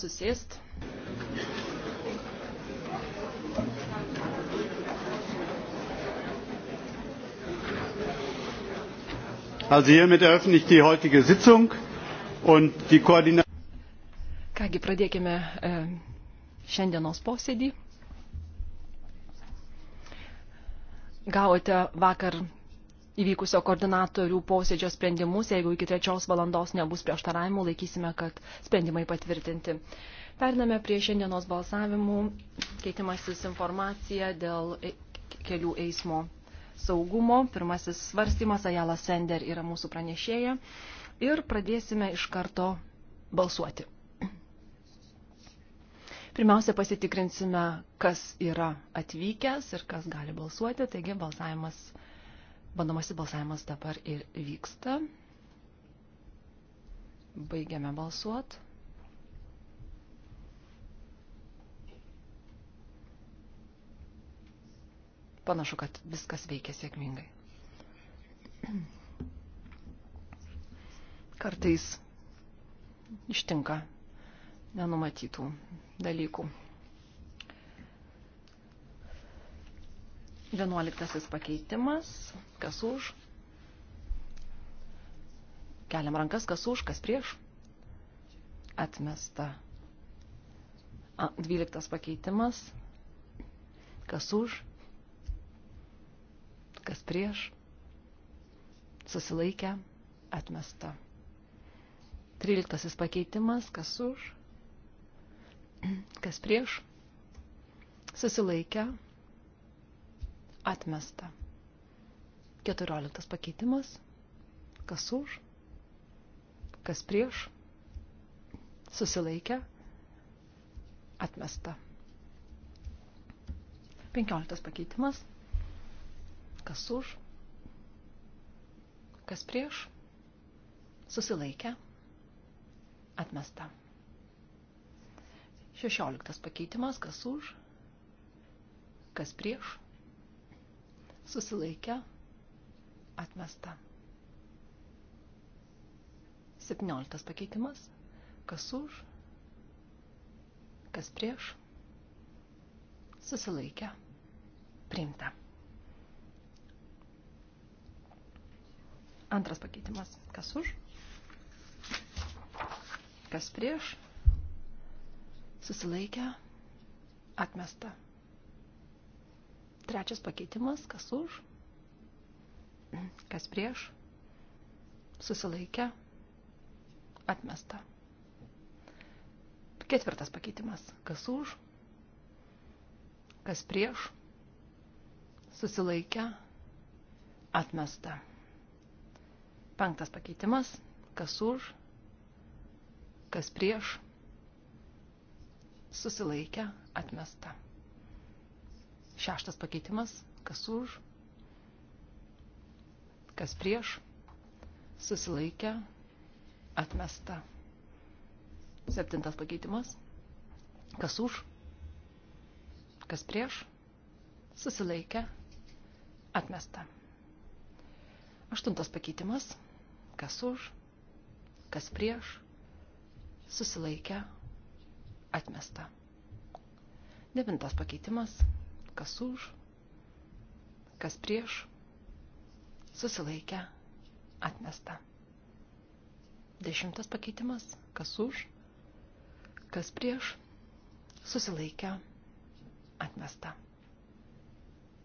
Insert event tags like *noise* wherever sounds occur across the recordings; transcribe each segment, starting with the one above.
susėst. Also hiermit eröffne ich die heutige Sitzung und die Koordination. Kągi pradėkime e, šiandienos posėdį. Gavote vakar įvykusio koordinatorių posėdžio sprendimus. Jeigu iki trečios valandos nebus prieštaravimų, laikysime, kad sprendimai patvirtinti. Pername prie šiandienos balsavimų, keitimasis informacija dėl e- kelių eismo saugumo. Pirmasis svarstymas, Ajala Sender yra mūsų pranešėja. Ir pradėsime iš karto balsuoti. Pirmiausia, pasitikrinsime, kas yra atvykęs ir kas gali balsuoti, taigi balsavimas Bandomasis balsavimas dabar ir vyksta. Baigiame balsuot. Panašu, kad viskas veikia sėkmingai. *clears throat* Kartais ištinka nenumatytų dalykų. Vienuoliktasis pakeitimas. Kas už? Keliam rankas, kas už, kas prieš. Atmesta. A, dvyliktas pakeitimas. Kas už? Kas prieš? Susilaikę. Atmesta. Tryliktasis pakeitimas. Kas už? Kas prieš? Susilaikę Atmesta. 14 pakeitimas. Kas už? Kas prieš? Susilaikę? Atmesta. 15 pakeitimas. Kas už? Kas prieš? Susilaikę? Atmesta. 16 pakeitimas. Kas už? Kas prieš? susilaikė, atmesta. 17 pakeitimas, kas už, kas prieš, susilaikė, priimta. Antras pakeitimas, kas už, kas prieš, susilaikė, atmesta. Trečias pakeitimas, kas už, kas prieš, susilaikę, atmesta. Ketvirtas pakeitimas, kas už, kas prieš, susilaikę, atmesta. Penktas pakeitimas, kas už, kas prieš, susilaikę, atmesta. Šeštas pakeitimas. Kas už? Kas prieš? Susilaikę. Atmesta. Septintas pakeitimas. Kas už? Kas prieš? Susilaikę. Atmesta. Aštuntas pakeitimas. Kas už? Kas prieš? Susilaikę. Atmesta. Devintas pakeitimas kas už, kas prieš, susilaikę, atmesta. Dešimtas pakeitimas, kas už, kas prieš, susilaikę, atmesta.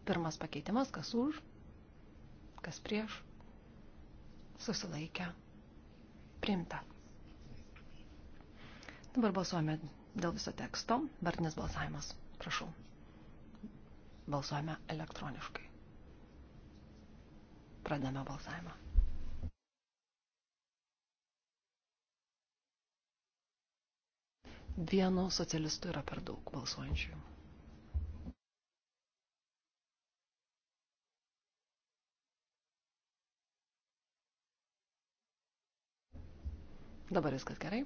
Pirmas pakeitimas, kas už, kas prieš, susilaikę, priimta. Dabar balsuojame dėl viso teksto, vardinis balsavimas. Prašau. Balsuojame elektroniškai. Pradame balsavimą. Vienu socialistu yra per daug balsuojančių. Dabar viskas gerai.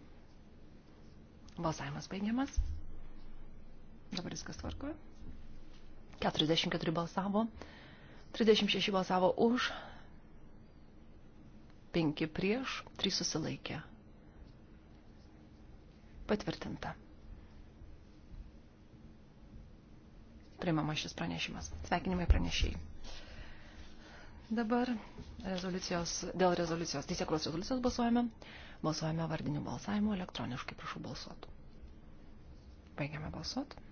Balsavimas baigiamas. Dabar viskas tvarkoja. 44 balsavo, 36 balsavo už, 5 prieš, 3 susilaikė. Patvirtinta. Primama šis pranešimas. Sveikinimai pranešiai. Dabar rezoliucijos, dėl rezoliucijos, teisėkros rezoliucijos balsuojame. Balsuojame vardiniu balsavimu elektroniškai, prašau balsuotų. Baigiame balsuotų.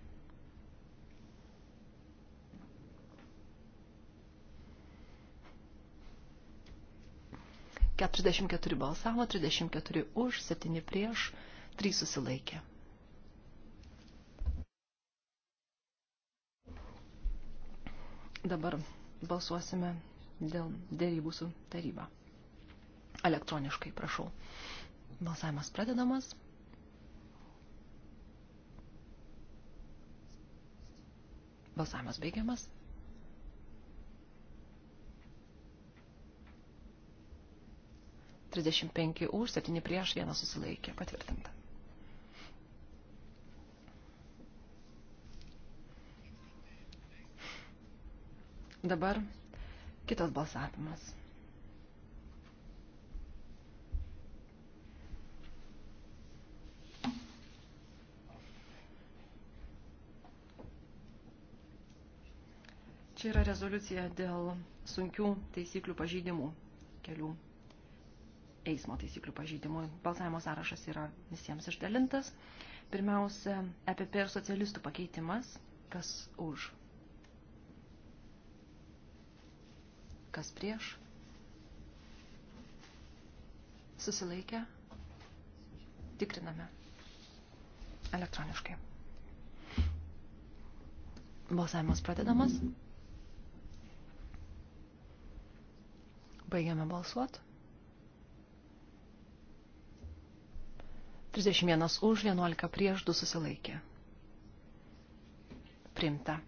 44 balsavo, 34 už, 7 prieš, 3 susilaikė. Dabar balsuosime dėl dėrybų su taryba. Elektroniškai, prašau. Balsavimas pradedamas. Balsavimas baigiamas. 35 už, 7 prieš, 1 susilaikė. Patvirtinta. Dabar kitas balsavimas. Čia yra rezoliucija dėl sunkių taisyklių pažydimų kelių eismo taisyklių pažeidimų. Balsavimo sąrašas yra visiems išdalintas. Pirmiausia, EPP ir socialistų pakeitimas. Kas už? Kas prieš? Susilaikę? Tikriname elektroniškai. Balsavimas pradedamas. Baigiame balsuoti. 31 už, 11 prieš, 2 susilaikė. Primta.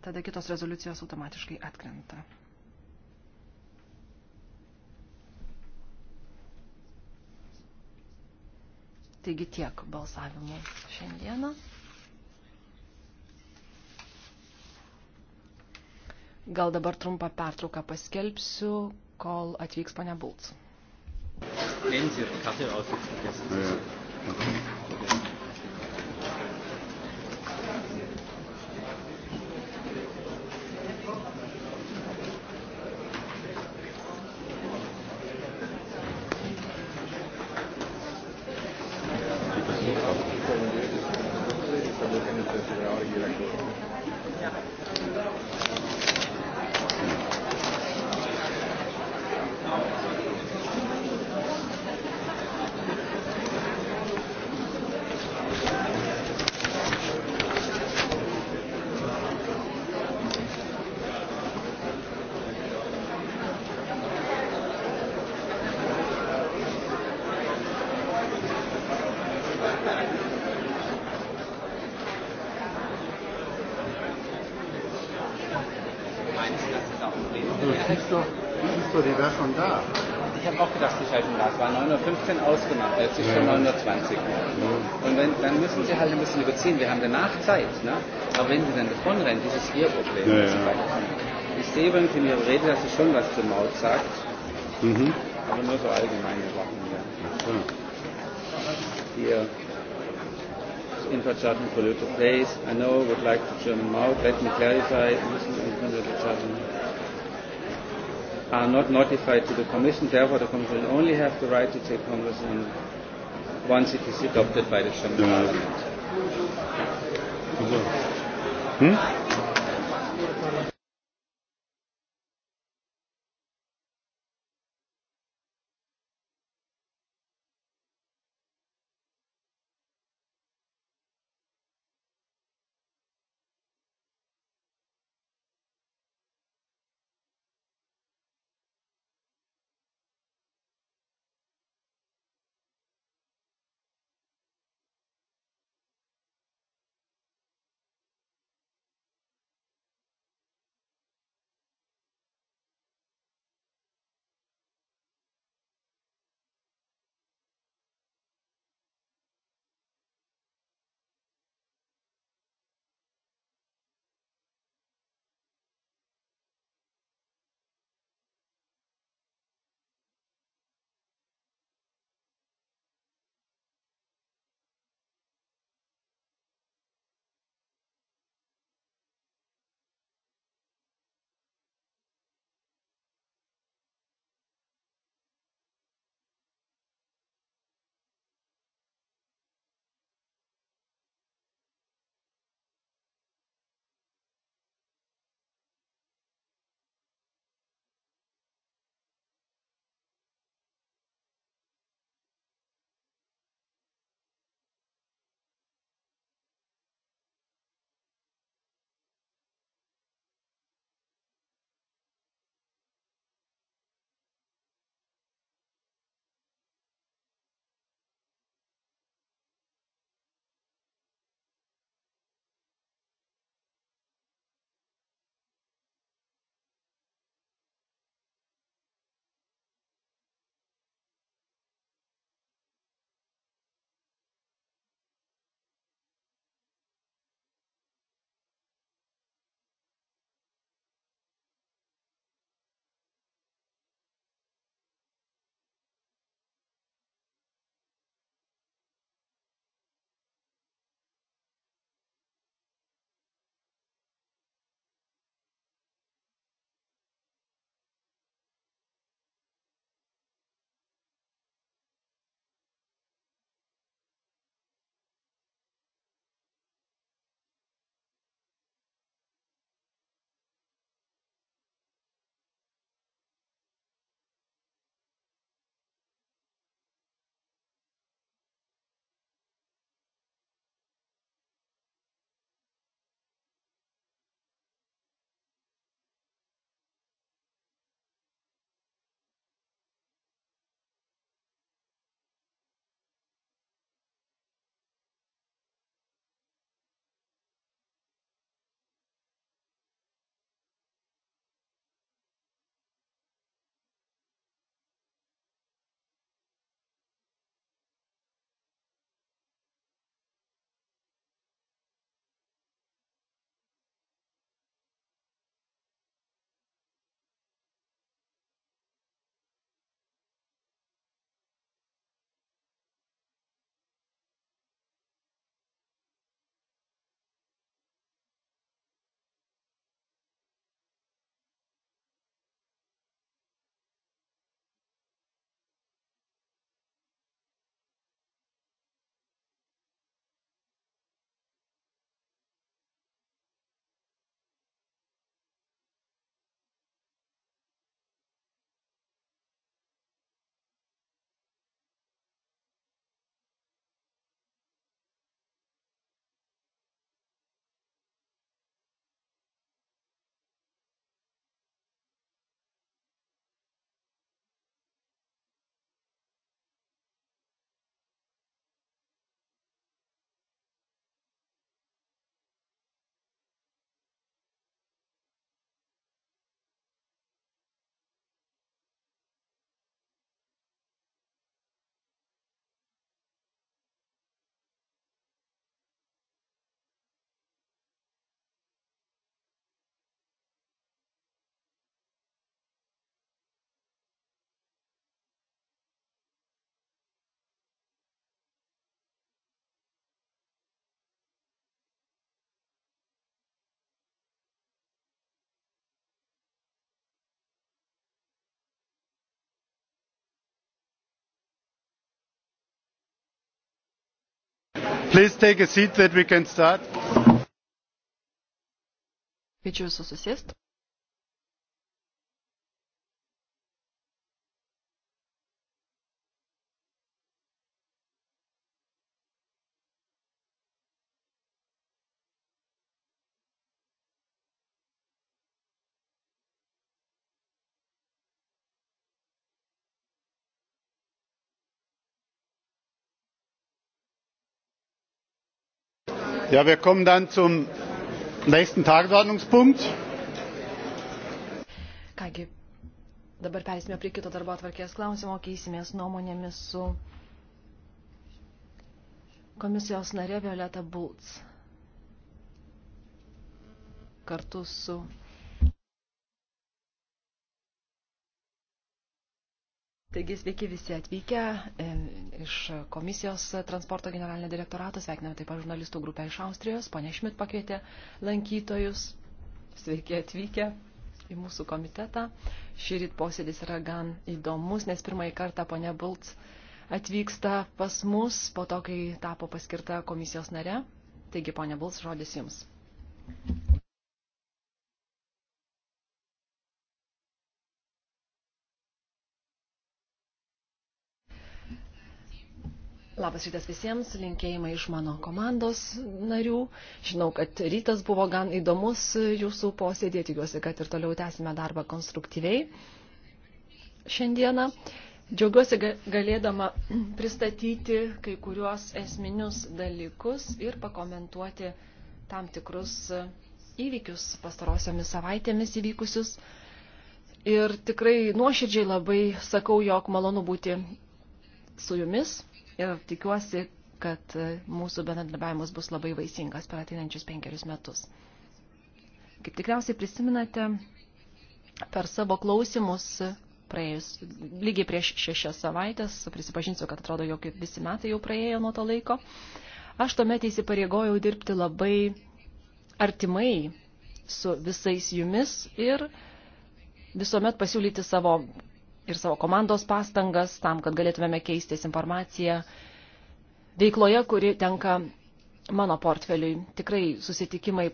Tada kitos rezoliucijos automatiškai atkrenta. Taigi tiek balsavimų šiandieną. Gal dabar trumpą pertrauką paskelbsiu, kol atvyks ponia Bulc. Nehmen Sie Ihre Kaffee aus. Jetzt vergessen Sie es. Ja, ja. Okay. Zeit. Ne? Aber wenn sie dann davonrennt, ist es ihr Problem. Ja, ja. Ich sehe übrigens in ihrer Rede, dass sie schon was zur Maut sagt. Mhm. Aber nur so allgemeine Sachen. Ja. Ja. Hier. Infrastructure for little place. I know would like the German mouth. Let me clarify. Are not notified to the Commission. Therefore, the Commission will only have the right to take Congress in once it is adopted by the German yeah. Parliament. Hm? Please take a seat that we can start. Kviečiu visus susėsti. Ja, wir kommen dann zum nächsten Tagesordnungspunkt. Kągi, dabar perėsime prie kito darbo atvarkės klausimo, keisimės nuomonėmis su komisijos narė Violeta Bulc kartu su Taigi sveiki visi atvykę e, iš komisijos transporto generalinio direktorato, sveikiname taip pat žurnalistų grupę iš Austrijos, ponė Šmit pakvietė lankytojus, sveiki atvykę į mūsų komitetą. Šį ryt posėdis yra gan įdomus, nes pirmąjį kartą ponė Bulc atvyksta pas mus po to, kai tapo paskirta komisijos nare. Taigi, ponė Bulc, žodis jums. Labas rytas visiems, linkėjimai iš mano komandos narių. Žinau, kad rytas buvo gan įdomus jūsų posėdė, tikiuosi, kad ir toliau tęsime darbą konstruktyviai šiandieną. Džiaugiuosi galėdama pristatyti kai kuriuos esminius dalykus ir pakomentuoti tam tikrus įvykius pastarosiomis savaitėmis įvykusius. Ir tikrai nuoširdžiai labai sakau, jog malonu būti su jumis ir tikiuosi, kad mūsų bendradarbiavimas bus labai vaisingas per ateinančius penkerius metus. Kaip tikriausiai prisiminate, per savo klausimus praėjus lygiai prieš šešias savaitės, prisipažinsiu, kad atrodo, jog visi metai jau praėjo nuo to laiko, aš tuomet įsipareigojau dirbti labai artimai su visais jumis ir visuomet pasiūlyti savo ir savo komandos pastangas tam, kad galėtumėme keistis informaciją veikloje, kuri tenka mano portfeliui. Tikrai susitikimai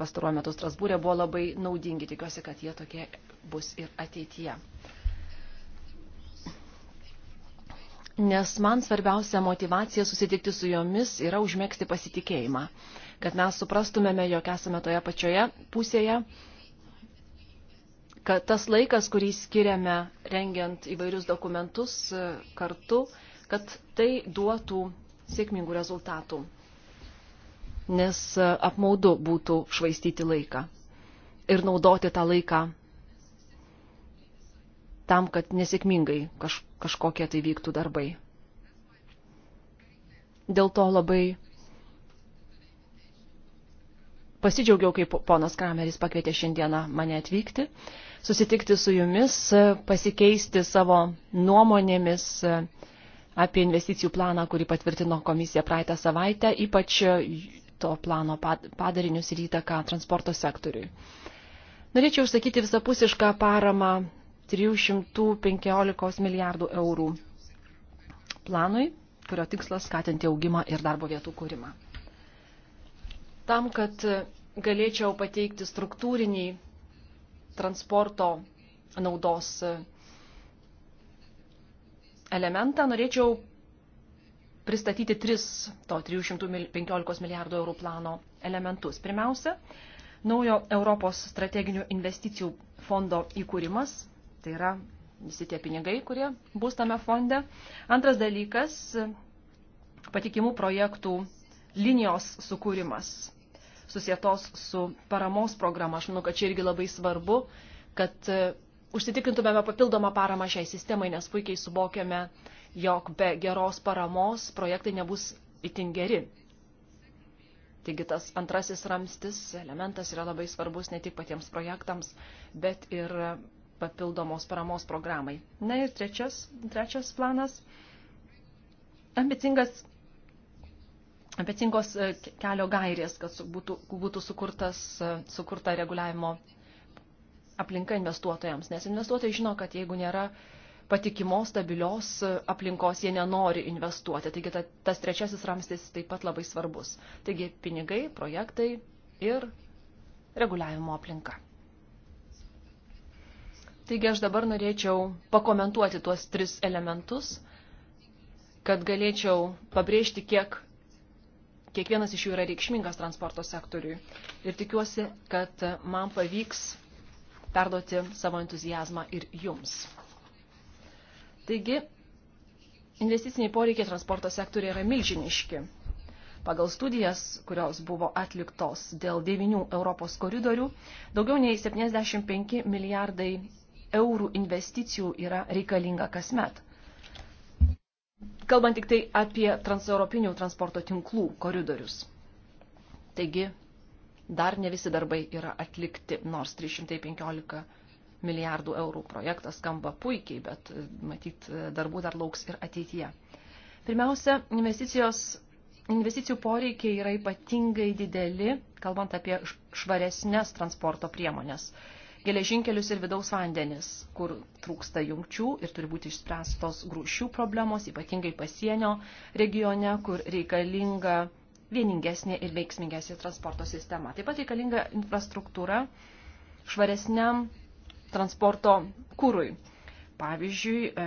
pastaruoju metu Strasbūrė buvo labai naudingi, tikiuosi, kad jie tokie bus ir ateityje. Nes man svarbiausia motivacija susitikti su jomis yra užmėgsti pasitikėjimą, kad mes suprastumėme, jog esame toje pačioje pusėje kad tas laikas, kurį skiriame rengiant įvairius dokumentus e, kartu, kad tai duotų sėkmingų rezultatų. Nes e, apmaudu būtų švaistyti laiką ir naudoti tą laiką tam, kad nesėkmingai kaž, kažkokie tai vyktų darbai. Dėl to labai pasidžiaugiau, kai ponas Krameris pakvietė šiandieną mane atvykti. Uh, susitikti su jumis, pasikeisti savo nuomonėmis apie investicijų planą, kurį patvirtino komisija praeitą savaitę, ypač to plano padarinius ir įtaką transporto sektoriui. Norėčiau užsakyti visapusišką paramą 315 milijardų eurų planui, kurio tikslas skatinti augimą ir darbo vietų kūrimą. Tam, kad galėčiau pateikti struktūrinį transporto naudos elementą, norėčiau pristatyti tris to 315 milijardų eurų plano elementus. Pirmiausia, naujo Europos strateginių investicijų fondo įkūrimas, tai yra visi tie pinigai, kurie bus tame fonde. Antras dalykas, patikimų projektų linijos sukūrimas susietos su paramos programa. Aš manau, kad čia irgi labai svarbu, kad e, užsitikrintumėme papildomą paramą šiai sistemai, nes puikiai suvokiame, jog be geros paramos projektai nebus itin geri. Taigi tas antrasis ramstis elementas yra labai svarbus ne tik patiems projektams, bet ir papildomos paramos programai. Na ir trečias, trečias planas - ambicingas ambicingos e, kelio gairės, kad būtų, būtų sukurtas, e, sukurta reguliavimo aplinka investuotojams. Nes investuotojai žino, kad jeigu nėra patikimos, stabilios e, aplinkos, jie nenori investuoti. Taigi ta, tas trečiasis ramstis taip pat labai svarbus. Taigi pinigai, projektai ir reguliavimo aplinka. Taigi aš dabar norėčiau pakomentuoti tuos tris elementus, kad galėčiau pabrėžti, kiek kiekvienas iš jų yra reikšmingas transporto sektoriui. Ir tikiuosi, kad man pavyks perduoti savo entuzijazmą ir jums. Taigi, investiciniai poreikiai transporto sektoriai yra milžiniški. Pagal studijas, kurios buvo atliktos dėl devinių Europos koridorių, daugiau nei 75 milijardai eurų investicijų yra reikalinga kasmet. Kalbant tik tai apie transeuropinių transporto tinklų koridorius. Taigi, dar ne visi darbai yra atlikti, nors 315 milijardų eurų projektas skamba puikiai, bet e, matyt, e, darbų dar lauks ir ateityje. Pirmiausia, investicijos, investicijų poreikiai yra ypatingai dideli, kalbant apie švaresnės transporto priemonės geležinkelius ir vidaus vandenis, kur trūksta jungčių ir turi būti išspręstos grūšių problemos, ypatingai pasienio regione, kur reikalinga vieningesnė ir veiksmingesnė transporto sistema. Taip pat reikalinga infrastruktūra švaresniam transporto kūrui. Pavyzdžiui, e,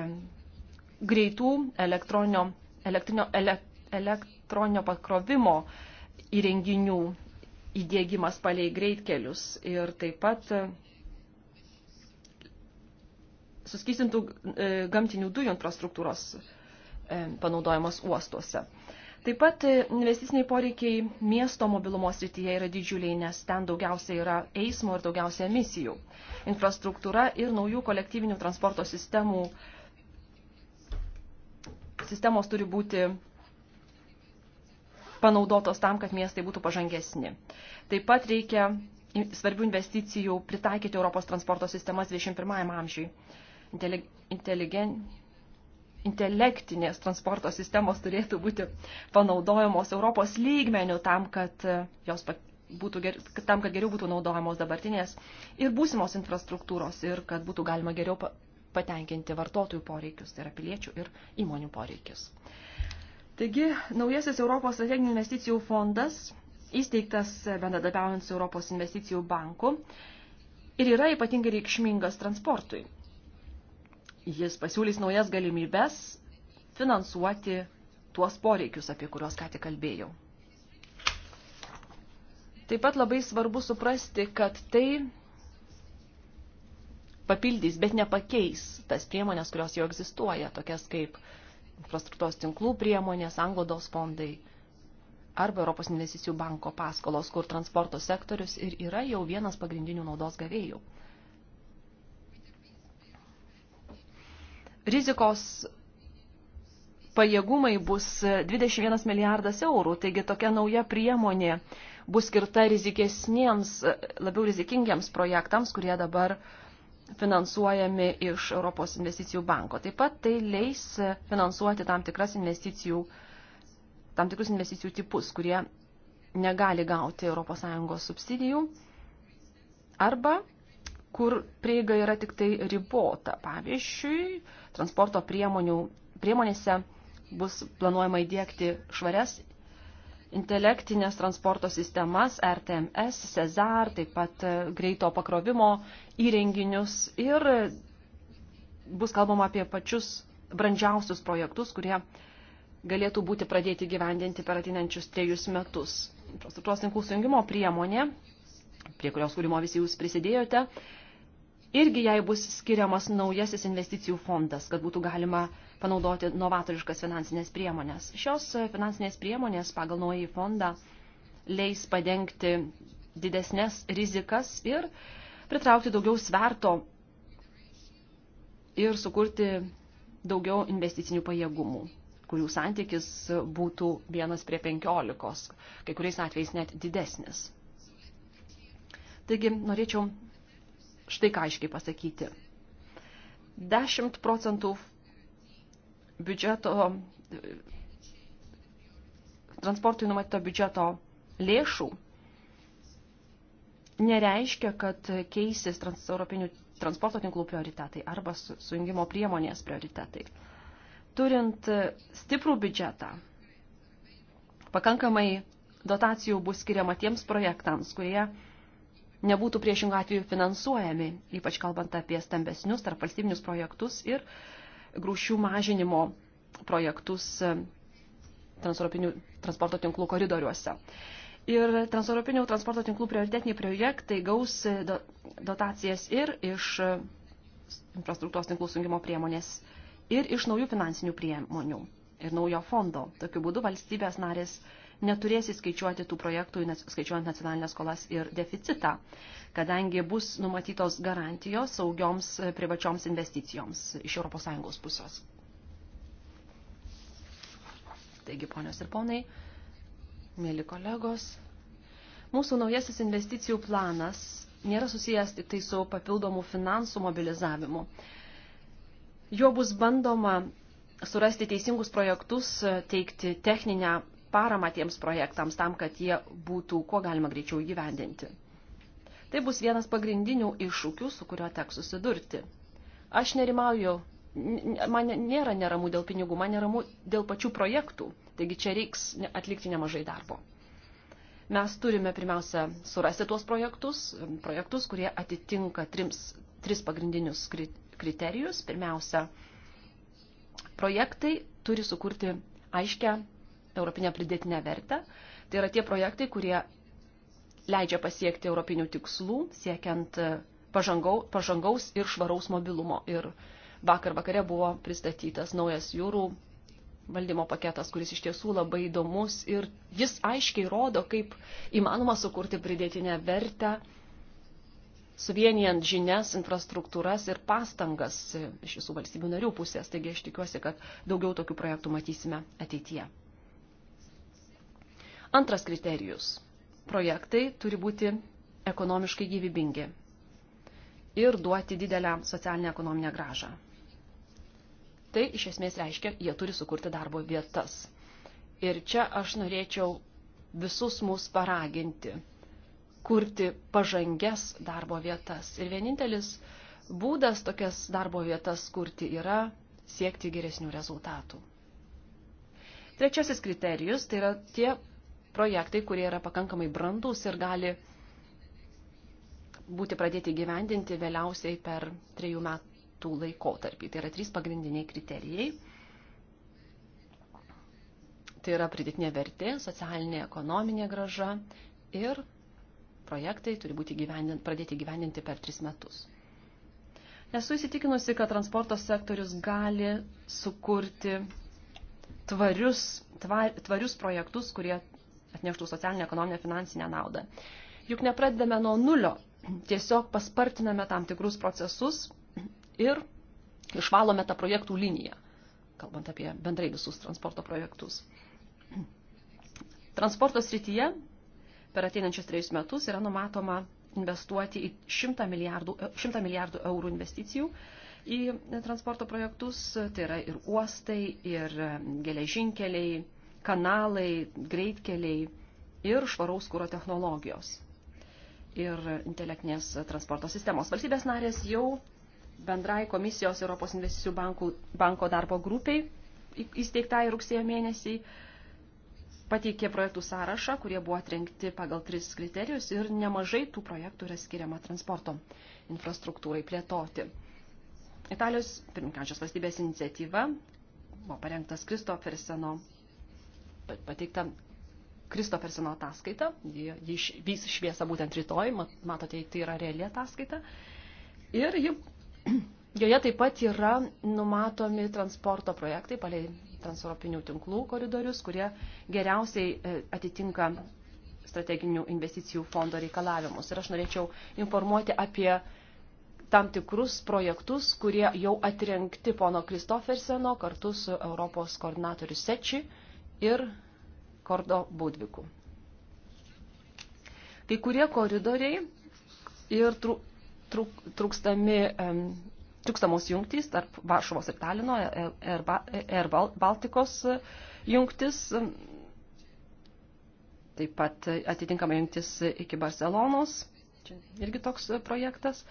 greitų elektroninio, elektrinio, ele, elektroninio pakrovimo įrenginių įdėgymas palei greitkelius ir taip pat e, suskystintų e, gamtinių dujų infrastruktūros e, panaudojamos uostuose. Taip pat e, investiciniai poreikiai miesto mobilumo srityje yra didžiuliai, nes ten daugiausia yra eismo ir daugiausia emisijų. Infrastruktūra ir naujų kolektyvinių transporto sistemų sistemos turi būti panaudotos tam, kad miestai būtų pažangesni. Taip pat reikia svarbių investicijų pritaikyti Europos transporto sistemas 21 amžiui inteligen, intelektinės transporto sistemos turėtų būti panaudojamos Europos lygmenių tam, kad e, jos būtų ger, tam, kad geriau būtų naudojamos dabartinės ir būsimos infrastruktūros ir kad būtų galima geriau patenkinti vartotojų poreikius, tai yra piliečių ir įmonių poreikius. Taigi, naujasis Europos strateginių investicijų fondas įsteigtas e, bendradarbiaujant su Europos investicijų banku ir yra ypatingai reikšmingas transportui jis pasiūlys naujas galimybes finansuoti tuos poreikius, apie kuriuos ką tik kalbėjau. Taip pat labai svarbu suprasti, kad tai papildys, bet nepakeis tas priemonės, kurios jau egzistuoja, tokias kaip infrastruktūros tinklų priemonės, anglodos fondai arba Europos investicijų banko paskolos, kur transporto sektorius ir yra jau vienas pagrindinių naudos gavėjų. rizikos pajėgumai bus 21 e, milijardas eurų, taigi tokia nauja priemonė bus skirta rizikesniems, e, labiau rizikingiams projektams, kurie dabar finansuojami iš Europos investicijų banko. Taip pat tai leis e, finansuoti tam, tikras investicijų, tam tikrus investicijų tipus, kurie negali gauti ES subsidijų arba kur prieiga yra tik tai ribota. Pavyzdžiui, transporto priemonių, priemonėse bus planuojama įdėkti švarias intelektinės transporto sistemas, RTMS, Cezar, taip pat e, greito pakrovimo įrenginius ir bus kalbama apie pačius brandžiausius projektus, kurie galėtų būti pradėti gyvendinti per atinančius trejus metus. Infrastruktūros tinklų sujungimo priemonė, prie kurios kūrimo visi jūs prisidėjote, irgi jai bus skiriamas naujasis investicijų fondas, kad būtų galima panaudoti novatoriškas finansinės priemonės. Šios e, finansinės priemonės pagal naująjį fondą leis padengti didesnės rizikas ir pritraukti daugiau sverto ir sukurti daugiau investicinių pajėgumų, kurių santykis būtų vienas prie penkiolikos, kai kuriais atvejais net didesnis. Taigi norėčiau štai ką aiškiai pasakyti. 10 procentų biudžeto, transportui numatyto biudžeto lėšų nereiškia, kad keisis trans, europinių transporto tinklų prioritetai arba sujungimo priemonės prioritetai. Turint stiprų biudžetą, pakankamai dotacijų bus skiriama tiems projektams, kurie nebūtų priešingų atveju finansuojami, ypač kalbant apie stambesnius tarp valstybinius projektus ir grūšių mažinimo projektus e, transeuropinių transporto tinklų koridoriuose. Ir transeuropinių transporto tinklų prioritetiniai projektai gaus e, dotacijas ir iš e, infrastruktūros tinklų sungimo priemonės, ir iš naujų finansinių priemonių, ir naujo fondo. Tokiu būdu valstybės narės uh, neturės įskaičiuoti tų projektų, skaičiuojant nacionalinės skolas ir deficitą, kadangi bus numatytos garantijos saugioms e, privačioms investicijoms iš ES pusės. Taigi, ponios ir ponai, mėly kolegos, mūsų naujasis investicijų planas nėra susijęs tik tai su papildomu finansų mobilizavimu. Jo bus bandoma surasti teisingus projektus, teikti techninę paramą tiems projektams tam, kad jie būtų kuo galima greičiau įgyvendinti. Tai bus vienas pagrindinių iššūkių, su kuriuo teks susidurti. Aš nerimauju, man nėra neramu dėl pinigų, man neramu dėl pačių projektų, taigi čia reiks atlikti nemažai darbo. Mes turime pirmiausia surasti tuos projektus, projektus, kurie atitinka trims, tris pagrindinius kriterijus. Pirmiausia, projektai turi sukurti aiškę europinę pridėtinę vertę. Tai yra tie projektai, kurie leidžia pasiekti europinių tikslų, siekiant e, pažangau, pažangaus ir švaraus mobilumo. Ir vakar vakare buvo pristatytas naujas jūrų valdymo paketas, kuris iš tiesų labai įdomus ir jis aiškiai rodo, kaip įmanoma sukurti pridėtinę vertę, suvienijant žinias, infrastruktūras ir pastangas iš visų valstybių narių pusės. Taigi aš tikiuosi, kad daugiau tokių projektų matysime ateityje. Antras kriterijus. Projektai turi būti ekonomiškai gyvybingi ir duoti didelę socialinę ekonominę gražą. Tai iš esmės reiškia, jie turi sukurti darbo vietas. Ir čia aš norėčiau visus mus paraginti, kurti pažangias darbo vietas. Ir vienintelis būdas tokias darbo vietas kurti yra siekti geresnių rezultatų. Trečiasis kriterijus tai yra tie projektai, kurie yra pakankamai brandus ir gali būti pradėti gyvendinti vėliausiai per trejų metų laikotarpį. Tai yra trys pagrindiniai kriterijai. Tai yra pridėtinė vertė, socialinė ekonominė graža ir projektai turi būti gyvendinti, pradėti gyvendinti per tris metus. Esu įsitikinusi, kad transporto sektorius gali sukurti tvarius, tvar, tvarius projektus, kurie atneštų socialinę, ekonominę, finansinę naudą. Juk nepradedame nuo nulio, tiesiog paspartiname tam tikrus procesus ir išvalome tą projektų liniją, kalbant apie bendrai visus transporto projektus. Transporto srityje per ateinančius trejus metus yra numatoma investuoti į 100 milijardų, 100 milijardų eurų investicijų į transporto projektus, tai yra ir uostai, ir geležinkeliai, kanalai, greitkeliai ir švaraus kūro technologijos ir intelektinės transporto sistemos. Valstybės narės jau bendrai komisijos Europos investicijų bankų, banko darbo grupiai įsteigtai rugsėjo mėnesį pateikė projektų sąrašą, kurie buvo atrinkti pagal tris kriterijus ir nemažai tų projektų yra skiriama transporto infrastruktūrai plėtoti. Italijos pirmininkančios valstybės iniciatyva buvo parengtas Kristoferseno pateikta Kristofersino ataskaita, ji vis šviesa būtent rytoj, matote, tai yra reali ataskaita. Ir ji, *clears throat* joje taip pat yra numatomi transporto projektai palei transeuropinių tinklų koridorius, kurie geriausiai e, atitinka strateginių investicijų fondo reikalavimus. Ir aš norėčiau informuoti apie tam tikrus projektus, kurie jau atrenkti pono Kristoferseno kartu su Europos koordinatoriu Sečiui ir kordo būdvikų. Kai kurie koridoriai ir trūk, trūk, trūkstami, trūkstamos jungtys tarp Varšuvos ir Talino e, ir, ir Baltikos jungtis, taip pat atitinkama jungtis iki Barcelonos, čia irgi toks projektas,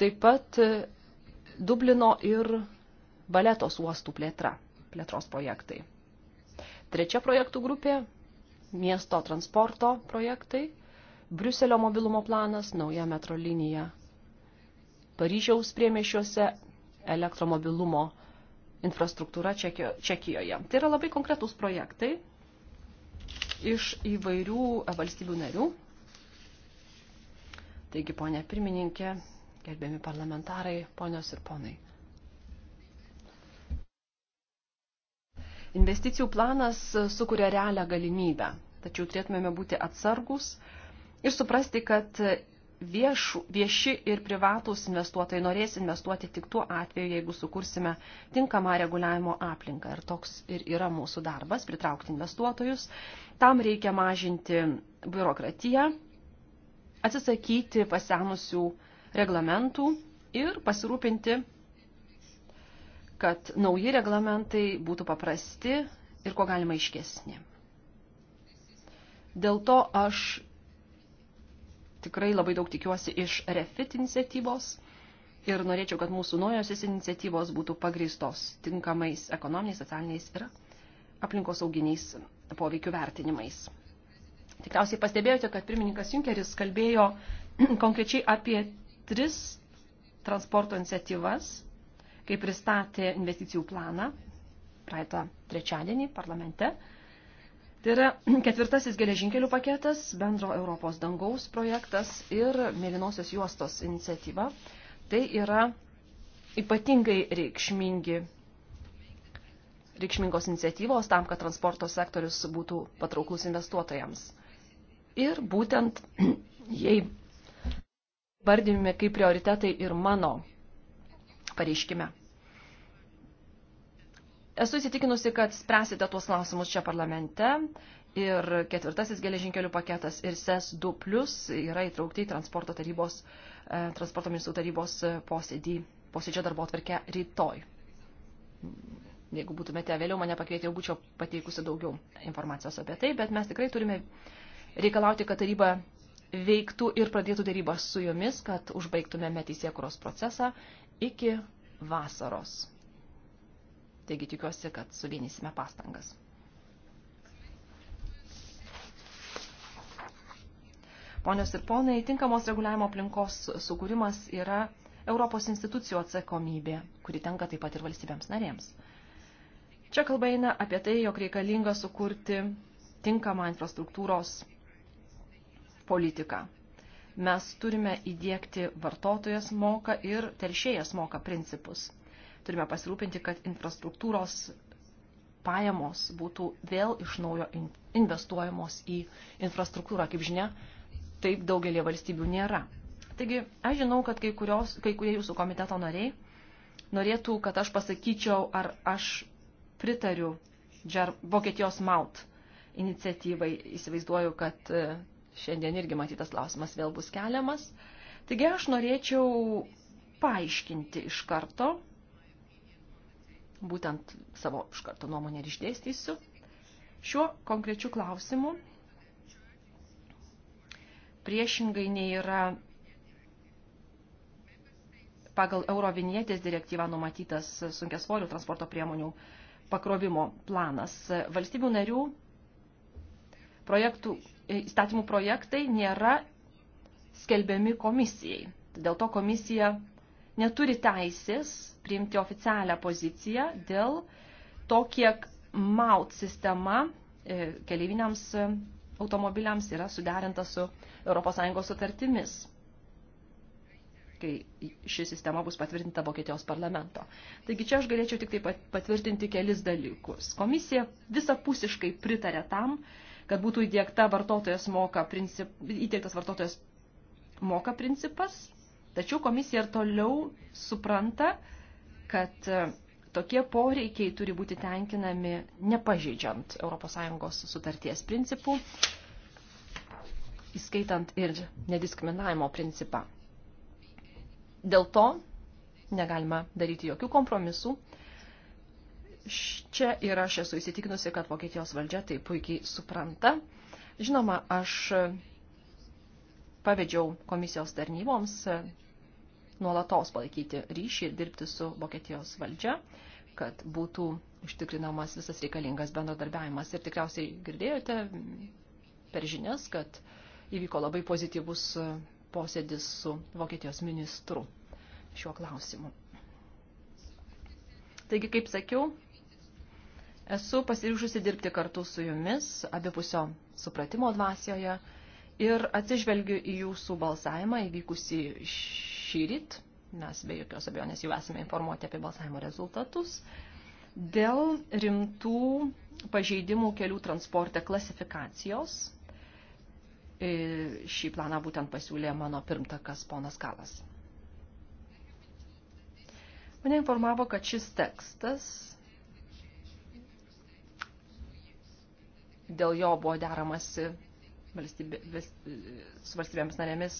taip pat Dublino ir Baletos uostų plėtra, plėtros projektai. Trečia projektų grupė - miesto transporto projektai, Briuselio mobilumo planas, nauja metro linija, Paryžiaus priemešiuose elektromobilumo infrastruktūra Čekijoje. Tai yra labai konkretūs projektai iš įvairių e, valstybių narių. Taigi, ponė pirmininkė, gerbiami parlamentarai, ponios ir ponai. Investicijų planas e, sukuria realią galimybę, tačiau turėtumėme būti atsargus ir suprasti, kad e, viešu, vieši ir privatus investuotojai norės investuoti tik tuo atveju, jeigu sukursime tinkamą reguliavimo aplinką. Ir toks ir yra mūsų darbas - pritraukti investuotojus. Tam reikia mažinti biurokratiją, atsisakyti pasenusių reglamentų ir pasirūpinti kad nauji reglamentai būtų paprasti ir kuo galima iškesni. Dėl to aš tikrai labai daug tikiuosi iš refit iniciatyvos ir norėčiau, kad mūsų naujosios iniciatyvos būtų pagristos tinkamais ekonominiais, socialiniais ir aplinkosauginiais poveikių vertinimais. Tikriausiai pastebėjote, kad pirmininkas Junkeris kalbėjo *clears throat* konkrečiai apie tris transporto iniciatyvas kai pristatė investicijų planą praeitą trečiadienį parlamente. Tai yra ketvirtasis geležinkelių paketas, bendro Europos dangaus projektas ir Mėlynosios juostos iniciatyva. Tai yra ypatingai reikšmingi, reikšmingos iniciatyvos tam, kad transporto sektorius būtų patrauklus investuotojams. Ir būtent jei vardymime kaip prioritetai ir mano pareiškime. Esu įsitikinusi, kad spręsite tuos klausimus čia parlamente ir ketvirtasis geležinkelių paketas ir SES 2 plus yra įtraukti į transporto, tarybos, e, transporto ministrų tarybos e, posėdį, posėdžio darbo atverkę rytoj. Jeigu būtumėte vėliau mane pakvietę, jau būčiau pateikusi daugiau informacijos apie tai, bet mes tikrai turime reikalauti, kad taryba veiktų ir pradėtų darybas su jumis, kad užbaigtumėme teisėkuros procesą iki vasaros. Taigi tikiuosi, kad suvienysime pastangas. Ponios ir ponai, tinkamos reguliavimo aplinkos sukūrimas yra Europos institucijų atsakomybė, kuri tenka taip pat ir valstybėms narėms. Čia kalba eina apie tai, jog reikalinga sukurti tinkamą infrastruktūros politiką. Mes turime įdėkti vartotojas moka ir teršėjas moka principus turime pasirūpinti, kad infrastruktūros pajamos būtų vėl iš naujo investuojamos į infrastruktūrą. Kaip žinia, taip daugelį valstybių nėra. Taigi, aš žinau, kad kai, kurios, kai kurie jūsų komiteto nariai norėtų, kad aš pasakyčiau, ar aš pritariu džer, Vokietijos MAUT iniciatyvai. Įsivaizduoju, kad e, šiandien irgi matytas klausimas vėl bus keliamas. Taigi, aš norėčiau paaiškinti iš karto būtent savo iš karto nuomonę ir išdėstysiu. Šiuo konkrečiu klausimu priešingai nei yra pagal Eurovinietės direktyvą numatytas sunkiasvorių transporto priemonių pakrovimo planas. Valstybių narių projektų, įstatymų projektai nėra skelbiami komisijai. Dėl to komisija neturi teisės priimti oficialią poziciją dėl to, kiek MAUT sistema e, keleiviniams e, automobiliams yra suderinta su ES sutartimis, kai ši sistema bus patvirtinta Vokietijos parlamento. Taigi čia aš galėčiau tik tai patvirtinti kelis dalykus. Komisija visapusiškai pritarė tam, kad būtų įdėkta vartotojas moka princip, įdėktas vartotojas moka principas Tačiau komisija ir toliau supranta, kad e, tokie poreikiai turi būti tenkinami nepažeidžiant ES sutarties principų, įskaitant ir nediskriminavimo principą. Dėl to negalima daryti jokių kompromisų. Čia ir aš esu įsitikinusi, kad Vokietijos valdžia tai puikiai supranta. Žinoma, aš pavedžiau komisijos tarnyboms nuolatos palaikyti ryšį ir dirbti su Vokietijos valdžia, kad būtų užtikrinamas visas reikalingas bendradarbiavimas. Ir tikriausiai girdėjote per žinias, kad įvyko labai pozityvus posėdis su Vokietijos ministru šiuo klausimu. Taigi, kaip sakiau, esu pasiryžusi dirbti kartu su jumis abipusio supratimo dvasioje ir atsižvelgiu į jūsų balsavimą įvykusi šyryt, mes be jokios abejonės jau esame informuoti apie balsavimo rezultatus, dėl rimtų pažeidimų kelių transporte klasifikacijos. E, šį planą būtent pasiūlė mano pirmtakas ponas Kalas. Mane informavo, kad šis tekstas dėl jo buvo deramasi valstybė, vis, su valstybėmis narėmis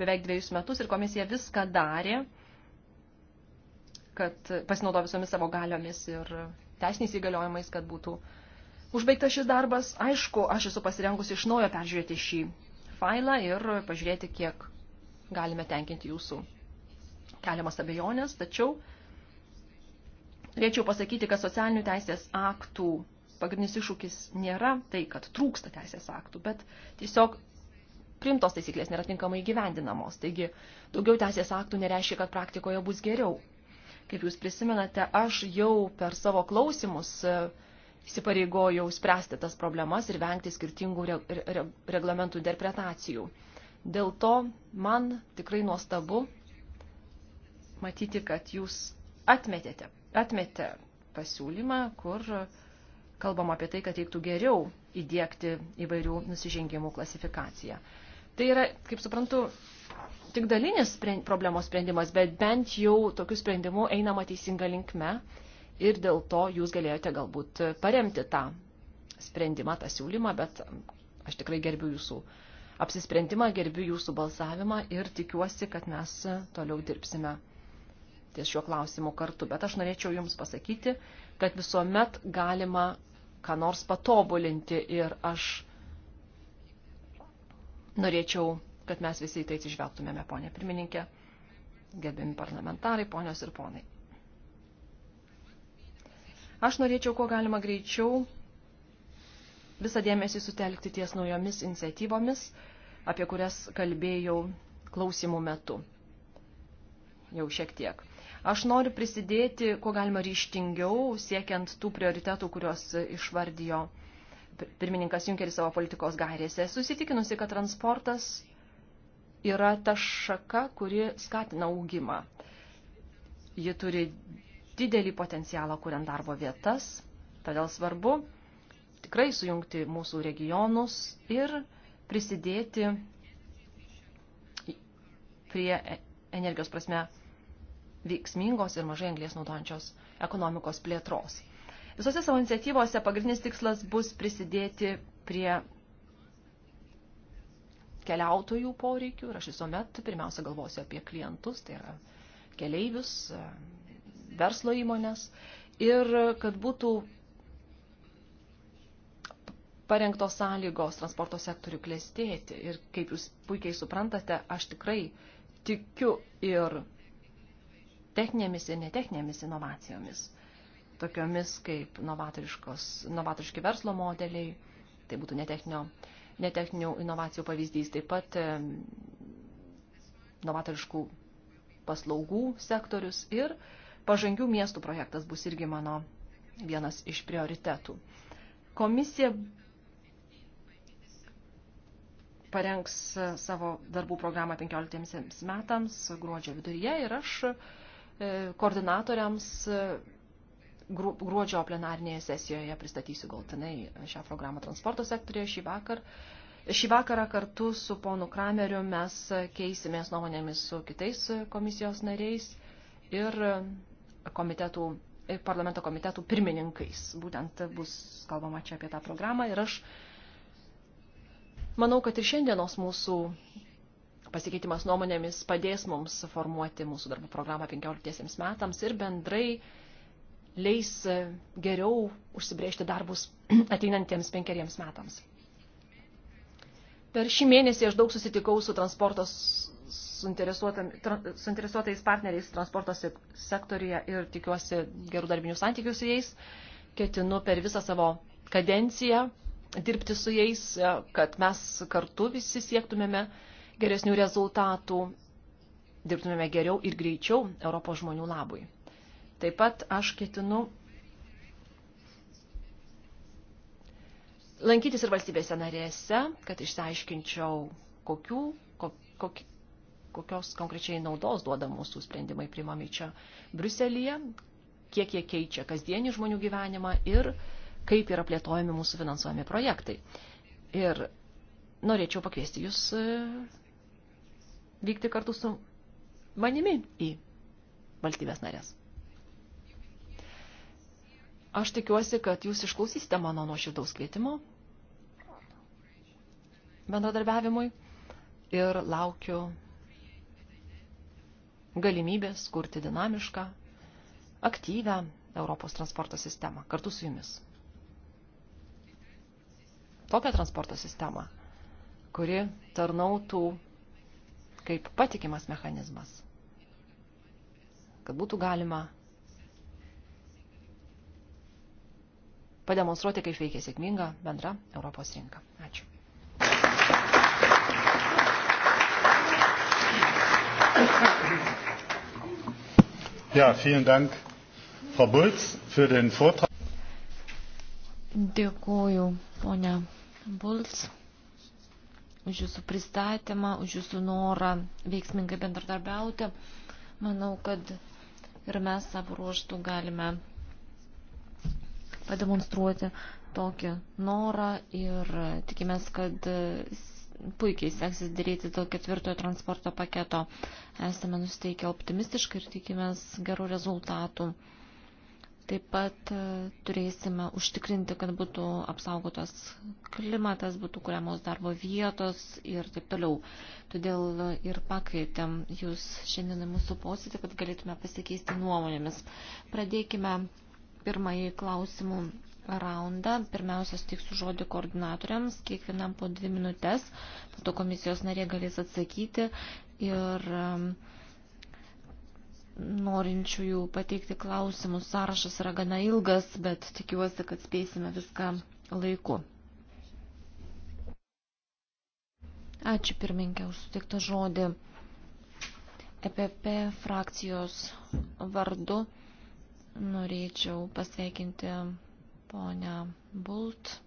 beveik dviejus metus ir komisija viską darė, kad pasinaudo visomis savo galiomis ir teisiniais įgaliojimais, kad būtų užbaigtas šis darbas. Aišku, aš esu pasirengusi iš naujo peržiūrėti šį failą ir pažiūrėti, kiek galime tenkinti jūsų keliamas abejonės, tačiau norėčiau pasakyti, kad socialinių teisės aktų pagrindinis iššūkis nėra tai, kad trūksta teisės aktų, bet tiesiog primtos taisyklės nėra tinkamai gyvendinamos. Taigi daugiau teisės aktų nereiškia, kad praktikoje bus geriau. Kaip jūs prisimenate, aš jau per savo klausimus e, įsipareigojau spręsti tas problemas ir vengti skirtingų re re reglamentų interpretacijų. Dėl to man tikrai nuostabu matyti, kad jūs atmetėte, atmetė pasiūlymą, kur uh, kalbam apie tai, kad reiktų geriau įdėkti įvairių nusižengimų klasifikaciją. Tai yra, kaip suprantu, tik dalinis sprend, problemos sprendimas, bet bent jau tokiu sprendimu einama teisinga linkme ir dėl to jūs galėjote galbūt paremti tą sprendimą, tą siūlymą, bet aš tikrai gerbiu jūsų apsisprendimą, gerbiu jūsų balsavimą ir tikiuosi, kad mes toliau dirbsime ties šiuo klausimu kartu. Bet aš norėčiau Jums pasakyti, kad visuomet galima ką nors patobulinti ir aš norėčiau, kad mes visi į tai atsižvelgtumėme, ponė pirmininkė, gerbėmi parlamentarai, ponios ir ponai. Aš norėčiau, kuo galima greičiau, visą dėmesį sutelkti ties naujomis iniciatyvomis, apie kurias kalbėjau klausimų metu. Jau šiek tiek. Aš noriu prisidėti, kuo galima ryštingiau, siekiant tų prioritetų, kuriuos išvardijo pirmininkas Junkeris savo politikos gairėse. Susitikinusi, kad transportas yra ta šaka, kuri skatina augimą. Ji turi didelį potencialą, kuriant darbo vietas, todėl svarbu tikrai sujungti mūsų regionus ir prisidėti prie e-, energijos prasme veiksmingos ir mažai anglės naudojančios ekonomikos plėtros. Visose savo iniciatyvose pagrindinis tikslas bus prisidėti prie keliautojų poreikių ir aš visuomet pirmiausia galvosiu apie klientus, tai yra keleivius, verslo įmonės ir kad būtų parengtos sąlygos transporto sektorių klestėti. Ir kaip jūs puikiai suprantate, aš tikrai tikiu ir techninėmis ir netechninėmis inovacijomis, tokiomis kaip novatoriški verslo modeliai, tai būtų netechnio, netechnio inovacijų pavyzdys, taip pat novatoriškų paslaugų sektorius ir pažangių miestų projektas bus irgi mano vienas iš prioritetų. Komisija parengs savo darbų programą 15 metams gruodžio viduryje ir aš E, koordinatoriams e, gruodžio plenarnėje sesijoje pristatysiu galtinai šią programą transporto sektorėje šį vakar. Šį vakarą kartu su ponu Krameriu mes keisimės nuomonėmis su kitais komisijos nariais ir komitetų, e, parlamento komitetų pirmininkais. Būtent bus kalbama čia apie tą programą ir aš manau, kad ir šiandienos mūsų pasikeitimas nuomonėmis padės mums formuoti mūsų darbo programą 15 metams ir bendrai leis e, geriau užsibriežti darbus *clears throat* ateinantiems penkeriems metams. Per šį mėnesį aš daug susitikau su transportos suinteresuotais partneriais transporto sektorija ir tikiuosi gerų darbinių santykių su jais. Ketinu per visą savo kadenciją dirbti su jais, e, kad mes kartu visi siektumėme uh, geresnių rezultatų, dirbtumėme geriau ir greičiau Europos žmonių labui. Taip pat aš ketinu lankytis ir valstybėse narėse, kad išsiaiškinčiau, kokių, kokių, kokios konkrečiai naudos duoda mūsų sprendimai primami čia Bruselėje, kiek jie keičia kasdienį žmonių gyvenimą ir kaip yra plėtojami mūsų finansuojami projektai. Ir norėčiau pakviesti jūs vykti kartu su manimi į valstybės narės. Aš tikiuosi, kad jūs išklausysite mano nuoširdaus kvietimo bendradarbiavimui ir laukiu galimybės kurti dinamišką, aktyvę Europos transporto sistemą kartu su jumis. Tokią transporto sistemą, kuri tarnautų kaip patikimas mechanizmas, kad būtų galima pademonstruoti, kaip veikia sėkminga bendra Europos rinka. Ačiū. Ja, vielen Dank, Frau Bulz, für den Vortrag. Dėkuoju, ponia Bulz už jūsų pristatymą, už jūsų norą veiksmingai bendradarbiauti. Manau, kad ir mes savo ruoštų galime pademonstruoti tokį norą ir tikimės, kad puikiai seksis dėrėti dėl ketvirtojo transporto paketo. Esame nusteikę optimistiškai ir tikimės gerų rezultatų. Taip pat e, turėsime užtikrinti, kad būtų apsaugotas klimatas, būtų kuriamos darbo vietos ir taip toliau. Todėl ir pakvietėm jūs šiandien į mūsų posėdį, kad galėtume pasikeisti nuomonėmis. Pradėkime pirmąjį klausimų raundą. Pirmiausia, stiksiu žodį koordinatoriams, kiekvienam po dvi minutės, po to komisijos narė galės atsakyti ir um, norinčiųjų pateikti klausimus. Sąrašas yra gana ilgas, bet tikiuosi, kad spėsime viską laiku. Ačiū pirminkė už sutiktą žodį. EPP frakcijos vardu norėčiau pasveikinti ponę Bult.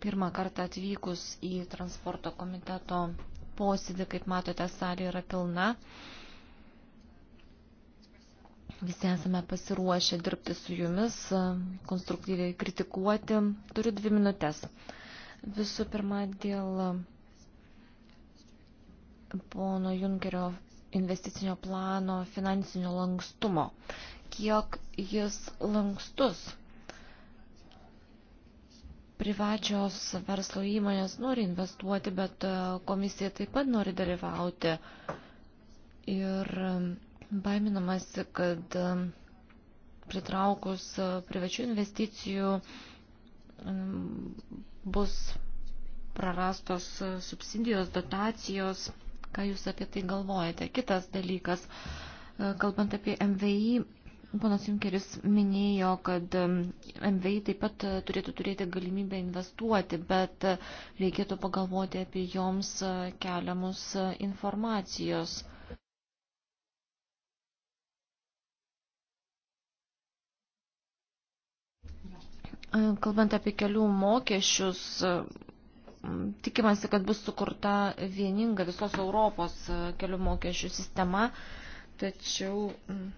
Pirmą kartą atvykus į transporto komiteto posėdį, kaip matote, salė yra pilna. Visi esame pasiruošę dirbti su jumis, konstruktyviai kritikuoti. Turiu dvi minutės. Visų pirma, dėl pono Junkerio investicinio plano finansinio lankstumo. Kiek jis lankstus? privačios verslo įmonės nori investuoti, bet e, komisija taip pat nori dalyvauti. Ir e, baiminamasi, kad e, pritraukus privačių investicijų bus prarastos subsidijos, dotacijos. Ką Jūs apie tai galvojate? Kitas dalykas, kalbant apie MVI Ponas Junkeris minėjo, kad MVI taip pat e, turėtų turėti galimybę investuoti, bet e, reikėtų pagalvoti apie joms e, keliamus informacijos. Kalbant apie kelių mokesčius, tikimasi, kad bus sukurta vieninga visos Europos kelių mokesčių sistema, tačiau. Mm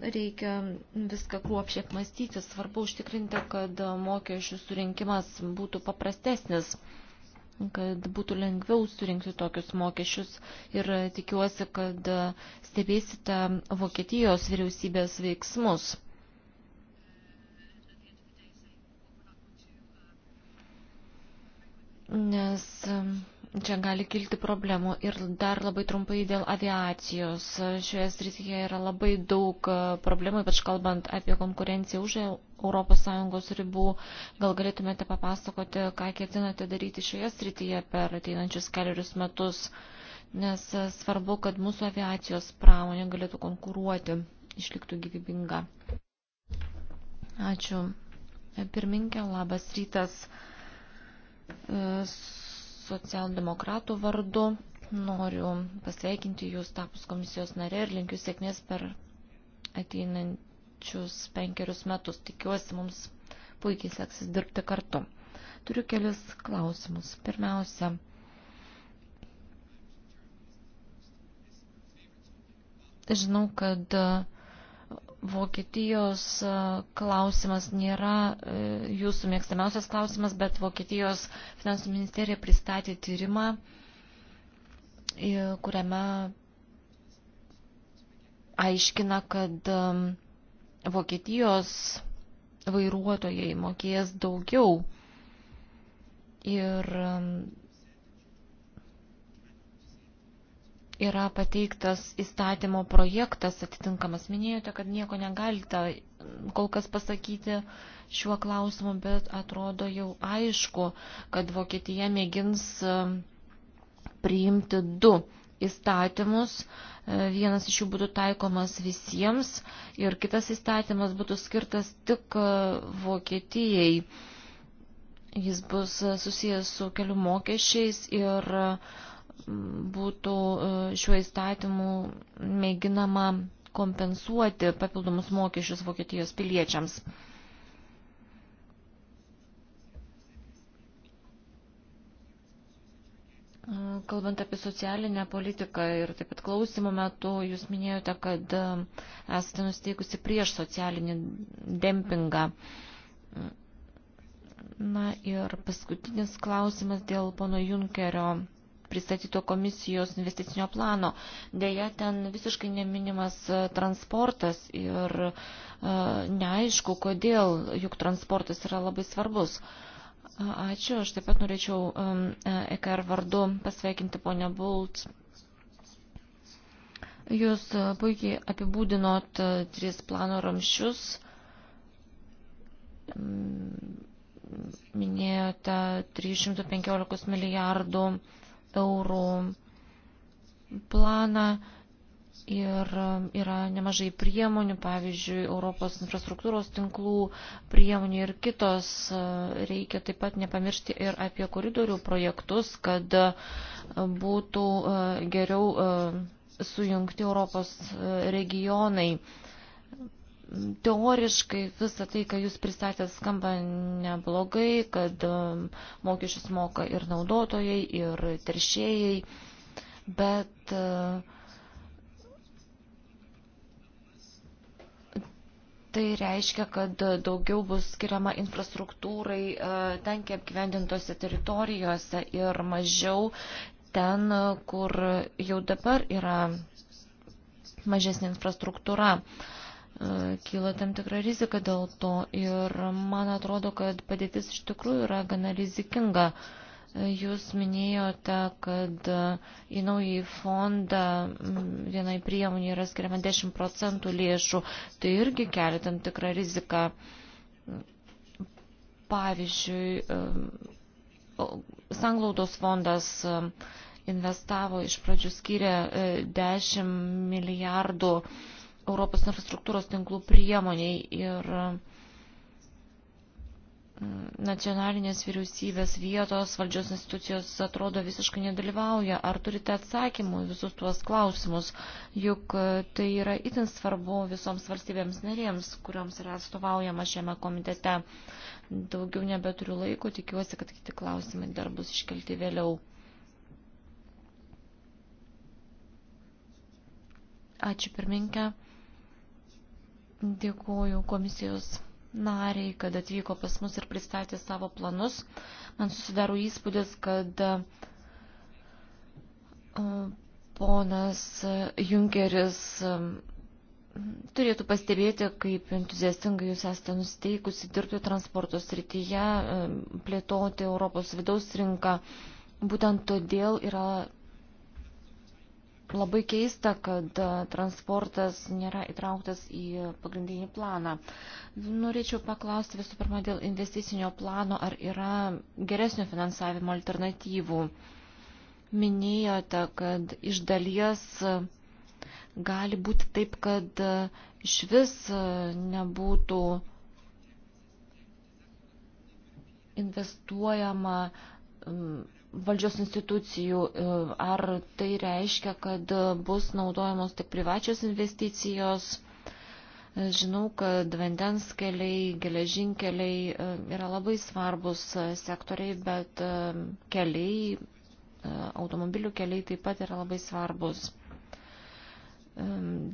reikia viską kruopšiai apmastyti, svarbu užtikrinti, kad mokesčių surinkimas būtų paprastesnis, kad būtų lengviau surinkti tokius mokesčius ir tikiuosi, kad stebėsite Vokietijos vyriausybės veiksmus. Nes um, Čia gali kilti problemų. Ir dar labai trumpai dėl aviacijos. Šioje srityje yra labai daug e, problemų, ypač kalbant apie konkurenciją už ES ribų. Gal galėtumėte papasakoti, ką ketinate daryti šioje srityje per ateinančius keliarius metus, nes e, svarbu, kad mūsų aviacijos pramonė galėtų konkuruoti, išliktų gyvybinga. Ačiū. Pirminkė, labas rytas. E, socialdemokratų vardu noriu pasveikinti Jūs tapus komisijos narė ir linkiu sėkmės per ateinančius penkerius metus. Tikiuosi, mums puikiai seksis dirbti kartu. Turiu kelis klausimus. Pirmiausia, žinau, kad Vokietijos e, klausimas nėra e, jūsų mėgstamiausias klausimas, bet Vokietijos finansų ministerija pristatė tyrimą, e, kuriame aiškina, kad Vokietijos vairuotojai mokės daugiau ir yra pateiktas įstatymo projektas atitinkamas. Minėjote, kad nieko negalite kol kas pasakyti šiuo klausimu, bet atrodo jau aišku, kad Vokietija mėgins e, priimti du įstatymus. E, vienas iš jų būtų taikomas visiems ir kitas įstatymas būtų skirtas tik e, Vokietijai. Jis bus susijęs su kelių mokesčiais ir uh, būtų e, šiuo įstatymu mėginama kompensuoti papildomus mokesčius Vokietijos piliečiams. E, kalbant apie socialinę politiką ir taip pat klausimų metu, jūs minėjote, kad e, esate nusteikusi prieš socialinį dempingą. Na ir paskutinis klausimas dėl pono Junkerio pristatyto komisijos investicinio plano. Deja, ten visiškai neminimas e, transportas ir e, neaišku, kodėl, juk transportas yra labai svarbus. Ačiū, aš taip pat norėčiau EKR e, vardu pasveikinti ponę Bult Jūs puikiai apibūdinot tris plano ramščius, minėjote 315 milijardų eurų planą ir yra nemažai priemonių, pavyzdžiui, Europos infrastruktūros tinklų priemonių ir kitos. Reikia taip pat nepamiršti ir apie koridorių projektus, kad būtų e, geriau e, sujungti Europos e, regionai teoriškai visą tai, ką jūs pristatėt, skamba neblogai, kad um, mokesčius moka ir naudotojai, ir teršėjai, bet uh, tai reiškia, kad daugiau bus skiriama infrastruktūrai uh, tenkiai apgyvendintose teritorijose ir mažiau ten, kur jau dabar yra mažesnė infrastruktūra. Uh, kyla tam tikra rizika dėl to ir man atrodo, kad padėtis iš tikrųjų yra gana rizikinga. Jūs minėjote, kad į naują fondą vienai priemonė yra skiriama 10 procentų lėšų, tai irgi kelia tam tikrą riziką. Pavyzdžiui, Sanglaudos fondas investavo iš pradžių skiria 10 milijardų eurų Europos infrastruktūros tinklų priemoniai ir e, nacionalinės vyriausybės vietos valdžios institucijos atrodo visiškai nedalyvauja. Ar turite atsakymų visus tuos klausimus, juk e, tai yra itin svarbu visoms valstybėms narėms, kuriuoms yra atstovaujama šiame komitete. Daugiau nebeturiu laiko, tikiuosi, kad kiti klausimai dar bus iškelti vėliau. Ačiū pirminkę. Dėkuoju komisijos nariai, kad atvyko pas mus ir pristatė savo planus. Man susidaro įspūdis, kad e, ponas Junkeris e, turėtų pastebėti, kaip entuziastingai jūs esate nusteikusi dirbti transporto srityje, e, plėtoti Europos vidaus rinką. Būtent todėl yra Labai keista, kad e, transportas nėra įtrauktas į pagrindinį planą. Norėčiau paklausti visų pirma dėl investicinio plano, ar yra geresnio finansavimo alternatyvų. Minėjote, kad iš dalies e, gali būti taip, kad e, iš vis nebūtų investuojama valdžios institucijų, e, ar tai reiškia, kad bus naudojamos tik privačios investicijos. E, žinau, kad vandens keliai, geležinkeliai e, yra labai svarbus sektoriai, bet keliai, automobilių keliai taip pat yra labai svarbus.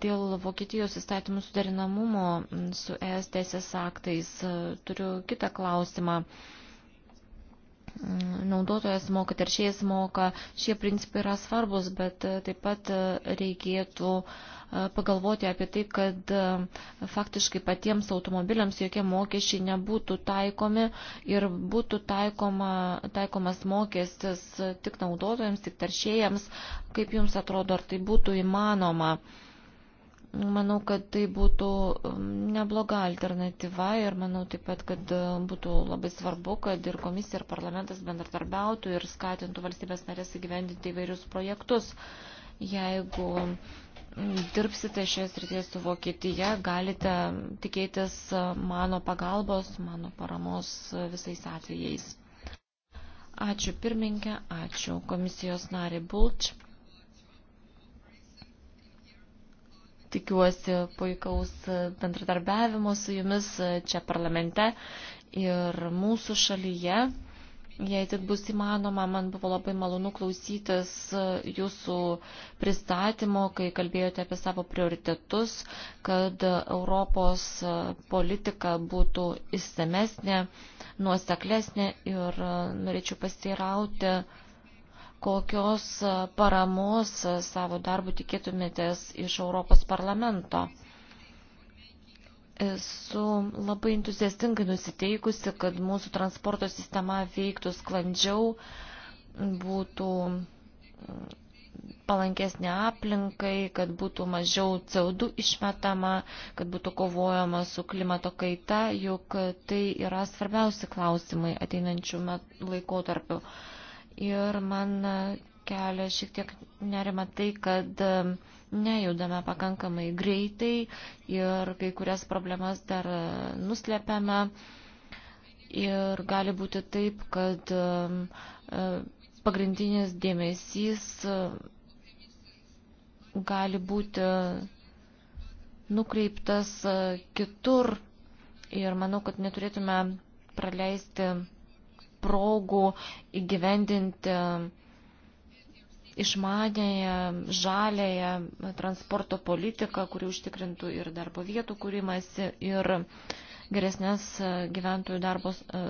Dėl Vokietijos įstatymų suderinamumo su ES teisės aktais turiu kitą klausimą naudotojas moka, teršėjas moka, šie principai yra svarbus, bet e, taip pat e, reikėtų e, pagalvoti apie tai, kad faktiškai patiems automobiliams jokie mokesčiai nebūtų taikomi ir būtų taikoma, taikomas mokestis tik naudotojams, tik teršėjams. Kaip jums atrodo, ar tai būtų įmanoma? Uh, Manau, kad tai būtų um, nebloga alternatyva ir manau taip pat, kad uh, būtų labai svarbu, kad ir komisija, ir parlamentas bendradarbiautų ir skatintų valstybės narės įgyvendinti įvairius projektus. Jeigu mm, dirbsite šioje srityje su Vokietija, galite tikėtis uh, mano pagalbos, mano paramos uh, visais atvejais. Ačiū pirmininkė, ačiū komisijos nariai Bulč. tikiuosi puikaus bendradarbiavimo su jumis čia parlamente ir mūsų šalyje. Jei tik bus įmanoma, man buvo labai malonu klausytis jūsų pristatymo, kai kalbėjote apie savo prioritetus, kad Europos politika būtų įstamesnė, nuoseklesnė ir norėčiau pasteirauti kokios e, paramos e, savo darbų tikėtumėtės iš Europos parlamento. Esu labai entuziastingai nusiteikusi, kad mūsų transporto sistema veiktų sklandžiau, būtų mm, palankesnė aplinkai, kad būtų mažiau CO2 išmetama, kad būtų kovojama su klimato kaita, juk tai yra svarbiausi klausimai ateinančių laikotarpių. tarpių Ir man kelia šiek tiek nerima tai, kad nejudame pakankamai greitai ir kai kurias problemas dar nuslepiame. Ir gali būti taip, kad pagrindinis dėmesys gali būti nukreiptas kitur. Ir manau, kad neturėtume praleisti progų įgyvendinti išmanėją, žalėją transporto politiką, kuri užtikrintų ir darbo vietų kūrimąsi, ir geresnės gyventojų darbos e,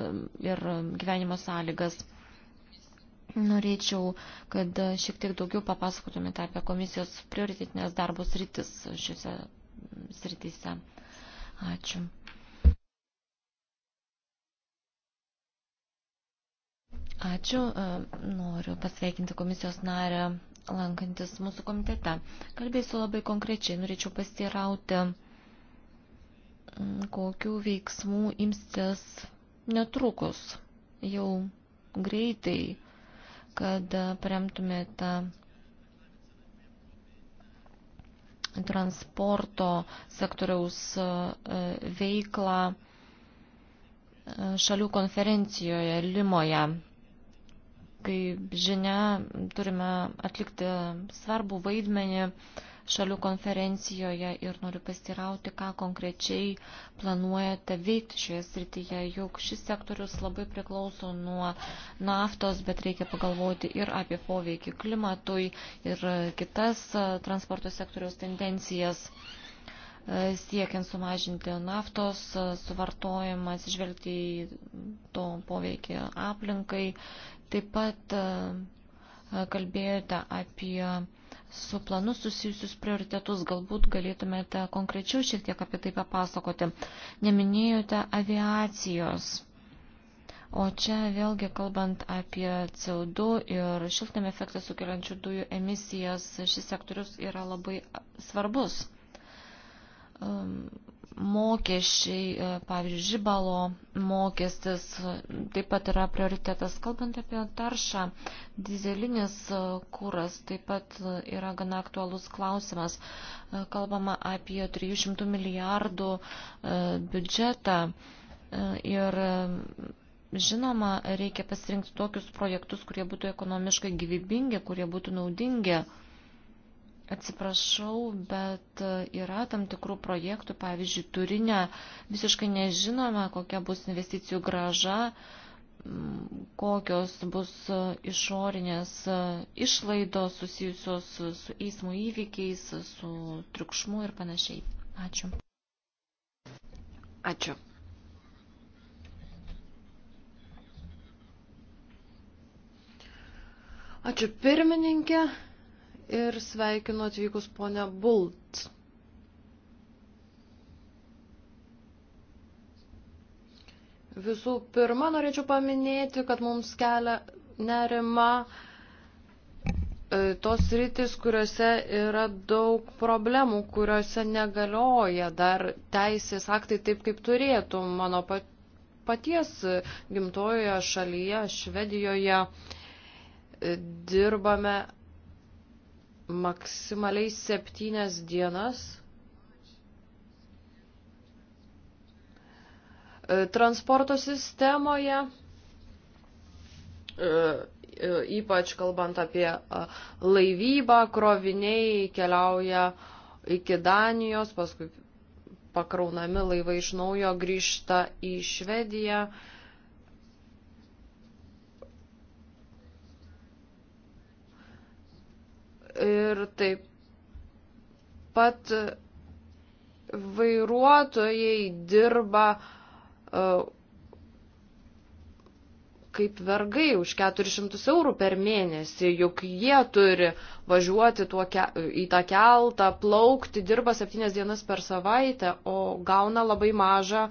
ir gyvenimo sąlygas. Norėčiau, kad šiek tiek daugiau papasakotumėte apie komisijos prioritetinės darbos rytis šiuose srityse. Ačiū. Ačiū. E, noriu pasveikinti komisijos narę lankantis mūsų komitete. Kalbėsiu labai konkrečiai. Norėčiau pasirauti, kokių veiksmų imstis netrukus, jau greitai, kad paremtumėte transporto sektoriaus e, veiklą e, šalių konferencijoje Limoje Kaip žinia, turime atlikti svarbų vaidmenį šalių konferencijoje ir noriu pasirauti, ką konkrečiai planuojate veikti šioje srityje, juk šis sektorius labai priklauso nuo naftos, bet reikia pagalvoti ir apie poveikį klimatui ir kitas transporto sektoriaus tendencijas siekiant sumažinti naftos suvartojimą, atsižvelgti į to poveikį aplinkai Taip pat e, kalbėjote apie su planu susijusius prioritetus. Galbūt galėtumėte konkrečiau šiek tiek apie tai papasakoti. Neminėjote aviacijos. O čia vėlgi kalbant apie CO2 ir šiltnamio efektą sukeliančių dujų emisijas, šis sektorius yra labai svarbus. Ehm, mokesčiai, e, pavyzdžiui, žibalo mokestis, e, taip pat yra prioritetas. Kalbant apie taršą, dizelinis e, kūras taip pat yra gana aktualus klausimas. Kalbama apie 300 milijardų biudžetą ir žinoma, reikia pasirinkti tokius projektus, kurie būtų ekonomiškai gyvybingi, kurie būtų naudingi Atsiprašau, bet e, yra tam tikrų projektų, pavyzdžiui, turinė, visiškai nežinome, kokia bus investicijų graža, kokios bus e, išorinės e, išlaidos susijusios su eismo įvykiais, su triukšmu ir panašiai. Ačiū. Ačiū. Ačiū pirmininkė ir sveikinu atvykus ponę Bult. Visų pirma, norėčiau paminėti, kad mums kelia nerima e, tos rytis, kuriuose yra daug problemų, kuriuose negalioja dar teisės aktai taip, kaip turėtų mano paties gimtojoje šalyje, Švedijoje. E, dirbame maksimaliai septynias dienas e, transporto sistemoje, e, e, ypač kalbant apie laivybą, kroviniai keliauja iki Danijos, paskui pakraunami laivai iš naujo grįžta į Švediją ir taip pat vairuotojai dirba e, kaip vergai už 400 eurų per mėnesį, juk jie turi važiuoti tuo ke, į tą keltą, plaukti, dirba 7 dienas per savaitę, o gauna labai mažą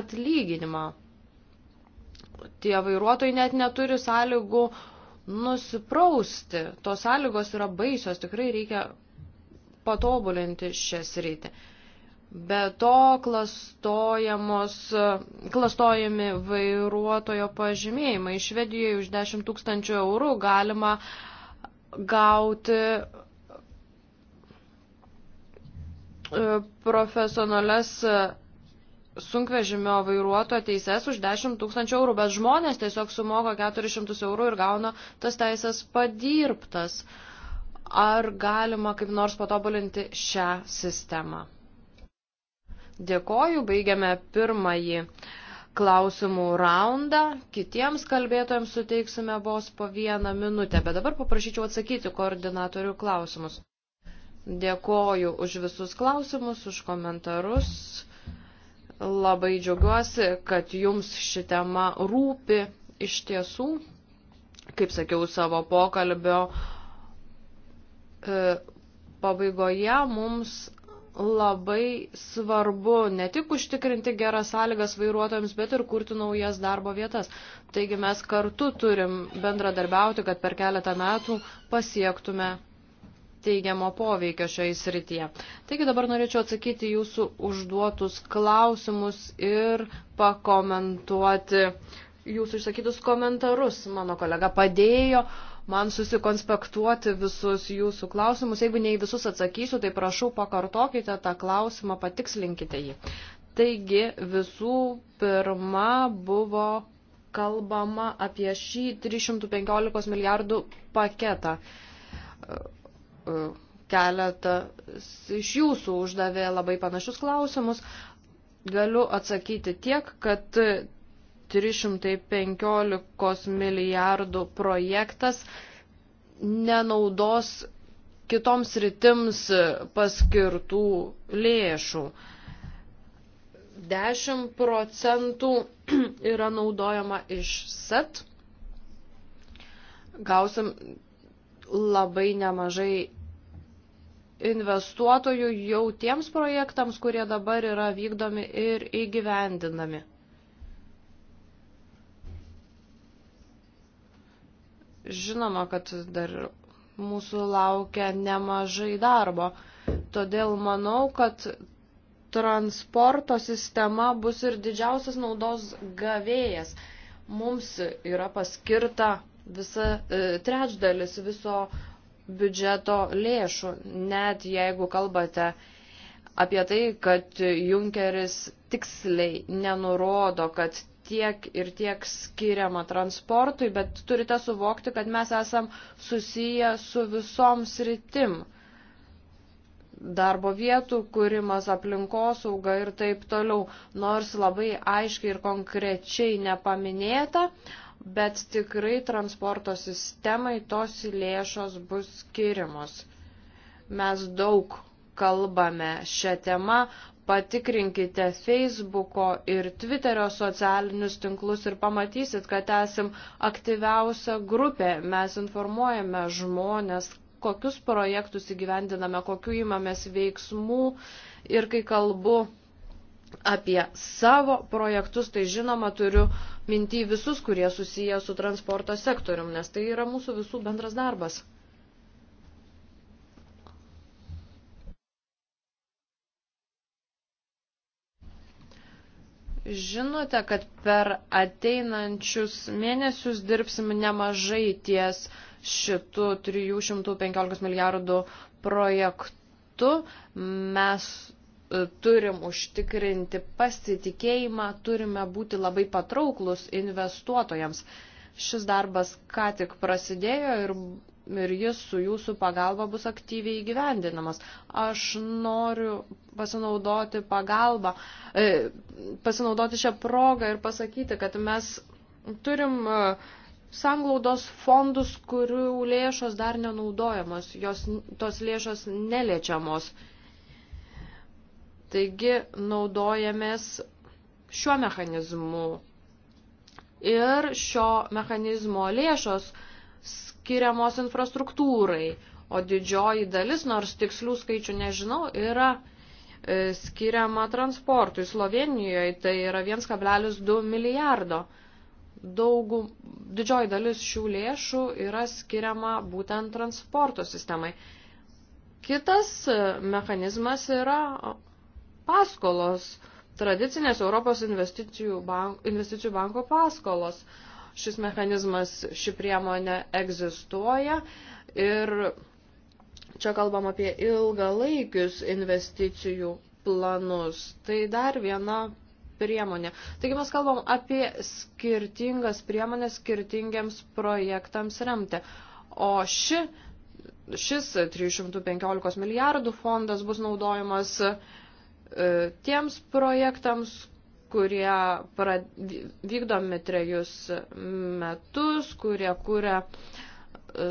atlyginimą. Tie vairuotojai net neturi sąlygų uh, nusiprausti. Tos sąlygos yra baisios, tikrai reikia patobulinti šią sritį. Be to klastojami vairuotojo pažymėjimai. Švedijoje už 10 tūkstančių eurų galima gauti e, profesionales sunkvežimio vairuotojo teises už 10 tūkstančių eurų, bet žmonės tiesiog sumoka 400 eurų ir gauna tas teisės padirbtas. Ar galima kaip nors patobulinti šią sistemą? Dėkoju, baigiame pirmąjį klausimų raundą. Kitiems kalbėtojams suteiksime vos po vieną minutę, bet dabar paprašyčiau atsakyti koordinatorių klausimus. Dėkoju už visus klausimus, už komentarus. Labai džiaugiuosi, kad jums ši tema rūpi iš tiesų, kaip sakiau savo pokalbio e, pabaigoje, mums labai svarbu ne tik užtikrinti geras sąlygas vairuotojams, bet ir kurti naujas darbo vietas. Taigi mes kartu turim bendradarbiauti, kad per keletą metų pasiektume teigiamo poveikio šioje srityje. Taigi dabar norėčiau atsakyti jūsų užduotus klausimus ir pakomentuoti jūsų išsakytus komentarus. Mano kolega padėjo man susikonspektuoti visus jūsų klausimus. Jeigu ne į visus atsakysiu, tai prašau pakartokite tą klausimą, patikslinkite jį. Taigi visų pirma buvo kalbama apie šį 315 milijardų paketą E, keletas iš jūsų uždavė labai panašius klausimus. Galiu atsakyti tiek, kad 315 milijardų projektas nenaudos kitoms rytims paskirtų lėšų. 10 procentų *clears throat* yra naudojama iš set. Gausim labai nemažai investuotojų jau tiems projektams, kurie dabar yra vykdomi ir įgyvendinami. Žinoma, kad dar mūsų laukia nemažai darbo, todėl manau, kad transporto sistema bus ir didžiausias naudos gavėjas. Mums yra paskirta visa e, trečdalis viso biudžeto lėšų, net jeigu kalbate apie tai, kad Junkeris tiksliai nenurodo, kad tiek ir tiek skiriama transportui, bet turite suvokti, kad mes esam susiję su visom sritim. Darbo vietų kūrimas, aplinkosauga ir taip toliau, nors labai aiškiai ir konkrečiai nepaminėta, uh, bet tikrai transporto sistemai tos lėšos bus skiriamos. Mes daug kalbame šią temą, patikrinkite Facebook'o ir Twitterio socialinius tinklus ir pamatysit, kad esam aktyviausia grupė. Mes informuojame žmonės, kokius projektus įgyvendiname, kokiu įmamės veiksmų ir kai kalbu apie savo projektus, tai žinoma turiu minti visus, kurie susiję su transporto sektorium, nes tai yra mūsų visų bendras darbas. Žinote, kad per ateinančius mėnesius dirbsim nemažai ties šitų 315 milijardų projektų. Mes E, turim užtikrinti pasitikėjimą, turime būti labai patrauklus investuotojams. Šis darbas ką tik prasidėjo ir, ir jis su jūsų pagalba bus aktyviai įgyvendinamas. Aš noriu pasinaudoti pagalbą, e, pasinaudoti šią progą ir pasakyti, kad mes turim e, sanglaudos fondus, kurių lėšos dar nenaudojamos, jos, tos lėšos neliečiamos. E, Taigi naudojamės šiuo mechanizmu. Ir šio mechanizmo lėšos skiriamos infrastruktūrai, o didžioji dalis, nors tikslių skaičių nežinau, yra e, skiriama transportui. Slovenijoje tai yra 1,2 milijardo. Daugum, didžioji dalis šių lėšų yra skiriama būtent transporto sistemai. Kitas e, mechanizmas yra paskolos, tradicinės Europos investicijų, bank, investicijų banko paskolos. Šis mechanizmas, ši priemonė egzistuoja ir čia kalbam apie ilgalaikius investicijų planus. Tai dar viena priemonė. Taigi mes kalbam apie skirtingas priemonės skirtingiams projektams remti. O ši, šis 315 milijardų fondas bus naudojamas uh, E, tiems projektams, kurie pra, vykdomi trejus metus, kurie kūrė e,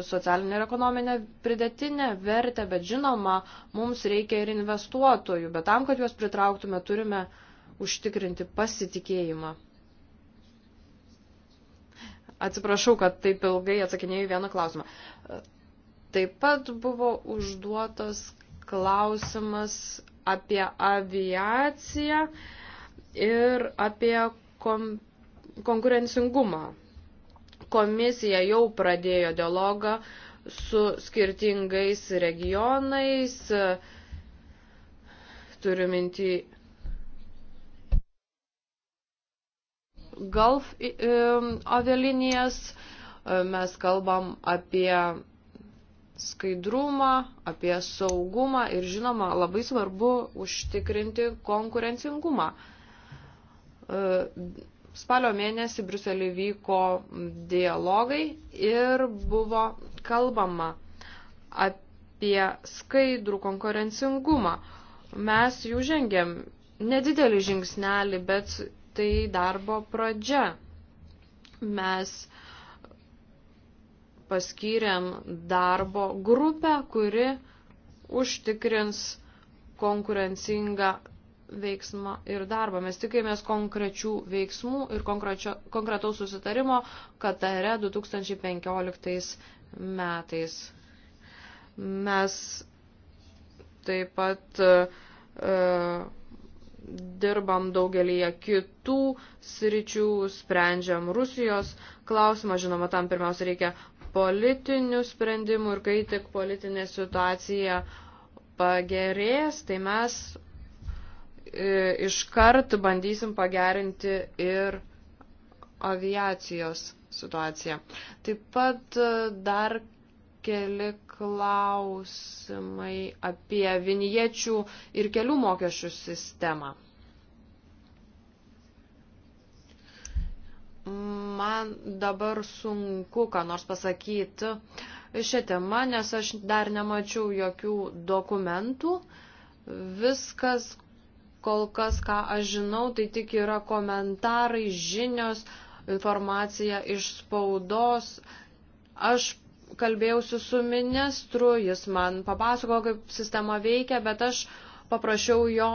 socialinę ir ekonominę pridėtinę vertę, bet žinoma, mums reikia ir investuotojų, bet tam, kad juos pritrauktume, turime užtikrinti pasitikėjimą. Atsiprašau, kad taip ilgai atsakinėjau vieną klausimą. E, taip pat buvo užduotas klausimas apie aviaciją ir apie kom konkurencingumą. Komisija jau pradėjo dialogą su skirtingais regionais, turiu minti Gulf e, avialinijas, mes kalbam apie skaidrumą, apie saugumą ir žinoma, labai svarbu užtikrinti konkurencingumą. E, spalio mėnesį Bruselį vyko dialogai ir buvo kalbama apie skaidrų konkurencingumą. Mes jų žengėm nedidelį žingsnelį, bet tai darbo pradžia. Mes uh, paskyrėm darbo grupę, kuri užtikrins konkurencingą veiksmą ir darbą. Mes tikėjomės konkrečių veiksmų ir konkretaus susitarimo Katare 2015 metais. Mes taip pat e, dirbam daugelį kitų sričių, sprendžiam Rusijos klausimą. Žinoma, tam pirmiausia reikia politinių sprendimų ir kai tik politinė situacija pagerės, tai mes e, iškart bandysim pagerinti ir aviacijos situaciją. Taip pat e, dar keli klausimai apie viniečių ir kelių mokesčių sistemą. man dabar sunku ką nors pasakyti šią temą, nes aš dar nemačiau jokių dokumentų. Viskas, kol kas, ką aš žinau, tai tik yra komentarai, žinios, informacija iš spaudos. Aš kalbėjausi su ministru, jis man papasakojo, kaip sistema veikia, bet aš paprašiau jo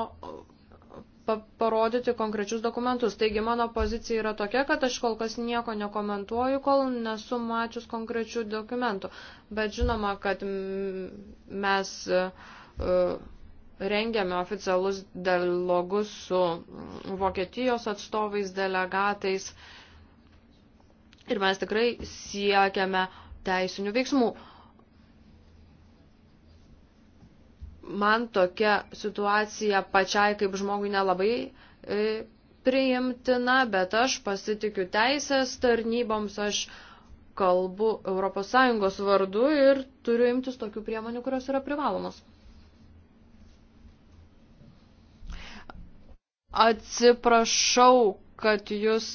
parodyti konkrečius dokumentus. Taigi mano pozicija yra tokia, kad aš kol kas nieko nekomentuoju, kol nesu mačius konkrečių dokumentų. Bet žinoma, kad mes e, rengiame oficialus dialogus su Vokietijos atstovais, delegatais ir mes tikrai siekiame teisinių veiksmų. man tokia situacija pačiai kaip žmogui nelabai e, priimtina, bet aš pasitikiu teisės tarnyboms, aš kalbu ES vardu ir turiu imtis tokių priemonių, kurios yra privalomos. Atsiprašau, kad jūs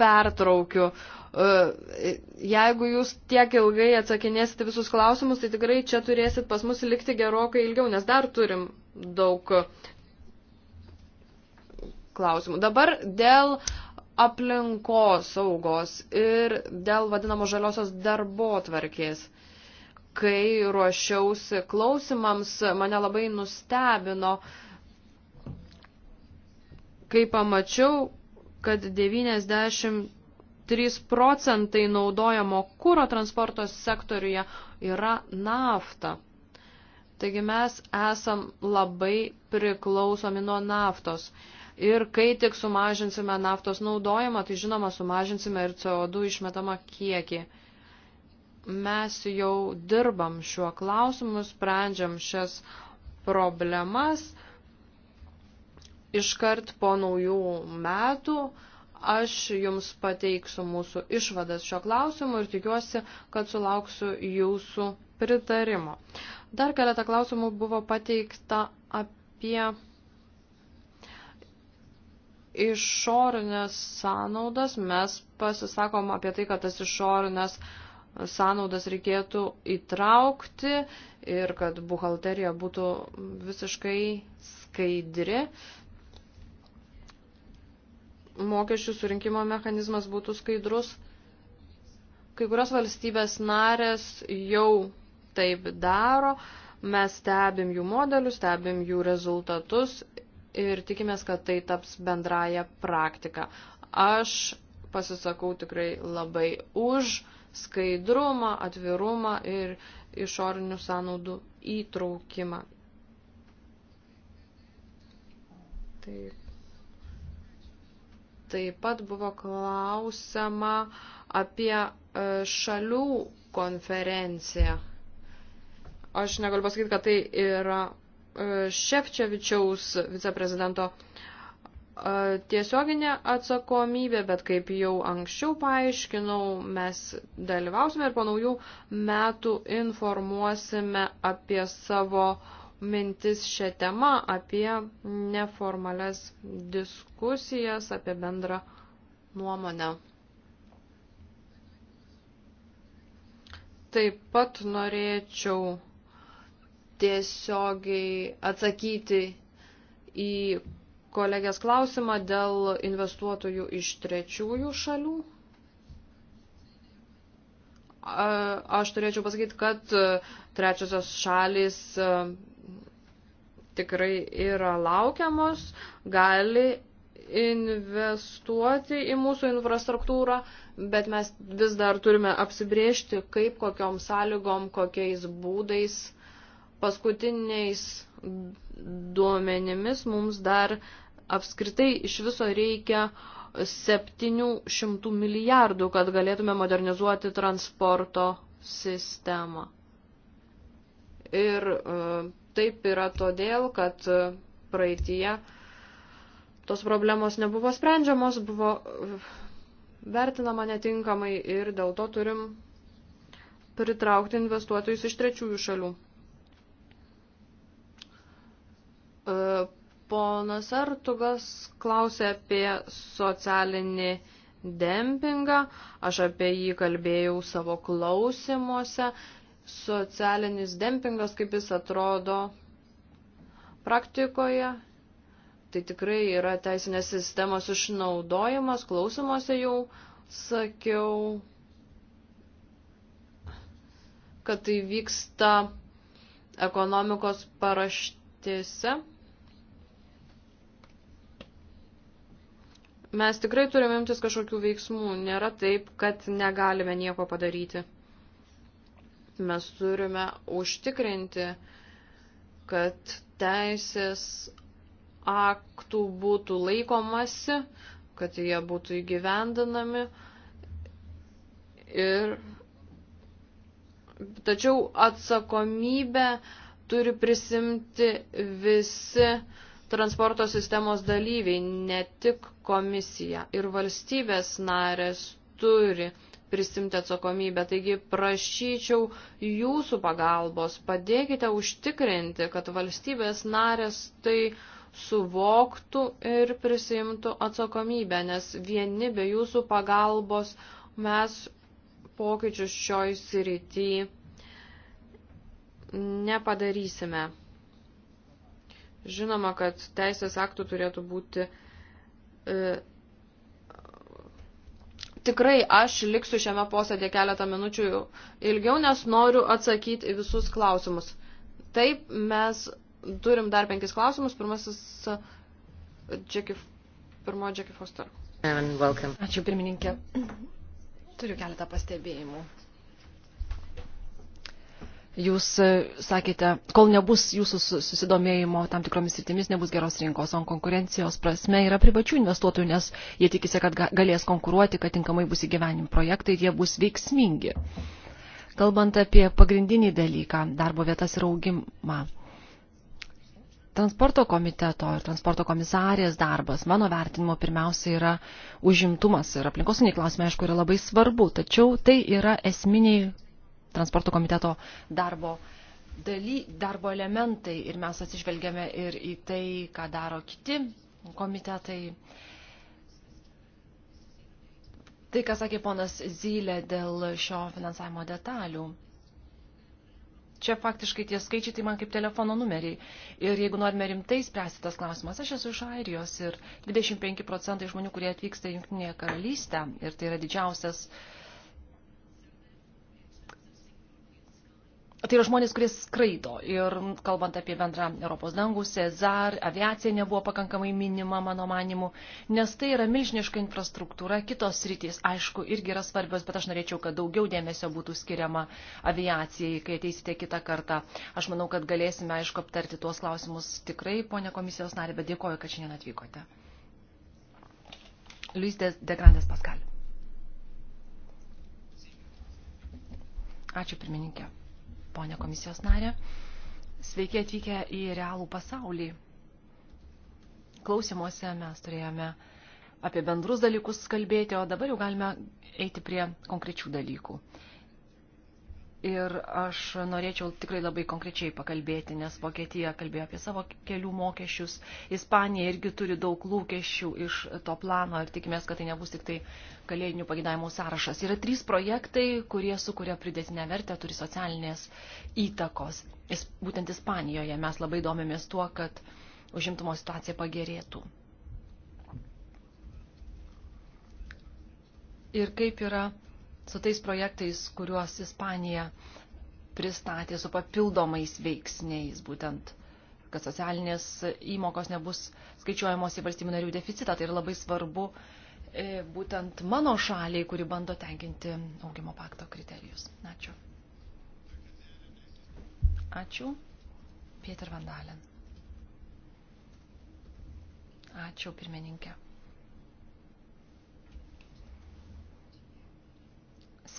pertraukiu. E, jeigu jūs tiek ilgai atsakinėsite visus klausimus, tai tikrai čia turėsit pas mus likti gerokai ilgiau, nes dar turim daug klausimų. Dabar dėl aplinkos saugos ir dėl vadinamo žaliosios darbo tvarkės. Kai ruošiausi klausimams, mane labai nustebino, kai pamačiau, kad 93 procentai naudojamo kūro transporto sektoriuje yra nafta. Taigi mes esam labai priklausomi nuo naftos. Ir kai tik sumažinsime naftos naudojimą, tai žinoma sumažinsime ir CO2 išmetamą kiekį. Mes jau dirbam šiuo klausimu, sprendžiam šias problemas iškart po naujų metų aš jums pateiksiu mūsų išvadas šio klausimu ir tikiuosi, kad sulauksiu jūsų pritarimo. Dar keletą klausimų buvo pateikta apie išorinės sąnaudas. Mes pasisakom apie tai, kad tas išorinės sąnaudas reikėtų įtraukti ir kad buhalterija būtų visiškai skaidri mokesčių surinkimo mechanizmas būtų skaidrus. Kai kurios valstybės narės jau taip daro, mes stebim jų modelius, stebim jų rezultatus ir tikimės, kad tai taps bendraja praktika. Aš pasisakau tikrai labai už skaidrumą, atvirumą ir išorinių sąnaudų įtraukimą. Taip. Taip pat buvo klausama apie e, šalių konferenciją. Aš negaliu pasakyti, kad tai yra e, Šefčevičiaus viceprezidento e, tiesioginė atsakomybė, bet kaip jau anksčiau paaiškinau, mes dalyvausime ir po naujų metų informuosime apie savo uh, mintis šią temą apie neformales diskusijas, apie bendrą nuomonę. Taip pat norėčiau tiesiogiai atsakyti į kolegės klausimą dėl investuotojų iš trečiųjų šalių aš turėčiau pasakyti, kad e, trečiosios šalis e, tikrai yra laukiamos, gali investuoti į mūsų infrastruktūrą, bet mes vis dar turime apsibriežti, kaip, kokiom sąlygom, kokiais būdais, paskutiniais duomenimis mums dar apskritai iš viso reikia uh, 700 milijardų, kad galėtume modernizuoti transporto sistemą. Ir e, taip yra todėl, kad e, praeitie tos problemos nebuvo sprendžiamos, buvo e, vertinama netinkamai ir dėl to turim pritraukti investuotojus iš trečiųjų šalių Ponas Artugas klausė apie socialinį dempingą, aš apie jį kalbėjau savo klausimuose. Socialinis dempingas, kaip jis atrodo praktikoje, tai tikrai yra teisinės sistemos išnaudojimas, klausimuose jau sakiau, kad tai vyksta ekonomikos paraštėse. Mes tikrai turime imtis kažkokių veiksmų. Nėra taip, kad negalime nieko padaryti. Mes turime užtikrinti, kad teisės aktų būtų laikomasi, kad jie būtų įgyvendinami. Ir tačiau atsakomybę turi prisimti visi uh, transporto sistemos dalyviai, ne tik komisija ir valstybės narės turi prisimti atsakomybę. Taigi prašyčiau jūsų pagalbos, padėkite užtikrinti, kad valstybės narės tai suvoktų ir prisimtų atsakomybę, nes vieni be jūsų pagalbos mes pokyčius šioj srity nepadarysime. Žinoma, kad teisės aktų turėtų būti. E, tikrai aš liksiu šiame posėdė keletą minučių ilgiau, nes noriu atsakyti į visus klausimus. Taip, mes turim dar penkis klausimus. Pirmasis Jackie, pirmo Jackie Foster. Ačiū pirmininkė. Turiu keletą pastebėjimų. Jūs e, sakėte, kol nebus jūsų susidomėjimo tam tikromis sritimis, nebus geros rinkos, o konkurencijos prasme yra privačių investuotojų, nes jie tikisi, kad galės konkuruoti, kad tinkamai bus įgyvenim projektai, jie bus veiksmingi. Kalbant apie pagrindinį dalyką - darbo vietas ir augimą. Transporto komiteto ir transporto komisarės darbas, mano vertinimo, pirmiausia yra užimtumas ir aplinkosiniai klausimai, aišku, yra labai svarbu, tačiau tai yra esminiai transporto komiteto darbo, daly, darbo elementai ir mes atsižvelgiame ir į tai, ką daro kiti komitetai. Tai, ką sakė ponas Zylė dėl šio finansavimo detalių. Čia faktiškai tie skaičiai, tai man kaip telefono numeriai. Ir jeigu norime rimtai spręsti tas klausimas, aš esu iš Airijos ir 25 procentai žmonių, kurie atvyksta į Junktinėje karalystę, ir tai yra didžiausias uh, Tai yra žmonės, kurie skraido. Ir kalbant apie bendrą Europos dangų, Cezar, aviacija nebuvo pakankamai minima, mano manimu, nes tai yra milžiniška infrastruktūra. Kitos rytis, aišku, irgi yra svarbios, bet aš norėčiau, kad daugiau dėmesio būtų skiriama aviacijai, kai ateisite kitą kartą. Aš manau, kad galėsime, aišku, aptarti tuos klausimus tikrai, ponia komisijos narė, bet dėkoju, kad šiandien atvykote. Luis de, de Grandes Pascal. Ačiū pirmininkė ponė komisijos narė. Sveiki atvykę į realų pasaulį. Klausimuose mes turėjome apie bendrus dalykus kalbėti, o dabar jau galime eiti prie konkrečių dalykų. Ir aš norėčiau tikrai labai konkrečiai pakalbėti, nes Vokietija kalbėjo apie savo kelių mokesčius. Ispanija irgi turi daug lūkesčių iš to plano ir tikimės, kad tai nebus tik tai kalėdinių pagidavimų sąrašas. Yra trys projektai, kurie sukuria pridėtinę vertę, turi socialinės įtakos. Is, būtent Ispanijoje mes labai domėmės tuo, kad užimtumo situacija pagerėtų. Ir kaip yra su tais projektais, kuriuos Ispanija pristatė su papildomais veiksniais, būtent, kad socialinės įmokos nebus skaičiuojamos į valstybių narių deficitą. Tai yra labai svarbu e, būtent mano šaliai, kuri bando tenkinti augimo pakto kriterijus. Ačiū. Ačiū. Pieter Vandalen. Ačiū, pirmininkė.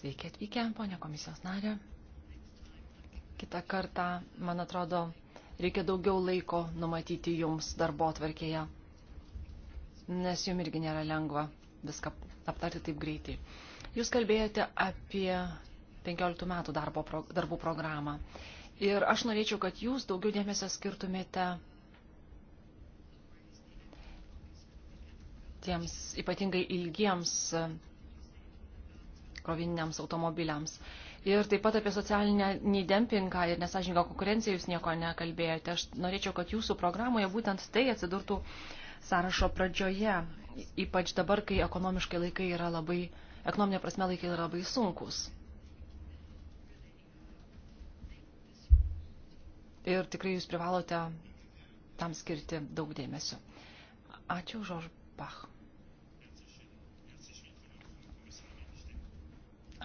Sveiki atvykę, ponė komisijos narė. Kita kartą, man atrodo, reikia daugiau laiko numatyti jums darbo atvarkėje, nes jums irgi nėra lengva viską aptarti taip greitai. Jūs kalbėjote apie 15 metų darbo, darbų programą. Ir aš norėčiau, kad jūs daugiau dėmesio skirtumėte tiems ypatingai ilgiems krovininiams automobiliams. Ir taip pat apie socialinį dempingą ir nesažininką konkurenciją jūs nieko nekalbėjote. Aš norėčiau, kad jūsų programoje būtent tai atsidurtų sąrašo pradžioje, ypač dabar, kai ekonomiškai laikai yra labai, ekonominė prasme laikai yra labai sunkus. Ir tikrai jūs privalote tam skirti daug dėmesio. Ačiū, Žorž Bach.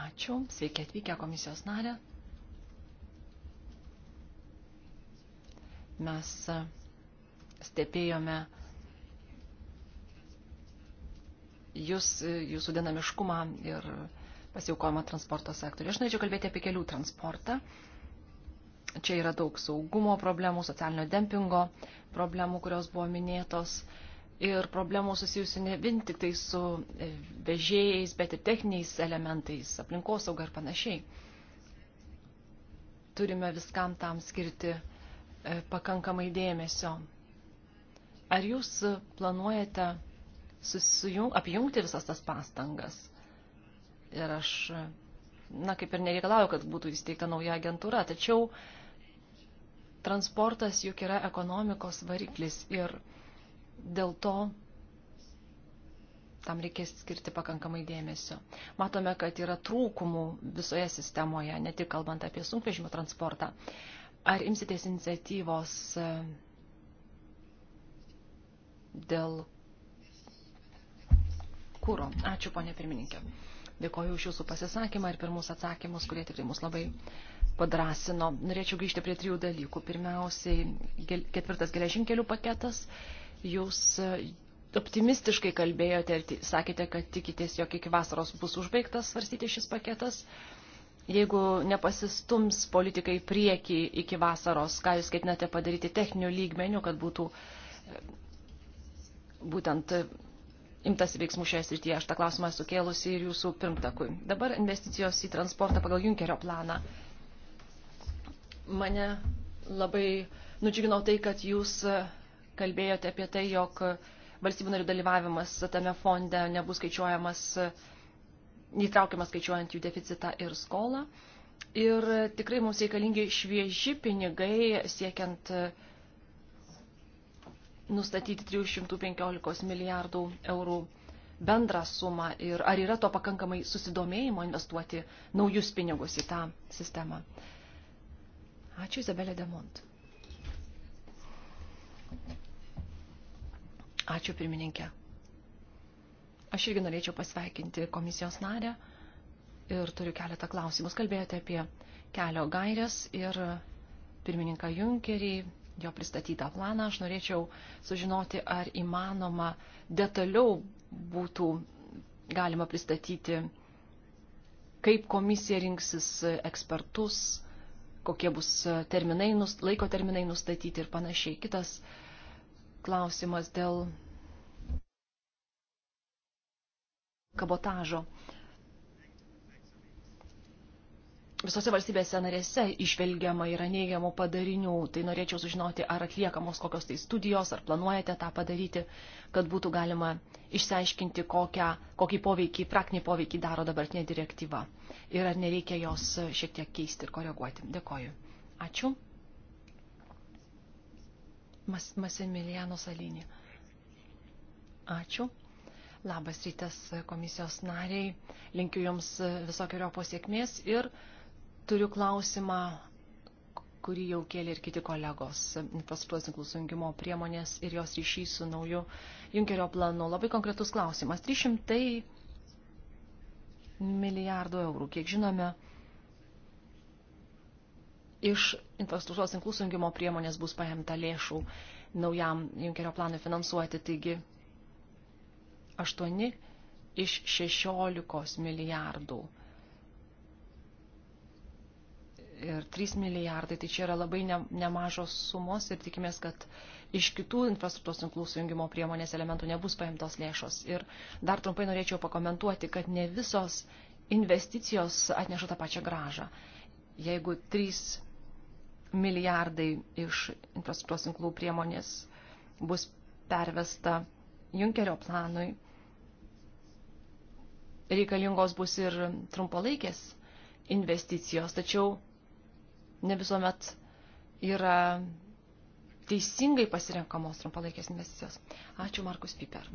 Ačiū. Sveiki atvykę komisijos narė. Mes e, stebėjome jūs, e, jūsų dinamiškumą ir pasiaukojimą transporto sektoriu. Aš norėčiau kalbėti apie kelių transportą. Čia yra daug saugumo problemų, socialinio dempingo problemų, kurios buvo minėtos. Uh, ir problemų susijusių ne vien tik tai su e, vežėjais, bet ir techniniais elementais, aplinkosauga ir panašiai. Turime viskam tam skirti e, pakankamai dėmesio. Ar jūs planuojate susijung, apjungti visas tas pastangas? Ir aš, na, kaip ir nereikalauju, kad būtų įsteigta nauja agentūra, tačiau transportas juk yra ekonomikos variklis ir Dėl to tam reikės skirti pakankamai dėmesio. Matome, kad yra trūkumų visoje sistemoje, ne tik kalbant apie sunkvežimio transportą. Ar imsitės iniciatyvos e, dėl kūro? Ačiū, ponė pirmininkė. Dėkoju už jūsų pasisakymą ir pirmus atsakymus, kurie tikrai mus labai padrasino. Norėčiau grįžti prie trijų dalykų. Pirmiausiai, ketvirtas geležinkelių paketas Jūs e, optimistiškai kalbėjote ir sakėte, kad tikitės, jog iki vasaros bus užbaigtas svarstyti šis paketas. Jeigu nepasistums politikai prieki iki vasaros, ką jūs ketinate padaryti techninių lygmenių, kad būtų e, būtent e, imtas veiksmų šioje srityje. Aš tą klausimą sukėlusi ir jūsų pirmtakui. Dabar investicijos į transportą pagal Junkerio planą. Mane labai nudžiugino tai, kad jūs kalbėjote apie tai, jog valstybių narių dalyvavimas tame fonde nebus skaičiuojamas, neįtraukiamas skaičiuojant jų deficitą ir skolą. Ir tikrai mums reikalingi švieži pinigai siekiant nustatyti 315 milijardų eurų bendrą sumą ir ar yra to pakankamai susidomėjimo investuoti naujus pinigus į tą sistemą. Ačiū Izabelė Demont. Ačiū pirmininkė. Aš irgi norėčiau pasveikinti komisijos narę ir turiu keletą klausimus. Kalbėjote apie kelio gairias ir pirmininką Junkerį, jo pristatytą planą. Aš norėčiau sužinoti, ar įmanoma detaliau būtų galima pristatyti, kaip komisija rinksis ekspertus, kokie bus terminai, laiko terminai nustatyti ir panašiai. Kitas uh, klausimas dėl kabotažo. Visose valstybėse narėse išvelgiama yra neigiamų padarinių, tai norėčiau sužinoti, ar atliekamos kokios tai studijos, ar planuojate tą padaryti, kad būtų galima išsiaiškinti, kokią, kokį poveikį, praktinį poveikį daro dabartinė direktyva ir ar nereikia jos šiek tiek keisti ir koreguoti. Dėkoju. Ačiū. Mas, Masimiliano Salinį. Ačiū. Labas rytas e, komisijos nariai. Linkiu Jums e, visokiojo pasiekmės ir turiu klausimą, kurį jau kėlė ir kiti kolegos. Infrastruktūros tinklų sujungimo priemonės ir jos ryšys su nauju Junkerio planu. Labai konkretus klausimas. 300 milijardų eurų, kiek žinome, iš infrastruktūros tinklų sujungimo priemonės bus paimta lėšų naujam Junkerio planui finansuoti. Taigi 8 iš 16 milijardų. Ir 3 milijardai, tai čia yra labai ne, nemažos sumos ir tikimės, kad iš kitų infrastruktūros tinklų sujungimo priemonės elementų nebus paimtos lėšos. Ir dar trumpai norėčiau pakomentuoti, kad ne visos investicijos atneša tą pačią gražą jeigu 3 milijardai iš infrastruktūros tinklų priemonės bus pervesta Junkerio planui. Reikalingos bus ir trumpalaikės investicijos, tačiau ne visuomet yra teisingai pasirenkamos trumpalaikės investicijos. Ačiū Markus Piper.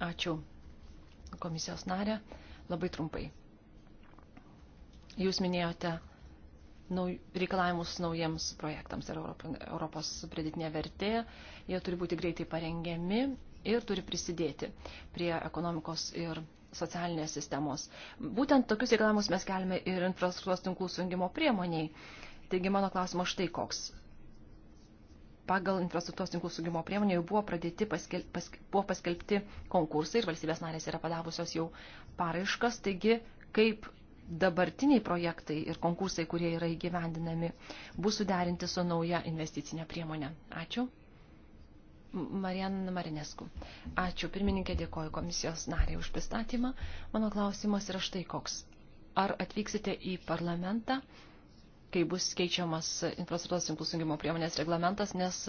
Ačiū komisijos narė. Labai trumpai. Jūs minėjote reikalavimus naujiems projektams ir Europos pridėtinė vertė. Jie turi būti greitai parengiami ir turi prisidėti prie ekonomikos ir socialinės sistemos. Būtent tokius reikalavimus mes kelime ir infrastruktūros tinklų sujungimo priemoniai. Taigi mano klausimas štai koks. Pagal infrastruktūros tinklų sujungimo priemonę jau buvo, pradėti, paskel, pas, buvo paskelbti konkursai ir valstybės narės yra padavusios jau paraiškas. Taigi, kaip dabartiniai projektai ir konkursai, kurie yra įgyvendinami, bus suderinti su nauja investicinė priemonė. Ačiū. Marijan Marinesku. Ačiū. Pirmininkė dėkoju komisijos nariai už pristatymą. Mano klausimas yra štai koks. Ar atvyksite į parlamentą, kai bus keičiamas infrastruktūros tinklų sungimo priemonės reglamentas, nes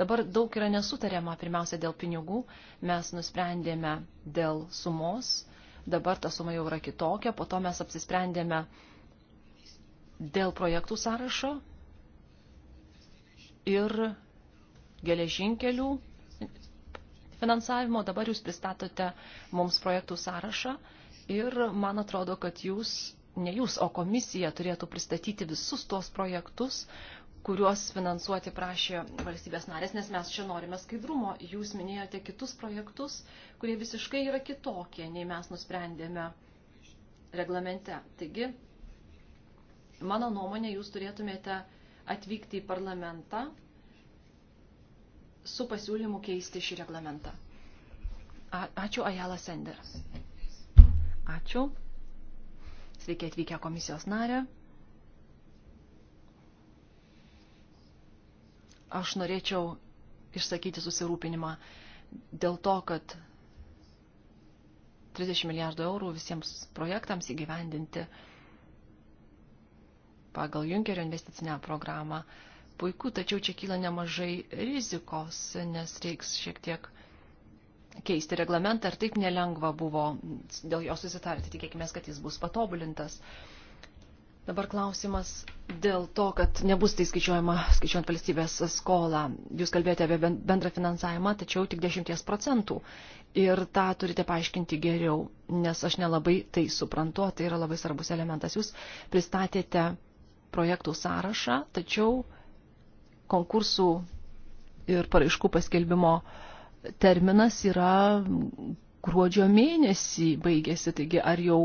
dabar daug yra nesutariama, pirmiausia, dėl pinigų. Mes nusprendėme dėl sumos dabar ta suma jau yra kitokia, po to mes apsisprendėme dėl projektų sąrašo ir geležinkelių finansavimo, dabar jūs pristatote mums projektų sąrašą ir man atrodo, kad jūs, ne jūs, o komisija turėtų pristatyti visus tuos projektus, kuriuos finansuoti prašė valstybės narės, nes mes čia norime skaidrumo. Jūs minėjote kitus projektus, kurie visiškai yra kitokie, nei mes nusprendėme reglamente. Taigi, mano nuomonė, jūs turėtumėte atvykti į parlamentą su pasiūlymu keisti šį reglamentą. Ačiū, Ajala Sender. Ačiū. Sveiki atvykę komisijos narė. aš norėčiau išsakyti susirūpinimą dėl to, kad 30 milijardų eurų visiems projektams įgyvendinti pagal Junkerio investicinę programą puiku, tačiau čia kyla nemažai rizikos, nes reiks šiek tiek keisti reglamentą ir taip nelengva buvo dėl jo susitarti. Tikėkime, kad jis bus patobulintas. Uh, Dabar klausimas dėl to, kad nebus tai skaičiuojama, skaičiuojant valstybės skolą. Jūs kalbėjote apie bendrą finansavimą, tačiau tik 10 procentų. Ir tą turite paaiškinti geriau, nes aš nelabai tai suprantu, o tai yra labai svarbus elementas. Jūs pristatėte projektų sąrašą, tačiau konkursų ir paraiškų paskelbimo terminas yra gruodžio mėnesį baigėsi, taigi ar jau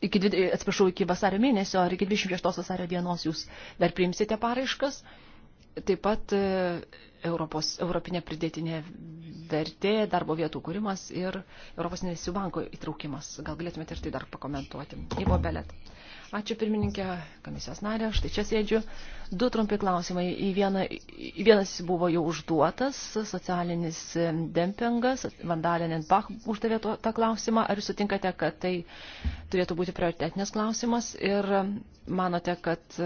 iki, atsiprašau, iki vasario mėnesio ar iki 26 vasario dienos jūs dar priimsite paraiškas. Taip pat e, Europos, Europinė pridėtinė vertė, darbo vietų kūrimas ir Europos Nesijų banko įtraukimas. Gal galėtumėte ir tai dar pakomentuoti. Ivo Belet. Ačiū pirmininkė, komisijos narė, štai čia sėdžiu. Du trumpi klausimai. Į vieną, į vienas buvo jau užduotas, socialinis dempingas, vandalinint Bach uždavė to, tą klausimą. Ar jūs sutinkate, kad tai turėtų būti prioritetinės klausimas ir manote, kad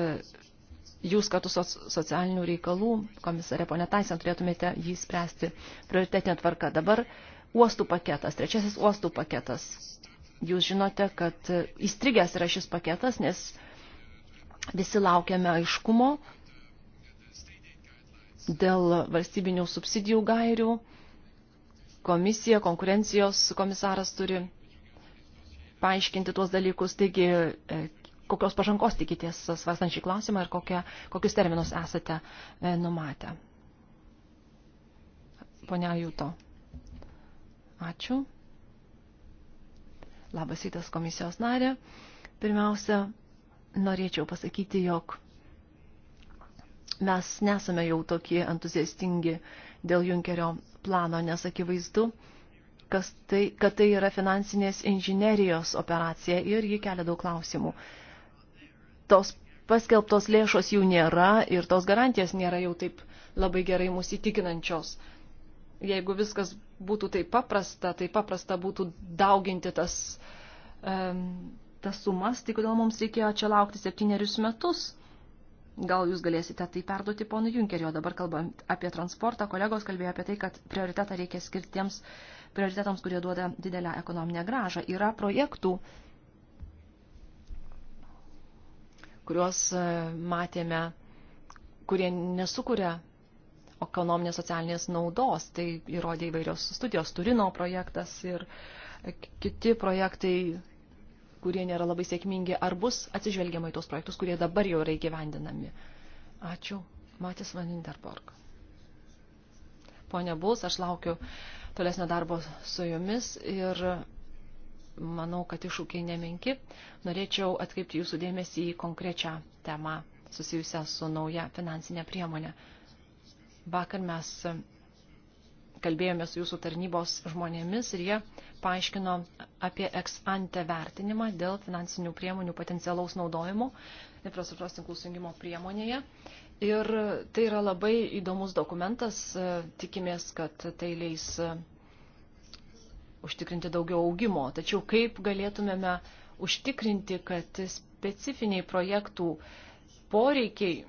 jūs kartu su socialinių reikalų komisarė ponė Taisen turėtumėte jį spręsti prioritetinę tvarką. Dabar uostų paketas, trečiasis uostų paketas, Jūs žinote, kad įstrigęs yra šis paketas, nes visi laukiame aiškumo dėl valstybinių subsidijų gairių. Komisija, konkurencijos komisaras turi paaiškinti tuos dalykus. Taigi, e, kokios pažangos tikitės svarstant šį klausimą ir kokia, kokius terminus esate e, numatę. Pone Ajuto. Ačiū. Labas rytas komisijos narė. Pirmiausia, norėčiau pasakyti, jog mes nesame jau tokie entuziastingi dėl Junkerio plano, nes akivaizdu, tai, kad tai yra finansinės inžinerijos operacija ir ji kelia daug klausimų. Tos paskelbtos lėšos jų nėra ir tos garantijos nėra jau taip labai gerai mūsų įtikinančios. Uh, jeigu viskas būtų taip paprasta, taip paprasta būtų dauginti tas, tas sumas, tai kodėl mums reikėjo čia laukti septynerius metus? Gal jūs galėsite tai perduoti ponui Junkerio. Dabar kalbam apie transportą. Kolegos kalbėjo apie tai, kad prioritetą reikia skirti tiems prioritetams, kurie duoda didelę ekonominę gražą. Yra projektų, kuriuos e, matėme, kurie nesukuria ekonominės socialinės naudos. Tai įrodė įvairios studijos, Turino projektas ir kiti projektai, kurie nėra labai sėkmingi. Ar bus atsižvelgiama į tos projektus, kurie dabar jau yra įgyvendinami? Ačiū. Matis Vaninderborg. Pone Buls, aš laukiu tolesnio darbo su jumis ir manau, kad iššūkiai nemenki. Norėčiau atkreipti jūsų dėmesį į konkrečią temą susijusią su nauja finansinė priemonė. Vakar mes kalbėjome su jūsų tarnybos žmonėmis ir jie paaiškino apie ex ante vertinimą dėl finansinių priemonių potencialaus naudojimo infrastruktūros tinklų sujungimo priemonėje. Ir tai yra labai įdomus dokumentas, tikimės, kad tai leis užtikrinti daugiau augimo. Tačiau kaip galėtumėme užtikrinti, kad specifiniai projektų poreikiai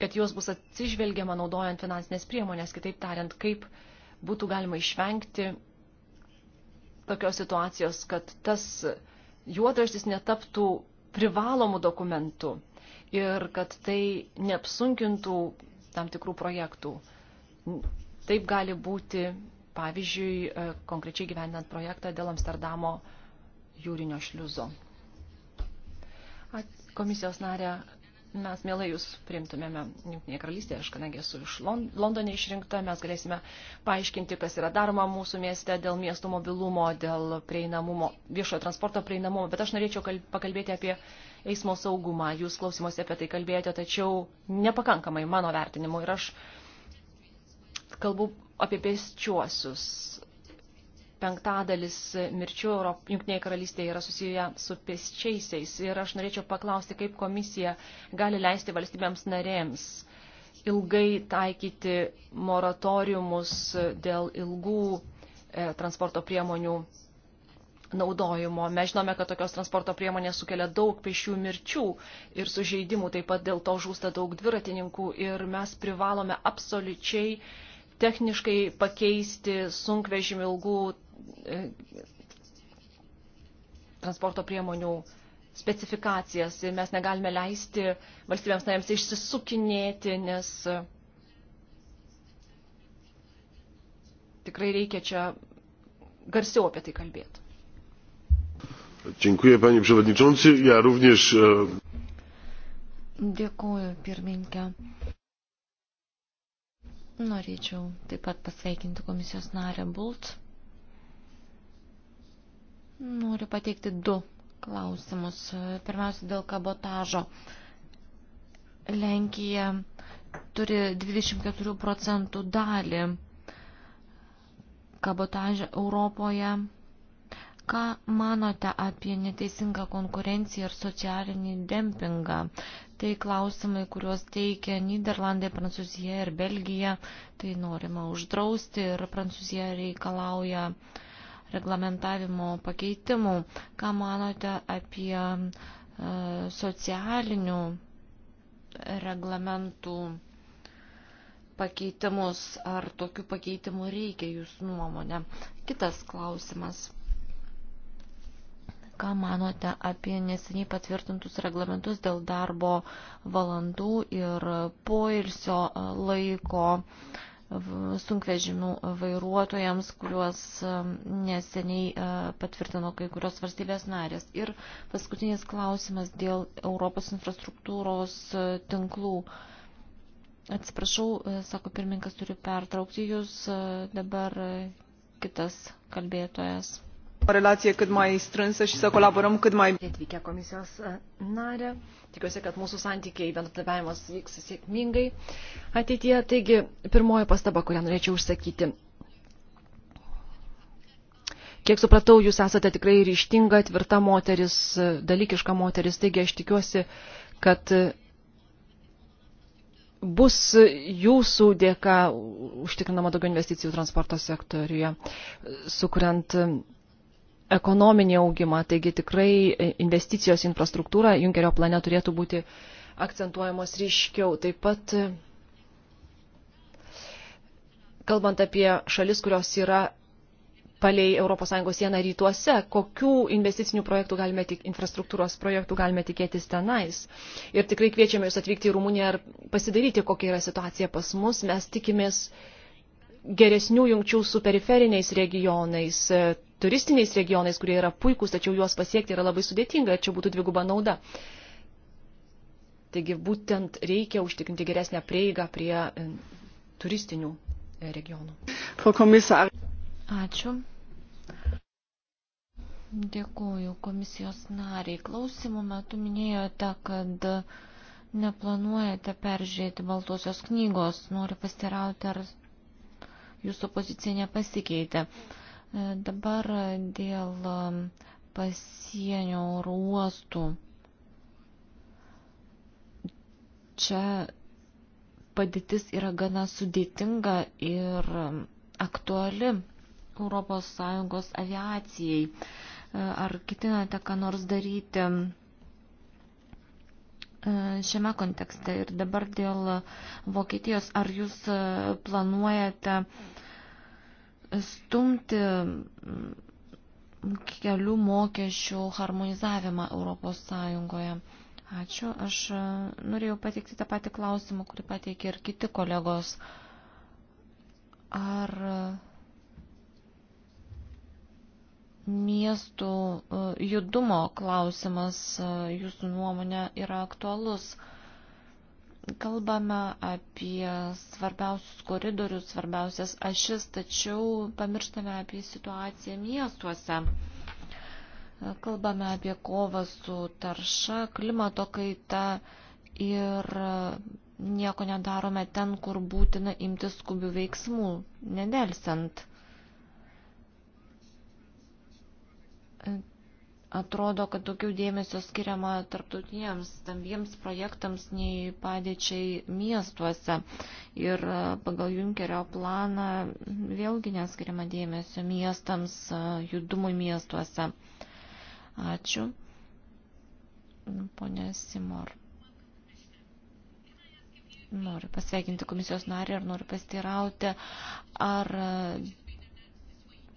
kad juos bus atsižvelgiama naudojant finansinės priemonės, kitaip tariant, kaip būtų galima išvengti tokios situacijos, kad tas juodraštis netaptų privalomų dokumentų ir kad tai neapsunkintų tam tikrų projektų. Taip gali būti, pavyzdžiui, e, konkrečiai gyvendant projektą dėl Amsterdamo jūrinio šliuzo. Komisijos narė mes mielai jūs priimtumėme Junktinėje karalystėje, aš kadangi esu iš Lond Londone išrinkta, mes galėsime paaiškinti, kas yra daroma mūsų mieste dėl miestų mobilumo, dėl prieinamumo, viešojo transporto prieinamumo, bet aš norėčiau pakalbėti apie eismo saugumą. Jūs klausimuose apie tai kalbėjote, tačiau nepakankamai mano vertinimu ir aš kalbu apie pėsčiuosius penktadalis mirčių Junktinėje karalystėje yra susiję su pėsčiaisiais. Ir aš norėčiau paklausti, kaip komisija gali leisti valstybėms narėms ilgai taikyti moratoriumus dėl ilgų e, transporto priemonių naudojimo. Mes žinome, kad tokios transporto priemonės sukelia daug pešių mirčių ir sužeidimų, taip pat dėl to žūsta daug dviratininkų ir mes privalome absoliučiai techniškai pakeisti sunkvežimį ilgų E, transporto priemonių specifikacijas ir mes negalime leisti valstybėms narėms išsisukinėti, nes e, tikrai reikia čia garsiau apie tai kalbėti. Dziękuję panie przewodniczący. Ja również e, Dėkuoju, pirmininkė. Norėčiau taip pat pasveikinti komisijos narę Bult. Noriu pateikti du klausimus. Pirmiausia, dėl kabotažo. Lenkija turi 24 procentų dalį kabotažą Europoje. Ką manote apie neteisingą konkurenciją ir socialinį dempingą? Tai klausimai, kuriuos teikia Niderlandai, Prancūzija ir Belgija. Tai norima uždrausti ir Prancūzija reikalauja uh, reglamentavimo pakeitimų. Ką manote apie e, socialinių reglamentų pakeitimus? Ar tokių pakeitimų reikia jūsų nuomonė? Kitas klausimas. Ką manote apie neseniai patvirtintus reglamentus dėl darbo valandų ir poilsio e, laiko? Uh, sunkvežimių vairuotojams, kuriuos um, neseniai uh, patvirtino kai kurios valstybės narės. Ir paskutinis klausimas dėl Europos infrastruktūros uh, tinklų. Atsiprašau, uh, sako pirmininkas, turiu pertraukti jūs dabar kitas kalbėtojas relaciją cât mai strânsă și să colaborăm cât mai bine. Atvykę komisijos e, narė, tikiuosi, kad mūsų santykiai bendradarbiavimas vyks sėkmingai ateityje. Taigi, pirmoji pastaba, kurią norėčiau užsakyti. Kiek supratau, jūs esate tikrai ryštinga, tvirta moteris, e, dalykiška moteris, taigi aš tikiuosi, kad e, bus jūsų dėka užtikrinama daugiau investicijų transporto sektoriuje, sukuriant ekonominį augimą. Taigi tikrai e, investicijos infrastruktūra Junkerio plane turėtų būti akcentuojamos ryškiau. Taip pat, e, kalbant apie šalis, kurios yra palei ES sieną rytuose, kokių investicinių projektų galime tik, infrastruktūros projektų galime tikėtis tenais. Ir tikrai kviečiame jūs atvykti į Rumuniją ir pasidaryti, kokia yra situacija pas mus. Mes tikimės geresnių jungčių su periferiniais regionais, turistiniais regionais, kurie yra puikūs, tačiau juos pasiekti yra labai sudėtinga ir čia būtų dviguba nauda. Taigi būtent reikia užtikrinti geresnę prieigą prie e, turistinių e, regionų. Ačiū. Dėkuoju komisijos nariai. Klausimų metu minėjote, kad neplanuojate peržiūrėti Baltosios knygos. Noriu pastirauti, ar jūsų pozicija nepasikeitė. E, dabar dėl e, pasienio oro uostų. Čia padėtis yra gana sudėtinga ir aktuali ES aviacijai. E, ar ketinate ką nors daryti šiame kontekste? Ir dabar dėl Vokietijos, ar jūs planuojate uh, stumti mm, kelių mokesčių harmonizavimą Europos Sąjungoje. Ačiū. Aš e, norėjau pateikti tą patį klausimą, kurį pateikė ir kiti kolegos. Ar e, miestų e, judumo klausimas jūsų nuomonė yra aktualus? kalbame apie svarbiausius koridorius, svarbiausias ašis, tačiau pamirštame apie situaciją miestuose. Kalbame apie kovą su tarša, klimato kaita ir nieko nedarome ten, kur būtina imtis skubių veiksmų, nedelsiant. Atrodo, kad daugiau dėmesio skiriama tarptautiniams stambiems projektams nei padėčiai miestuose. Ir e, pagal Junkerio planą vėlgi neskiriama dėmesio miestams, e, judumui miestuose. Ačiū. Pone Simor. Noriu pasveikinti komisijos narį ir noriu pastirauti, ar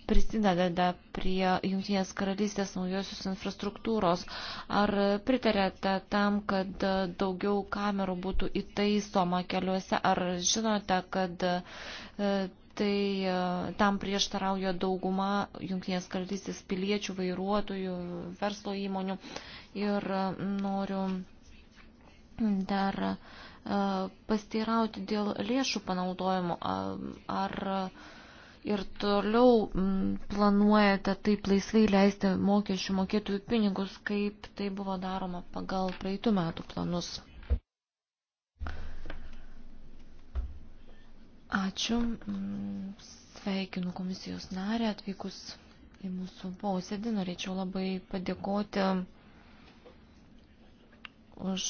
prisidedate prie Junktinės karalystės naujosios infrastruktūros. Ar pritarėte tam, kad daugiau kamerų būtų įtaisoma keliuose? Ar žinote, kad e, tai e, tam prieštarauja dauguma Junktinės karalystės piliečių, vairuotojų, verslo įmonių? Ir e, noriu dar pasteirauti dėl lėšų panaudojimo. Ar ir toliau mm, planuojate taip laisvai leisti mokesčių mokėtojų pinigus, kaip tai buvo daroma pagal praeitų metų planus. Ačiū. Mm, sveikinu komisijos narę atvykus į mūsų posėdį. Norėčiau labai padėkoti už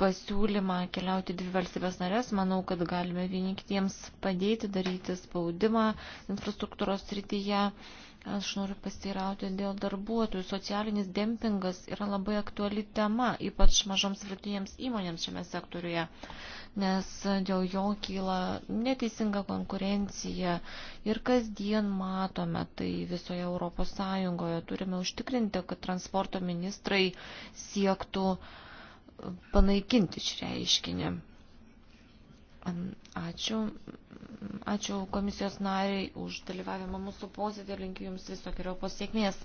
pasiūlymą keliauti dvi valstybės narės, manau, kad galime vieni kitiems padėti daryti spaudimą infrastruktūros srityje. Aš noriu pasteirauti dėl darbuotojų. Socialinis dempingas yra labai aktuali tema, ypač mažoms vidutinėms įmonėms šiame sektoriuje, nes dėl jo kyla neteisinga konkurencija ir kasdien matome tai visoje Europos Sąjungoje. Turime užtikrinti, kad transporto ministrai siektų uh, panaikinti šį reiškinį. Ačiū. Ačiū komisijos nariai už dalyvavimą mūsų posėdį ir linkiu Jums visokiojo pasiekmės.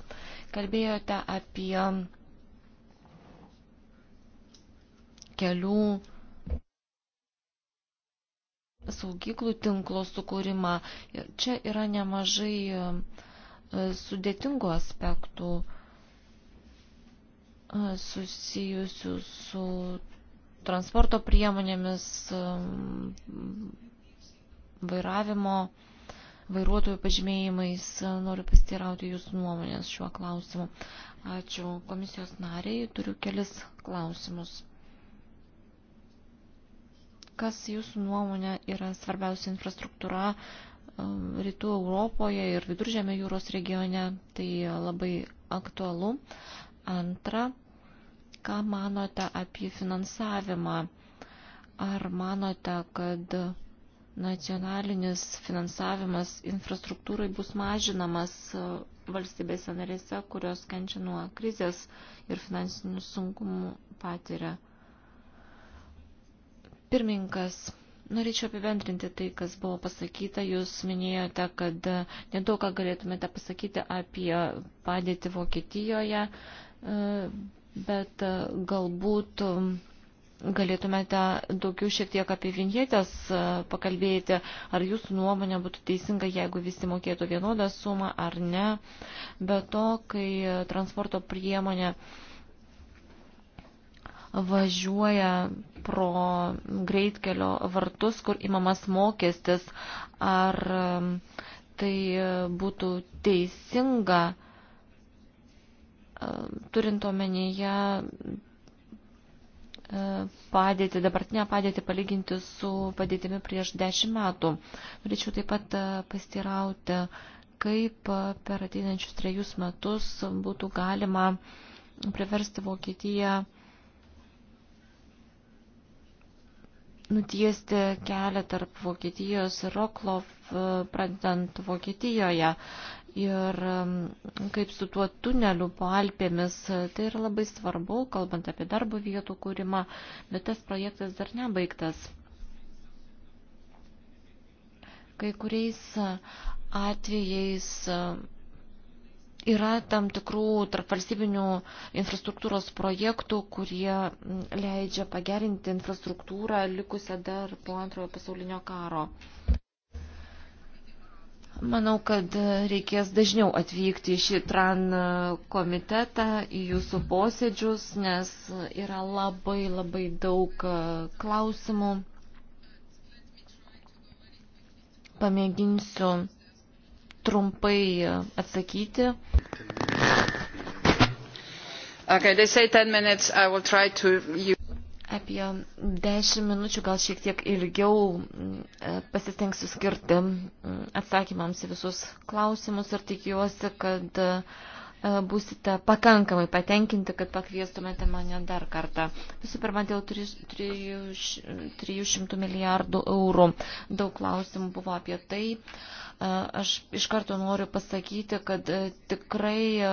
Kalbėjote apie kelių saugyklų tinklo sukūrimą. Čia yra nemažai e, sudėtingų aspektų susijusių su transporto priemonėmis, um, vairavimo, vairuotojų pažymėjimais. Noriu pastirauti jūsų nuomonės šiuo klausimu. Ačiū komisijos nariai, turiu kelis klausimus. Kas jūsų nuomonė yra svarbiausia infrastruktūra um, rytų Europoje ir viduržėmė jūros regione? Tai labai aktualu. Antra, Ką manote apie finansavimą? Ar manote, kad nacionalinis finansavimas infrastruktūrai bus mažinamas e, valstybėse narėse, kurios kenčia nuo krizės ir finansinių sunkumų patiria. Pirmininkas, norėčiau apibendrinti tai, kas buvo pasakyta. Jūs minėjote, kad nedaug ką galėtumėte pasakyti apie padėtį Vokietijoje, e, bet e, galbūt e, galėtumėte daugiau šiek tiek apie vinjetės e, pakalbėti, ar jūsų nuomonė būtų teisinga, jeigu visi mokėtų vienodą sumą ar ne. Be to, kai transporto priemonė važiuoja pro greitkelio vartus, kur imamas mokestis, ar tai būtų teisinga turint omenyje e, padėtį, dabartinę padėtį palyginti su padėtimi prieš dešimt metų. Norėčiau taip pat e, pastirauti, kaip e, per ateinančius trejus metus būtų galima priversti Vokietiją nutiesti kelią tarp Vokietijos ir Roklov, pradedant Vokietijoje. Ir kaip su tuo tuneliu po Alpėmis, tai yra labai svarbu, kalbant apie darbo vietų kūrimą, bet tas projektas dar nebaigtas. Kai kuriais atvejais yra tam tikrų tarpvalstybinių infrastruktūros projektų, kurie leidžia pagerinti infrastruktūrą likusią dar po antrojo pasaulinio karo. Manau, kad reikės dažniau atvykti į šį TRAN komitetą, į jūsų posėdžius, nes yra labai labai daug e, klausimų. Pamėginsiu trumpai atsakyti. Okay, they say 10 minutes, I will try to... Apie 10 minučių, gal šiek tiek ilgiau mm, e, pasistengsiu skirti mm, atsakymams į visus klausimus ir tikiuosi, kad e, būsite pakankamai patenkinti, kad pakviestumėte mane dar kartą. Visų pirma, dėl 300 milijardų eurų daug klausimų buvo apie tai. Uh, Aš iš karto noriu pasakyti, kad e, tikrai e,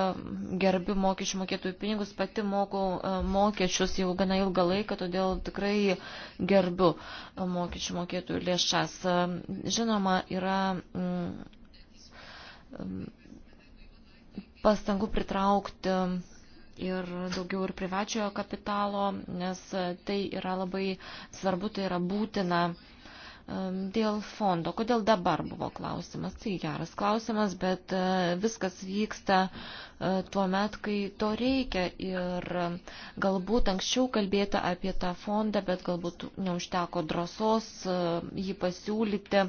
gerbiu mokesčių mokėtojų pinigus, pati moku e, mokesčius jau gana ilgą laiką, todėl tikrai gerbiu mokesčių mokėtojų lėšas. Žinoma, yra mm, mm, pastangų pritraukti ir daugiau ir privačiojo kapitalo, nes tai yra labai svarbu, tai yra būtina Dėl fondo, kodėl dabar buvo klausimas? Tai geras klausimas, bet e, viskas vyksta e, tuo met, kai to reikia ir e, galbūt anksčiau kalbėta apie tą fondą, bet galbūt neužteko drąsos jį pasiūlyti.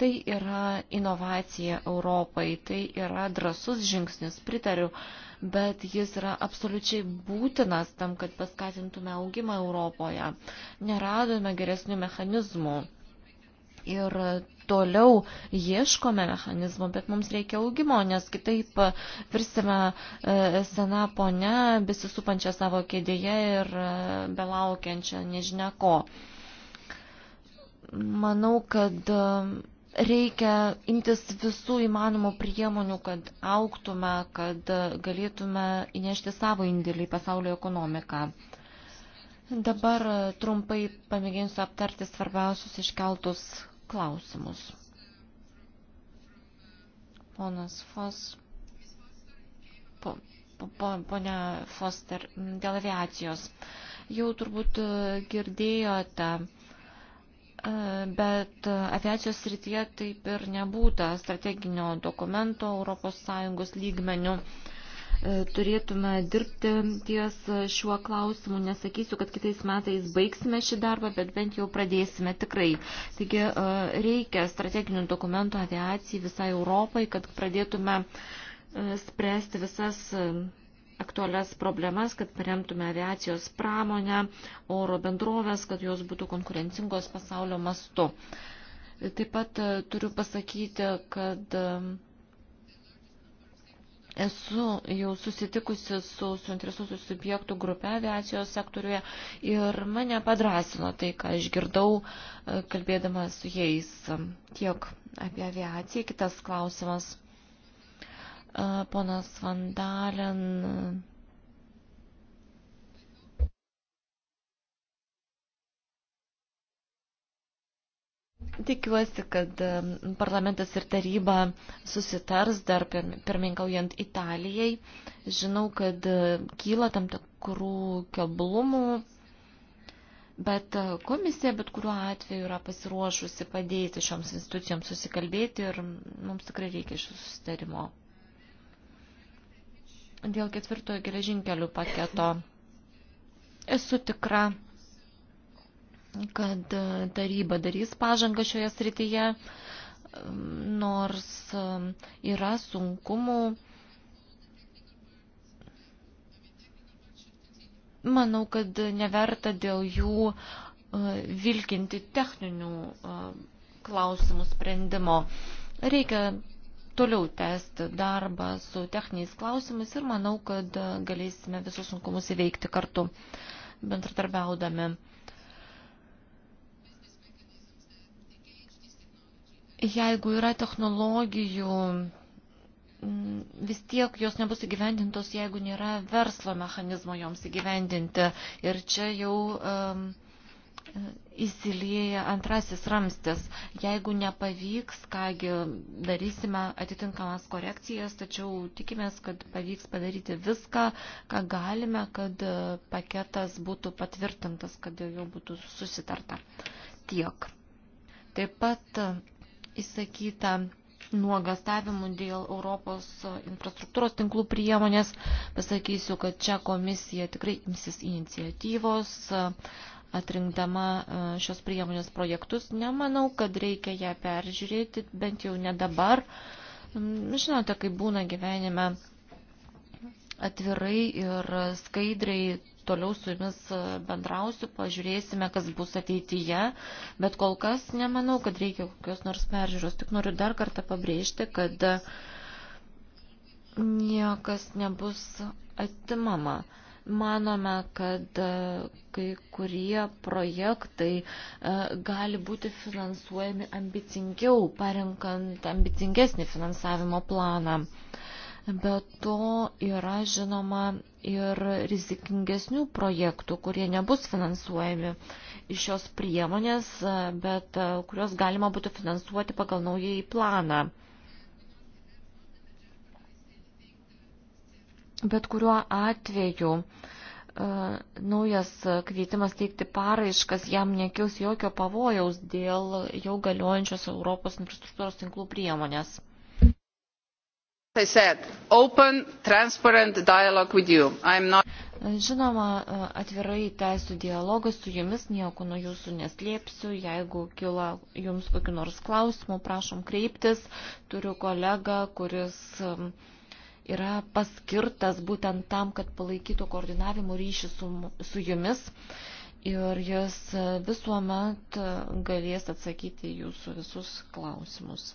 Tai yra inovacija Europai, tai yra drąsus žingsnis, pritariu, bet jis yra absoliučiai būtinas tam, kad paskatintume augimą Europoje. Neradome geresnių mechanizmų ir toliau ieškome mechanizmų, bet mums reikia augimo, nes kitaip e, virsime e, sena ponia, besisupančia savo kėdėje ir e, belaukiančia nežinia ko. Manau, kad reikia imtis visų įmanomų priemonių, kad auktume, kad galėtume įnešti savo indėlį į pasaulio ekonomiką. Dabar trumpai pamėginsiu aptarti svarbiausius iškeltus klausimus. Ponas Fos, po, po, ponia Foster, dėl aviacijos. Jau turbūt e, girdėjote, e, bet aviacijos srityje taip ir nebūta strateginio dokumento ES lygmenių. E, turėtume dirbti ties e, šiuo klausimu. Nesakysiu, kad kitais metais baigsime šį darbą, bet bent jau pradėsime tikrai. Taigi e, reikia strateginių dokumentų aviacijai visai Europai, kad pradėtume spręsti visas aktualias problemas, kad paremtume aviacijos pramonę, oro bendrovės, kad jos būtų konkurencingos pasaulio mastu. Taip pat turiu pasakyti, kad Esu jau susitikusi su suinteresuotų subjektų grupe aviacijos sektoriuje ir mane padrasino tai, ką išgirdau, e, kalbėdama su jais e, tiek apie aviaciją. Kitas klausimas. E, ponas Vandalen Tikiuosi, kad parlamentas ir taryba susitars dar pirmininkaujant Italijai. Žinau, kad e, kyla tam tikrų keblumų, bet e, komisija bet kuriuo atveju yra pasiruošusi padėti šioms institucijoms susikalbėti ir mums tikrai reikia šio susitarimo. Dėl ketvirtojo geležinkelių paketo esu tikra, kad e, taryba darys pažangą šioje srityje, nors e, yra sunkumų. Manau, kad neverta dėl jų e, vilkinti techninių klausimų sprendimo. Reikia toliau tęsti darbą su techniniais klausimais ir manau, kad galėsime visus sunkumus įveikti kartu bendradarbiaudami. jeigu yra technologijų, vis tiek jos nebus įgyvendintos, jeigu nėra verslo mechanizmo joms įgyvendinti. Ir čia jau um, įsilieja antrasis ramstis. Jeigu nepavyks, kągi darysime atitinkamas korekcijas, tačiau tikimės, kad pavyks padaryti viską, ką galime, kad e, paketas būtų patvirtintas, kad jau būtų susitarta. Tiek. Taip pat įsakyta nuogastavimų dėl Europos infrastruktūros tinklų priemonės. Pasakysiu, kad čia komisija tikrai imsis iniciatyvos, atrinkdama e, šios priemonės projektus. Nemanau, kad reikia ją peržiūrėti, bent jau ne dabar. Žinote, kaip būna gyvenime atvirai ir skaidriai toliau su jumis e, bendrausiu, pažiūrėsime, kas bus ateityje, bet kol kas nemanau, kad reikia kokios nors peržiūros. Tik noriu dar kartą pabrėžti, kad niekas nebus atimama manome, kad e, kai kurie projektai e, gali būti finansuojami ambicingiau, parenkant ambicingesnį finansavimo planą bet to yra žinoma ir rizikingesnių projektų, kurie nebus finansuojami iš šios priemonės, bet e, kuriuos galima būtų finansuoti pagal naująjį planą. Bet kuriuo atveju e, naujas kvietimas teikti paraiškas jam nekils jokio pavojaus dėl jau galiojančios Europos infrastruktūros tinklų priemonės. Said, open, not... Žinoma, atvirai tęsiu dialogą su jumis, nieko nuo jūsų neslėpsiu. Jeigu kila jums kokiu nors klausimu, prašom kreiptis. Turiu kolegą, kuris um, yra paskirtas būtent tam, kad palaikytų koordinavimo ryšį su, su jumis. Ir jis uh, visuomet uh, galės atsakyti jūsų visus klausimus.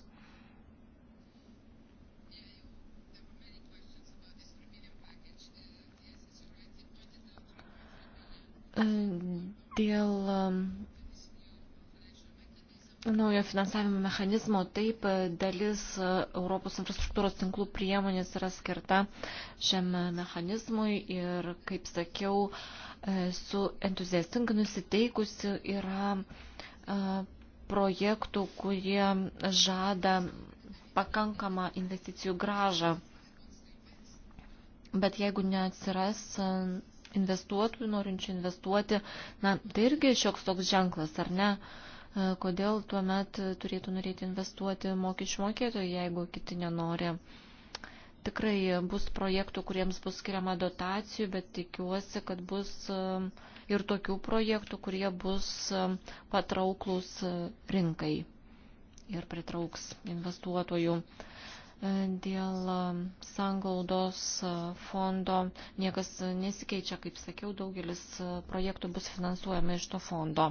Dėl um, naujo finansavimo mechanizmo taip dalis uh, Europos infrastruktūros tinklų priemonės yra skirta šiam mechanizmui ir, kaip sakiau, e, su entuziastingai nusiteikusi yra e, projektų, kurie žada pakankamą investicijų gražą. Bet jeigu neatsiras investuotojų norinčių investuoti, na, tai irgi šioks toks ženklas, ar ne? E, kodėl tuo met turėtų norėti investuoti mokesčių mokėtojai, jeigu kiti nenori? Tikrai bus projektų, kuriems bus skiriama dotacijų, bet tikiuosi, kad bus e, ir tokių projektų, kurie bus e, patrauklus rinkai ir pritrauks investuotojų. Uh, dėl sanglaudos fondo niekas nesikeičia, kaip sakiau, daugelis projektų bus finansuojama iš to fondo.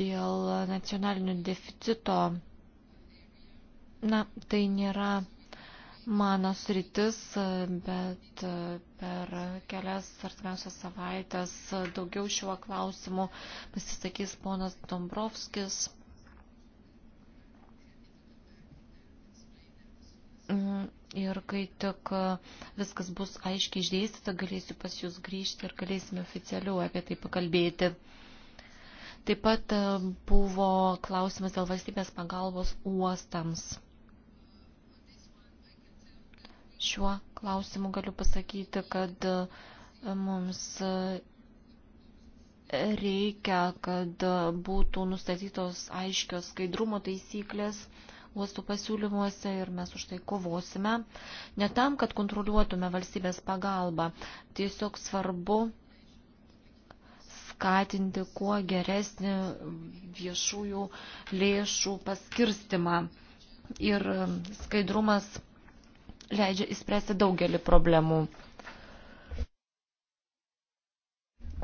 Dėl nacionalinių deficito, na, tai nėra mano sritis, bet per kelias artimiausias savaitės daugiau šiuo klausimu pasisakys ponas Dombrovskis. Mhm. Ir kai tik e, viskas bus aiškiai išdėstyta, galėsiu pas jūs grįžti ir galėsime oficialiau apie tai pakalbėti. Taip pat e, buvo klausimas dėl valstybės pagalbos uostams. Šiuo klausimu galiu pasakyti, kad e, mums reikia, kad būtų nustatytos aiškios skaidrumo taisyklės uostų pasiūlymuose ir mes už tai kovosime. Ne tam, kad kontroliuotume valstybės pagalbą, tiesiog svarbu skatinti kuo geresnį viešųjų lėšų paskirstimą. Ir skaidrumas leidžia įspręsti daugelį problemų.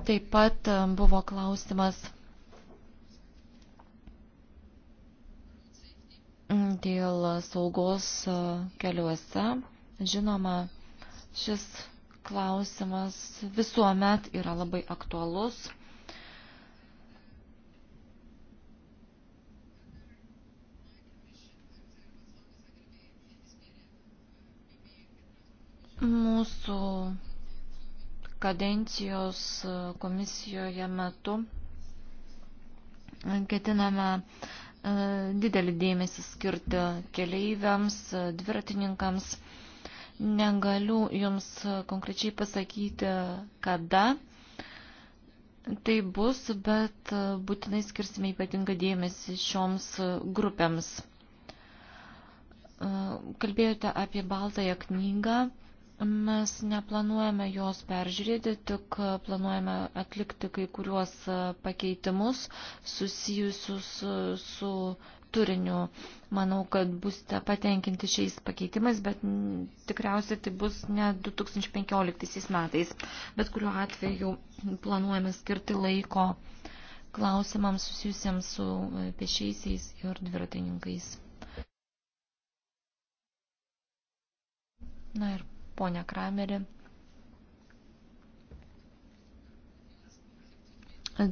Taip pat buvo klausimas Dėl saugos e, keliuose, žinoma, šis klausimas visuomet yra labai aktualus. Mūsų kadencijos komisijoje metu ketiname uh, E, didelį dėmesį skirti keleiviams, e, dviratininkams. Negaliu Jums konkrečiai pasakyti, kada tai bus, bet e, būtinai skirsime ypatingą dėmesį šioms grupėms. Kalbėjote apie baltąją knygą. Mes neplanuojame jos peržiūrėti, tik planuojame atlikti kai kuriuos pakeitimus susijusius su turiniu. Manau, kad būsite patenkinti šiais pakeitimais, bet tikriausiai tai bus ne 2015 metais. Bet kuriuo atveju planuojame skirti laiko klausimams susijusiems su pešiaisiais ir dviratininkais. Na ir ponia Krameri.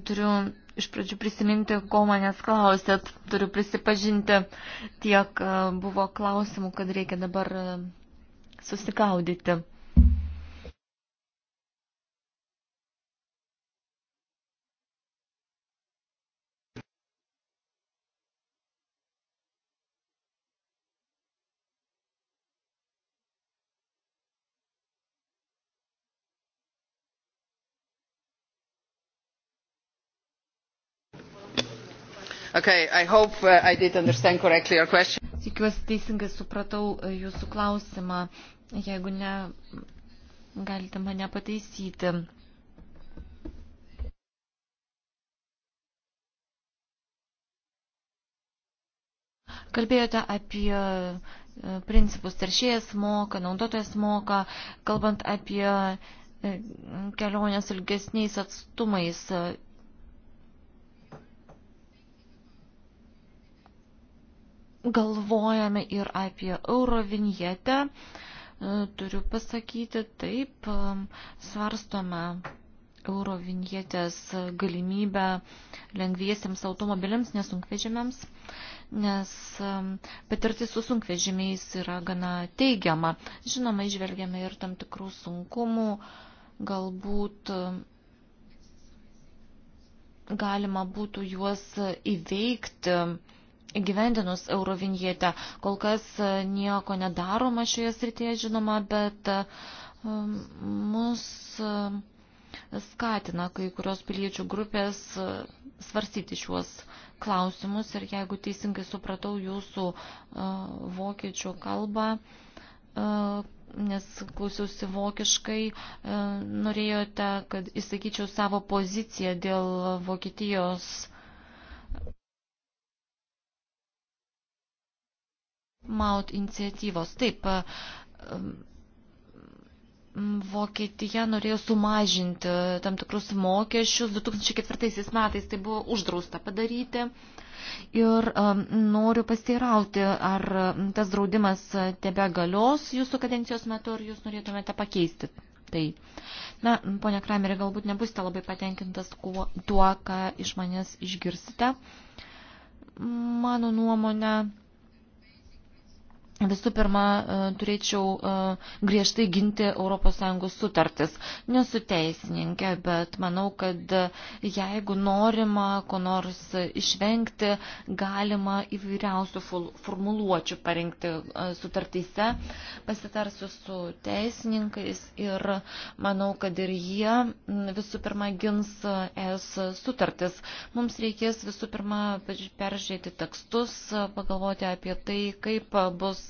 Turiu iš pradžių prisiminti, ko manęs klausėt. Turiu prisipažinti, tiek e, buvo klausimų, kad reikia dabar e, susikaudyti. Okay, I hope uh, I did understand correctly your question. Tikiuosi teisingai supratau uh, jūsų klausimą. Jeigu ne, galite mane pataisyti. Kalbėjote apie uh, principus teršėjas moka, naudotojas moka, kalbant apie kelionės ilgesniais atstumais galvojame ir apie eurovinietę. E, turiu pasakyti, taip, e, svarstome eurovinietės galimybę lengviesiems automobiliams, nesunkvežimiams, nes e, patirtis su sunkvežimiais yra gana teigiama. Žinoma, išvelgiame ir tam tikrų sunkumų, galbūt galima būtų juos įveikti įgyvendinus Eurovinietę. Kol kas e, nieko nedaroma šioje srityje, žinoma, bet e, mus e, skatina kai kurios piliečių grupės svarstyti šiuos klausimus ir jeigu teisingai supratau jūsų vokiečių kalbą, nes klausiausi vokiškai, norėjote, kad įsakyčiau savo poziciją dėl Vokietijos Maut iniciatyvos. Taip, Vokietija norėjo sumažinti tam tikrus mokesčius. 2004 metais tai buvo uždrausta padaryti. Ir um, noriu pasteirauti, ar tas draudimas tebe galios jūsų kadencijos metu, ar jūs norėtumėte pakeisti. Tai, na, ponia Kramerė, galbūt nebusite labai patenkintas kuo, tuo, ką iš manęs išgirsite. Mano nuomonė Visų pirma, e, turėčiau e, griežtai ginti ES sutartis. Nesu teisininkė, bet manau, kad jeigu norima ko nors išvengti, galima įvairiausių formuluočių parinkti e, sutartyse. Pasitarsiu su teisininkais ir manau, kad ir jie visų pirma gins ES sutartis. Mums reikės visų pirma peržiūrėti tekstus, pagalvoti apie tai, kaip bus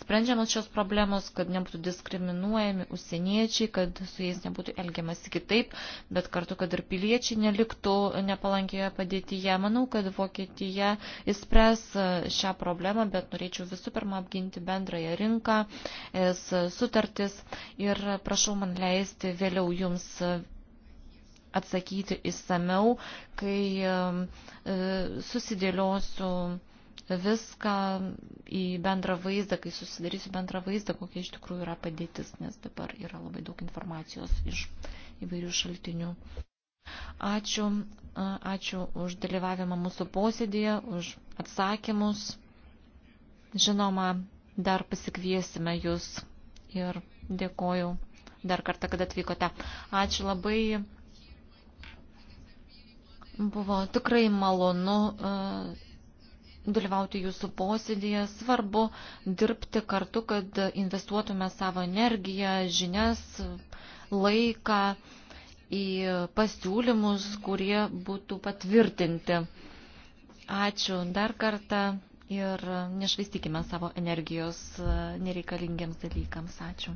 sprendžiamas šios problemos, kad nebūtų diskriminuojami užsieniečiai, kad su jais nebūtų elgiamasi kitaip, bet kartu, kad ir piliečiai neliktų nepalankioje padėtyje. Manau, kad Vokietija įspręs e, šią problemą, bet norėčiau visų pirma apginti bendrąją rinką, e, sutartis ir prašau man leisti vėliau jums atsakyti įsameu, kai e, susidėliosiu viską į bendrą vaizdą, kai susidarysiu bendrą vaizdą, kokia iš tikrųjų yra padėtis, nes dabar yra labai daug informacijos iš įvairių šaltinių. Ačiū, ačiū už dalyvavimą mūsų posėdėje, už atsakymus. Žinoma, dar pasikviesime jūs ir dėkoju dar kartą, kad atvykote. Ačiū labai. Buvo tikrai malonu. Uh, dalyvauti jūsų posėdėje. Svarbu dirbti kartu, kad investuotume savo energiją, žinias, laiką į pasiūlymus, kurie būtų patvirtinti. Ačiū dar kartą ir nešvaistykime savo energijos nereikalingiems dalykams. Ačiū.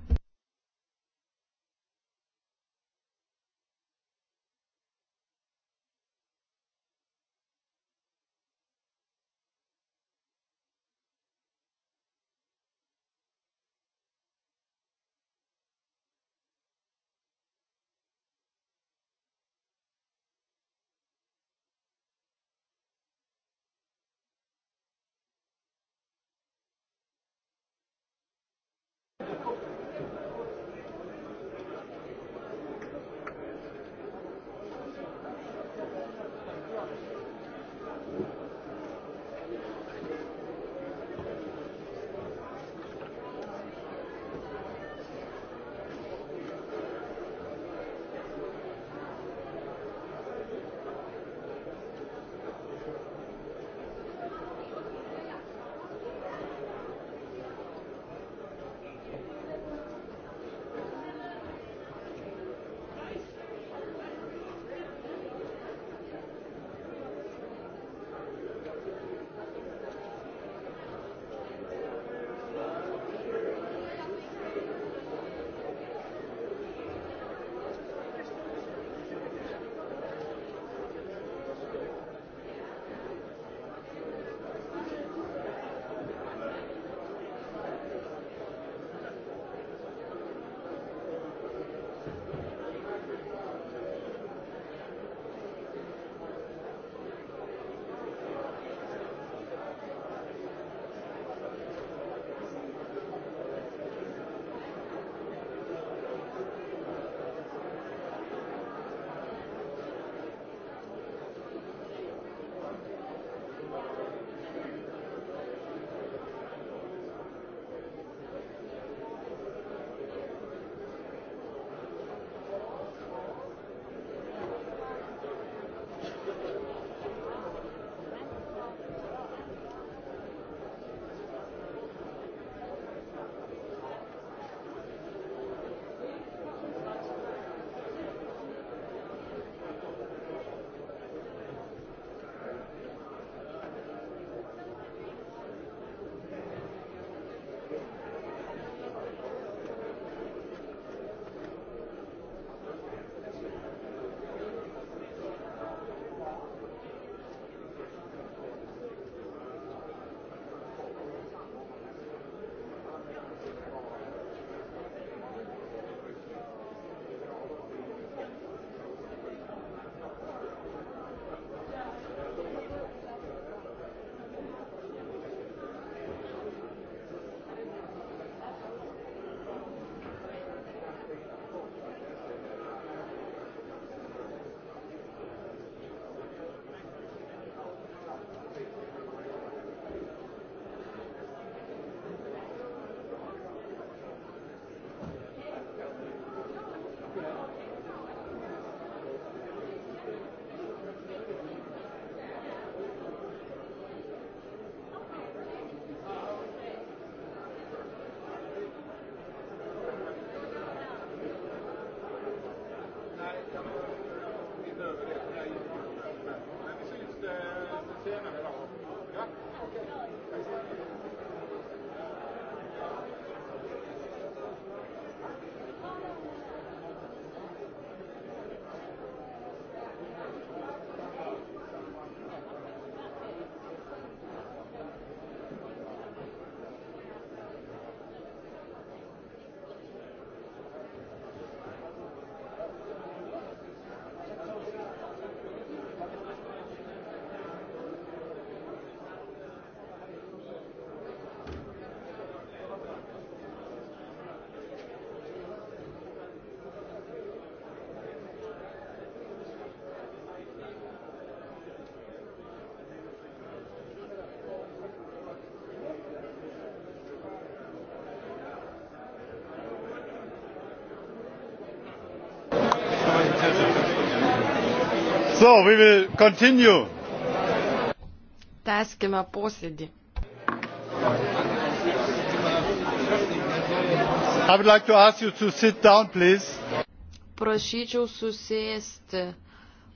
So, we will continue. Tęskime posėdį. I would like to ask you to sit down, please. Prašyčiau susėsti,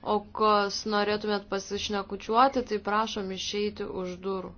o kas norėtumėt pasišnekučiuoti, tai prašom išeiti už durų.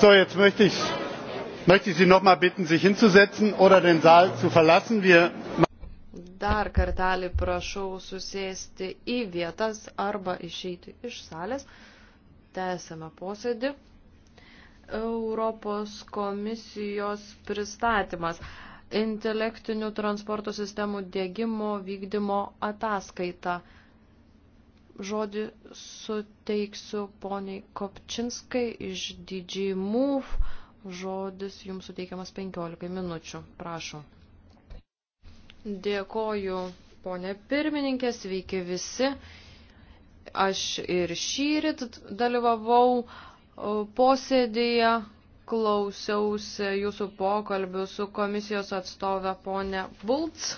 So, jetzt möchte ich, möchte ich Sie noch mal bitten, sich hinzusetzen oder den Saal zu verlassen. Wir Dar kartelį prašau susėsti į vietas arba išeiti iš salės. Tęsėme posėdį. Europos komisijos pristatymas intelektinių transporto sistemų dėgymo vykdymo ataskaita žodį suteiksiu poniai Kopčinskai iš DJ Move. Žodis jums suteikiamas 15 minučių. Prašom. Dėkoju, ponė pirmininkė, sveiki visi. Aš ir šyrit dalyvavau posėdėje, klausiausi jūsų pokalbių su komisijos atstovė ponė Bulc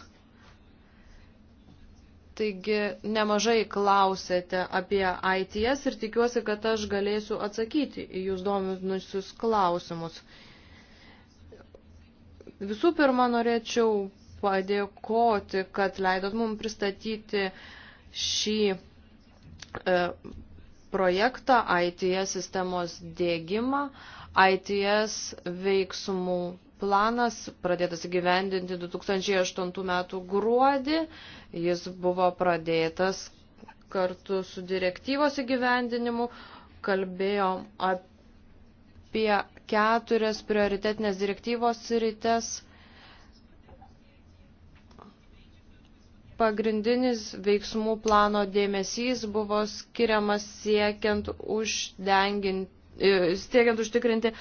Taigi nemažai klausėte apie ITS ir tikiuosi, kad aš galėsiu atsakyti į jūs dominusius klausimus. Visų pirma, norėčiau padėkoti, kad leidot mums pristatyti šį e, projektą ITS sistemos dėgymą, ITS veiksmų planas pradėtas įgyvendinti 2008 metų gruodį. Jis buvo pradėtas kartu su direktyvos įgyvendinimu. Kalbėjom apie keturias prioritetinės direktyvos rytes. pagrindinis veiksmų plano dėmesys buvo skiriamas siekiant, e, siekiant užtikrinti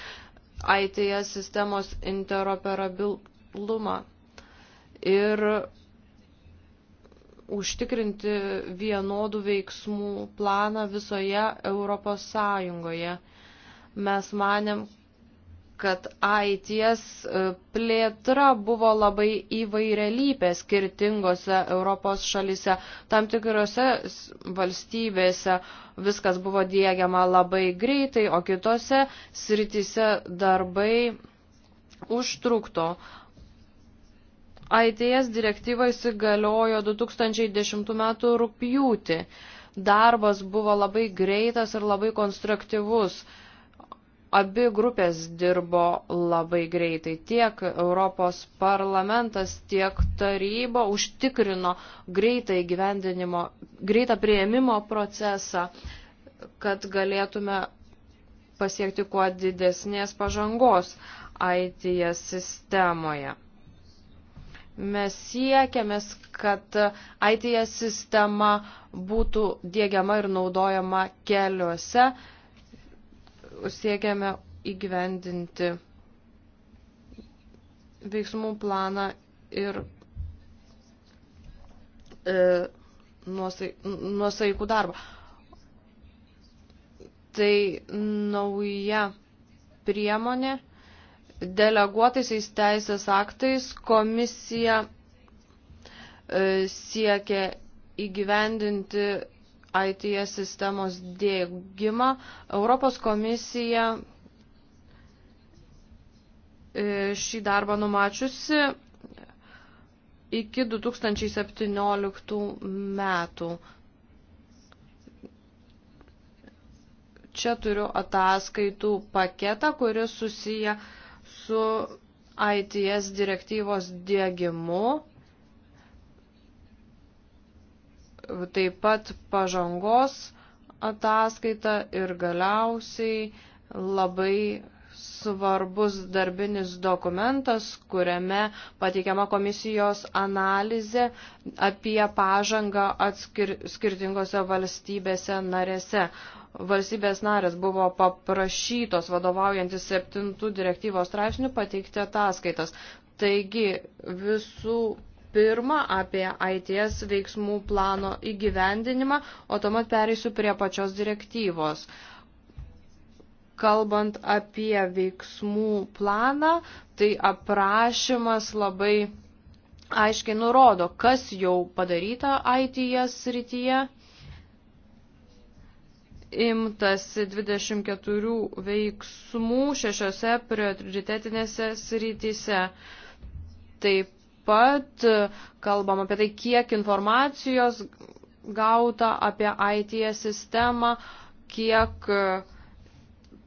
ITS sistemos interoperabilumą ir užtikrinti vienodų veiksmų planą visoje Europos Sąjungoje. Mes manėm, kad Aities e, plėtra buvo labai įvairialypė skirtingose Europos šalise. Tam tikrose valstybėse viskas buvo diegiama labai greitai, o kitose sritise darbai užtrukto. Aities direktyva įsigaliojo 2010 m. rūpjūtį. Darbas buvo labai greitas ir labai konstruktyvus Abi grupės dirbo labai greitai. Tiek Europos parlamentas, tiek taryba užtikrino greitą įgyvendinimo, greitą prieimimo procesą, kad galėtume pasiekti kuo didesnės pažangos IT sistemoje. Mes siekiamės, kad IT sistema būtų dėgiama ir naudojama keliuose siekiame įgyvendinti veiksmų planą ir e, nuosaikų darbą. Tai nauja priemonė. Deleguotaisiais teisės aktais komisija e, siekia įgyvendinti ITS sistemos dėgymą, Europos komisija e, šį darbą numačiusi iki 2017 metų. Čia turiu ataskaitų paketą, kuris susiję su ITS direktyvos dėgymu taip pat pažangos ataskaita ir galiausiai labai svarbus darbinis dokumentas, kuriame pateikiama komisijos analizė apie pažangą atskir, skirtingose valstybėse narėse. Valstybės narės buvo paprašytos vadovaujantis septintų direktyvos straipsnių pateikti ataskaitas. Taigi visų pirmą apie ITS veiksmų plano įgyvendinimą, o tuomet pereisiu prie pačios direktyvos. Kalbant apie veiksmų planą, tai aprašymas labai aiškiai nurodo, kas jau padaryta ITS srityje. Imtas 24 veiksmų šešiose prioritetinėse srityse. Taip pat e, kalbam apie tai, kiek informacijos gauta apie IT sistemą, kiek e,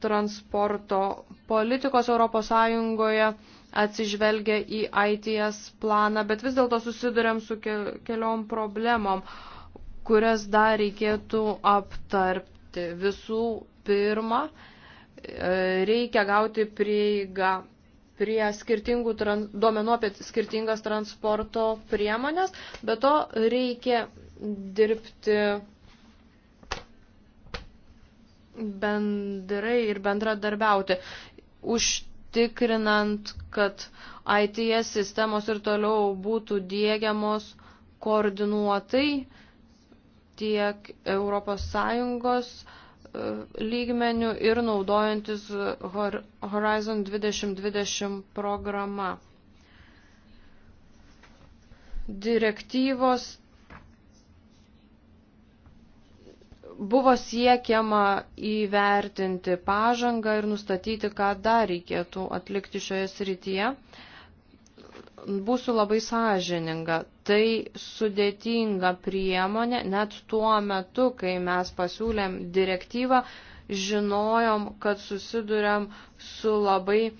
transporto politikos ES atsižvelgia į ITS planą, bet vis dėlto susidurėm su keliom problemom, kurias dar reikėtų aptarpti. Visų pirma, e, reikia gauti prieigą prie skirtingų duomenų apie skirtingas transporto priemonės, bet to reikia dirbti bendrai ir bendradarbiauti, užtikrinant, kad ITS sistemos ir toliau būtų dėgiamos koordinuotai tiek Europos Sąjungos, uh, lygmenių ir naudojantis Horizon 2020 programa. Direktyvos buvo siekiama įvertinti pažangą ir nustatyti, ką dar reikėtų atlikti šioje srityje. Uh, būsiu labai sąžininga, tai sudėtinga priemonė, net tuo metu, kai mes pasiūlėm direktyvą, žinojom, kad susidurėm su labai e,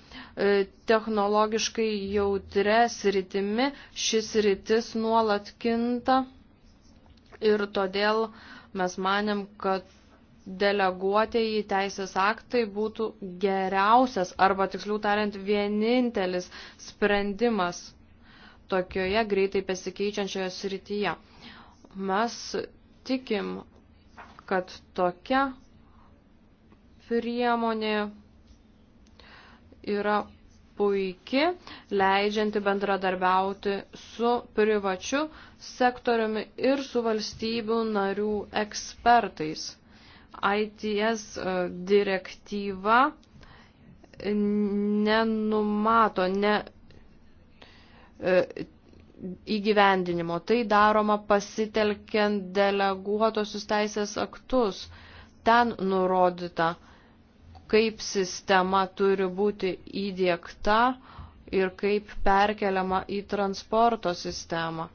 technologiškai jautre sritimi, šis sritis nuolat kinta ir todėl mes manėm, kad deleguotieji teisės aktai būtų geriausias arba tiksliau tariant vienintelis sprendimas tokioje greitai besikeičiančioje srityje. Mes tikim, kad tokia priemonė yra puiki, leidžianti bendradarbiauti su privačiu sektoriumi ir su valstybių narių ekspertais. ITS e, direktyva nenumato ne, e, įgyvendinimo. Tai daroma pasitelkiant deleguotosius teisės aktus. Ten nurodyta, kaip sistema turi būti įdėkta ir kaip perkeliama į transporto sistemą.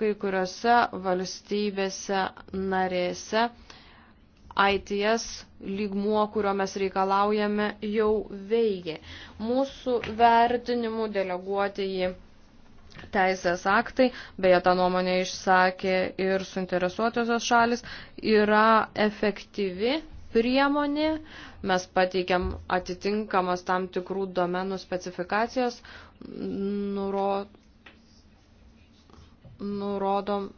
Kai kuriuose valstybėse narėse ITS lygmuo, kurio mes reikalaujame, jau veikia. Mūsų vertinimų deleguoti į teisės aktai, beje, tą nuomonę išsakė ir suinteresuotosios šalis, yra efektyvi priemonė. Mes pateikiam atitinkamas tam tikrų domenų specifikacijas, nuro, nurodom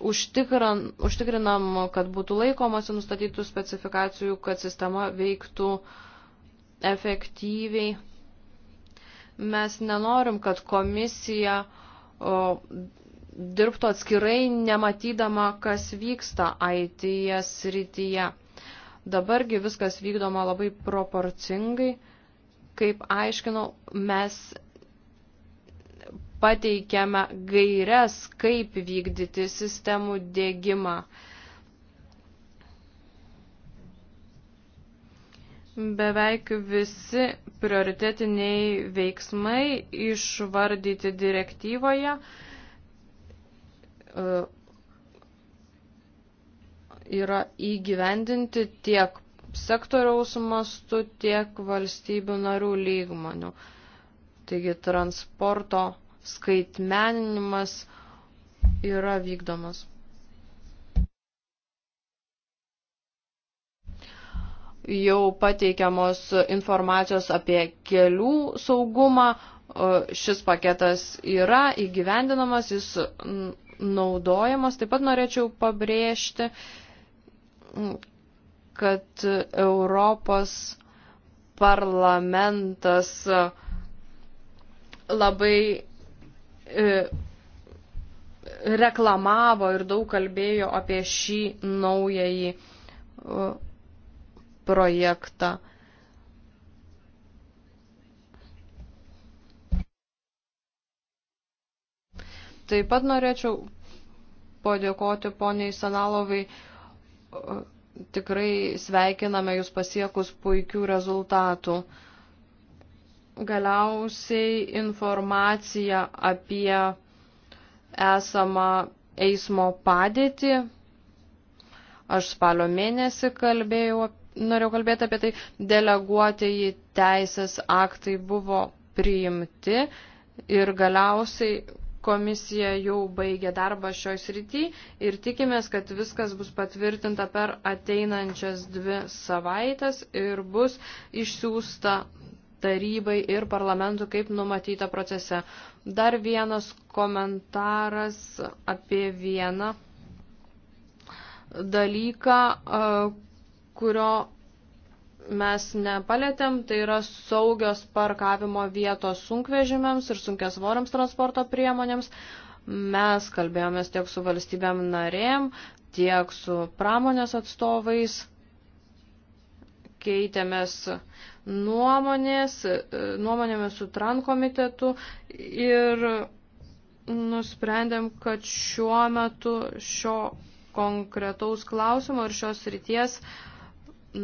užtikran, užtikrinam, kad būtų laikomasi nustatytų specifikacijų, kad sistema veiktų efektyviai. Mes nenorim, kad komisija o, dirbtų atskirai, nematydama, kas vyksta IT srityje. Dabargi viskas vykdoma labai proporcingai. Kaip aiškinau, mes pateikiame gairias, kaip vykdyti sistemų dėgymą. Beveik visi prioritetiniai veiksmai išvardyti direktyvoje e, yra įgyvendinti tiek sektoriaus mastu, tiek valstybių narių lygmonių. Taigi transporto skaitmeninimas yra vykdomas. Jau pateikiamos informacijos apie kelių saugumą, šis paketas yra įgyvendinamas, jis naudojamas. Taip pat norėčiau pabrėžti, kad Europos parlamentas labai E, reklamavo ir daug kalbėjo apie šį naująjį e, projektą. Taip pat norėčiau padėkoti poniai Sanalovai. E, tikrai sveikiname jūs pasiekus puikių rezultatų galiausiai informacija apie esamą eismo padėtį. Aš spalio mėnesį kalbėjau, norėjau kalbėti apie tai, deleguotieji teisės aktai buvo priimti ir galiausiai komisija jau baigė darbą šioj srity ir tikimės, kad viskas bus patvirtinta per ateinančias dvi savaitės ir bus išsiųsta tarybai ir parlamentu, kaip numatyta procese. Dar vienas komentaras apie vieną dalyką, kurio mes nepalėtėm, tai yra saugios parkavimo vietos sunkvežimiams ir sunkiasvoriams transporto priemonėms. Mes kalbėjomės tiek su valstybėm narėm, tiek su pramonės atstovais, keitėmės nuomonės, e, nuomonėmis su TRAN komitetu ir nusprendėm, kad šiuo metu šio konkretaus klausimo ir šios ryties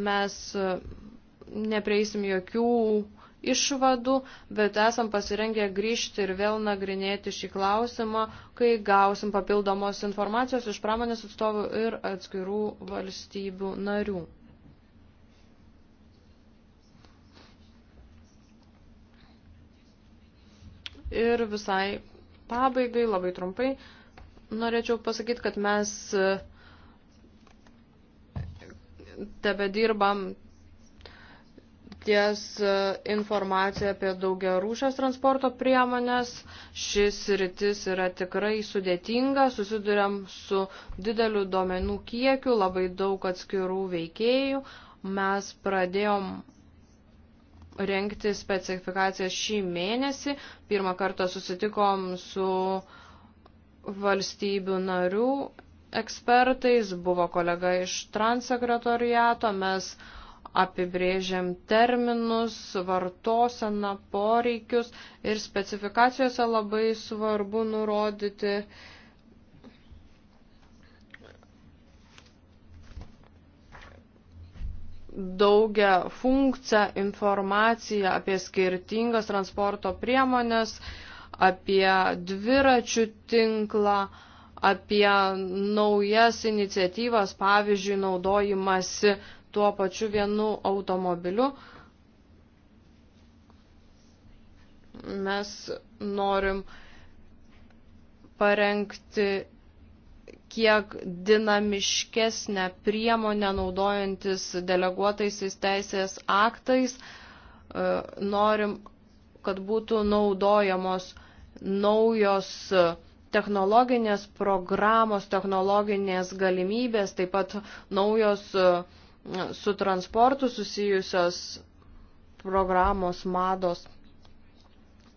mes e, neprieisim jokių išvadų, bet esam pasirengę grįžti ir vėl nagrinėti šį klausimą, kai gausim papildomos informacijos iš pramonės atstovų ir atskirų valstybių narių. Ir visai pabaigai, labai trumpai, norėčiau pasakyti, kad mes e, tebe dirbam ties e, informacija apie daugia rūšės transporto priemonės. Šis rytis yra tikrai sudėtinga, susidurėm su dideliu duomenų kiekiu, labai daug atskirų veikėjų. Mes pradėjom rengti specifikaciją šį mėnesį. Pirmą kartą susitikom su valstybių narių ekspertais, buvo kolega iš transsekretoriato, mes apibrėžiam terminus, vartoseną, poreikius ir specifikacijose labai svarbu nurodyti uh, daugia funkciją informaciją apie skirtingas transporto priemonės, apie dviračių tinklą, apie naujas iniciatyvas, pavyzdžiui, naudojimasi tuo pačiu vienu automobiliu. Mes norim parengti kiek dinamiškesnę priemonę naudojantis deleguotaisiais teisės aktais e, norim, kad būtų naudojamos naujos technologinės programos, technologinės galimybės, taip pat naujos e, su transportu susijusios programos mados.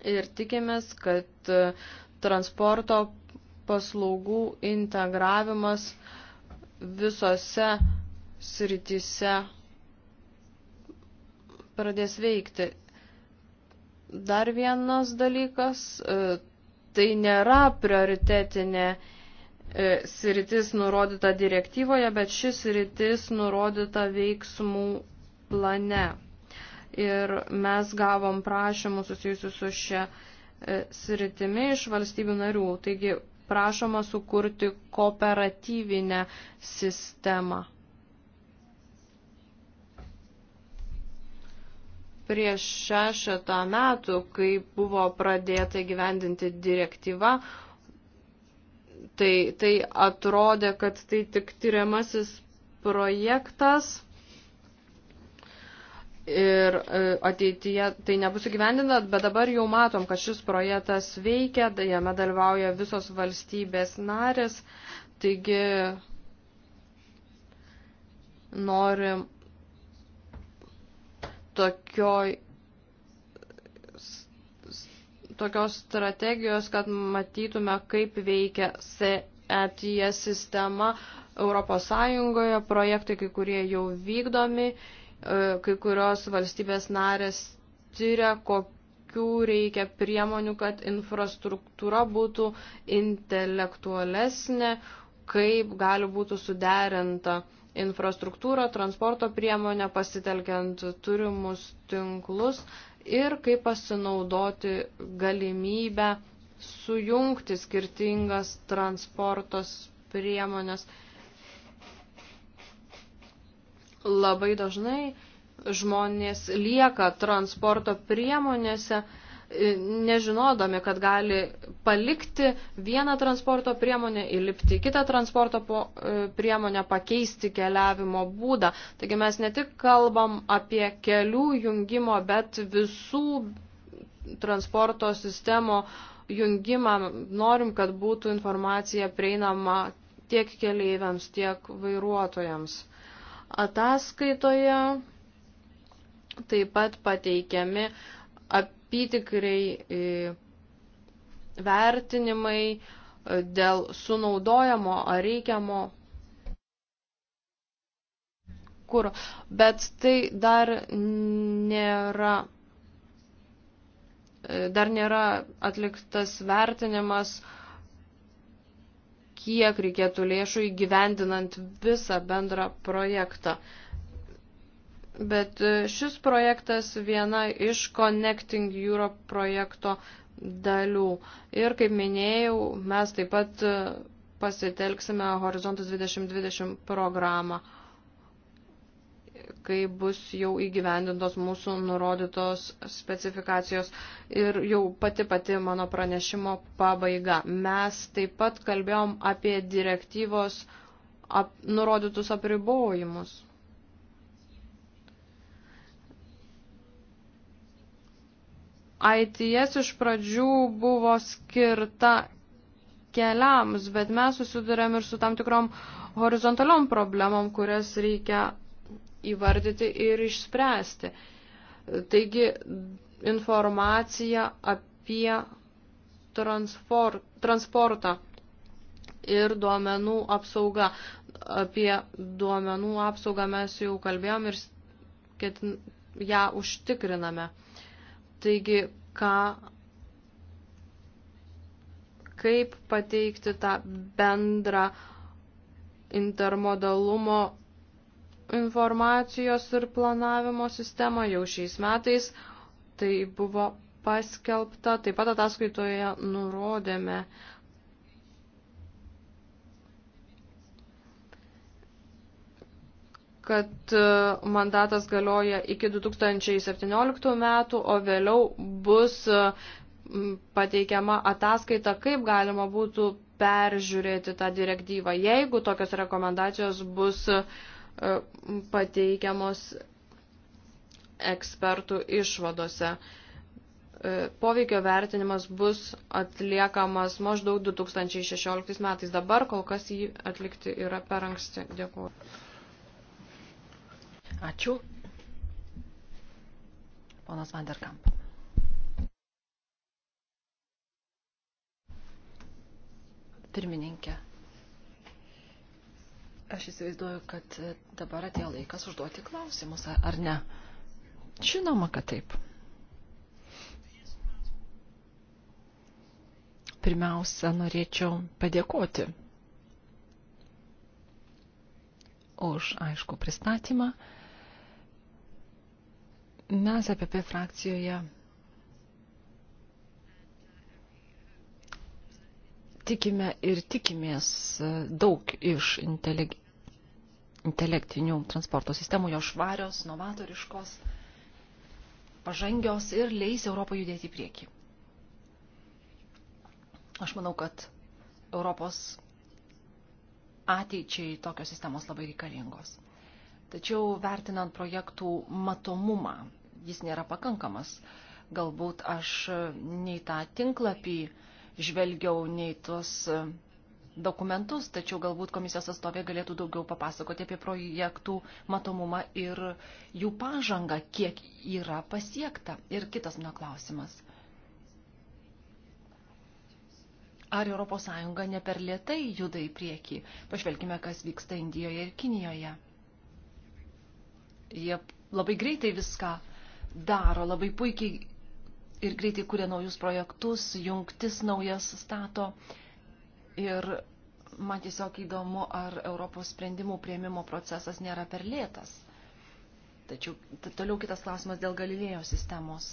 Ir tikimės, kad e, transporto paslaugų integravimas visose srityse pradės veikti. Dar vienas dalykas, e, tai nėra prioritetinė e, sritis nurodyta direktyvoje, bet šis sritis nurodyta veiksmų plane. Ir mes gavom prašymų susijusius su šia e, sritimi iš valstybių narių. Taigi prašoma sukurti kooperatyvinę sistemą. Prieš šešetą metų, kai buvo pradėta gyvendinti direktyva, tai, tai atrodė, kad tai tik tyriamasis projektas ir e, ateityje tai nebus įgyvendinat, bet dabar jau matom, kad šis projektas veikia, jame dalyvauja visos valstybės narės, taigi norim tokioj tokios strategijos, kad matytume, kaip veikia SETIE sistema Europos Sąjungoje, projektai kai kurie jau vykdomi E, kai kurios valstybės narės tyria, kokių reikia priemonių, kad infrastruktūra būtų intelektualesnė, kaip gali būtų suderinta infrastruktūra, transporto priemonė, pasitelkiant turimus tinklus ir kaip pasinaudoti galimybę sujungti skirtingas transportos priemonės Labai dažnai žmonės lieka transporto priemonėse, e, nežinodami, kad gali palikti vieną transporto priemonę, įlipti kitą transporto e, priemonę, pakeisti keliavimo būdą. Taigi mes ne tik kalbam apie kelių jungimo, bet visų transporto sistemo jungimą. Norim, kad būtų informacija prieinama tiek keleiviams, tiek vairuotojams. Ataskaitoje taip pat pateikiami apytikriai e, vertinimai e, dėl sunaudojamo ar reikiamo kūro. Bet tai dar nėra, e, dar nėra atliktas vertinimas, kiek reikėtų lėšų įgyvendinant visą bendrą projektą. Bet e, šis projektas viena iš Connecting Europe projekto dalių. Ir kaip minėjau, mes taip pat e, pasitelksime Horizontas 2020 programą kai bus jau įgyvendintos mūsų nurodytos specifikacijos. Ir jau pati pati mano pranešimo pabaiga. Mes taip pat kalbėjom apie direktyvos ap, nurodytus apribojimus. ITS iš pradžių buvo skirta keliams, bet mes susidurėm ir su tam tikrom horizontaliom problemom, kurias reikia įvardyti ir išspręsti. Taigi informacija apie transport, transportą ir duomenų apsauga. Apie duomenų apsaugą mes jau kalbėjom ir ketin, ją užtikriname. Taigi, ką, kaip pateikti tą bendrą intermodalumo informacijos ir planavimo sistemą jau šiais metais. Tai buvo paskelbta. Taip pat ataskaitoje nurodėme, kad e, mandatas galioja iki 2017 metų, o vėliau bus e, pateikiama ataskaita, kaip galima būtų peržiūrėti tą direktyvą, jeigu tokios rekomendacijos bus uh, E, pateikiamos ekspertų išvadose. E, poveikio vertinimas bus atliekamas maždaug 2016 metais. Dabar kol kas jį atlikti yra per anksti. Dėkuoju. Ačiū. Ponas Vanderkamp. Pirmininkė. Aš įsivaizduoju, kad dabar atėjo laikas užduoti klausimus, ar ne? Žinoma, kad taip. Pirmiausia, norėčiau padėkoti už aišku pristatymą. Mes APP frakcijoje tikime ir tikimės e, daug iš inteleg... intelektinių transporto sistemų, jo švarios, novatoriškos, pažangios ir leis Europą judėti į priekį. Aš manau, kad Europos ateičiai tokios sistemos labai reikalingos. Tačiau vertinant projektų matomumą, jis nėra pakankamas. Galbūt aš nei tą tinklapį uh, žvelgiau nei tuos e, dokumentus, tačiau galbūt komisijos atstovė galėtų daugiau papasakoti apie projektų matomumą ir jų pažangą, kiek yra pasiekta. Ir kitas mano klausimas. Ar ES ne per lietai juda į priekį? Pažvelkime, kas vyksta Indijoje ir Kinijoje. Jie labai greitai viską daro, labai puikiai ir greitai kuria naujus projektus, jungtis naujas stato. Ir man tiesiog įdomu, ar Europos sprendimų prieimimo procesas nėra per lėtas. Tačiau toliau kitas klausimas dėl Galilėjo sistemos.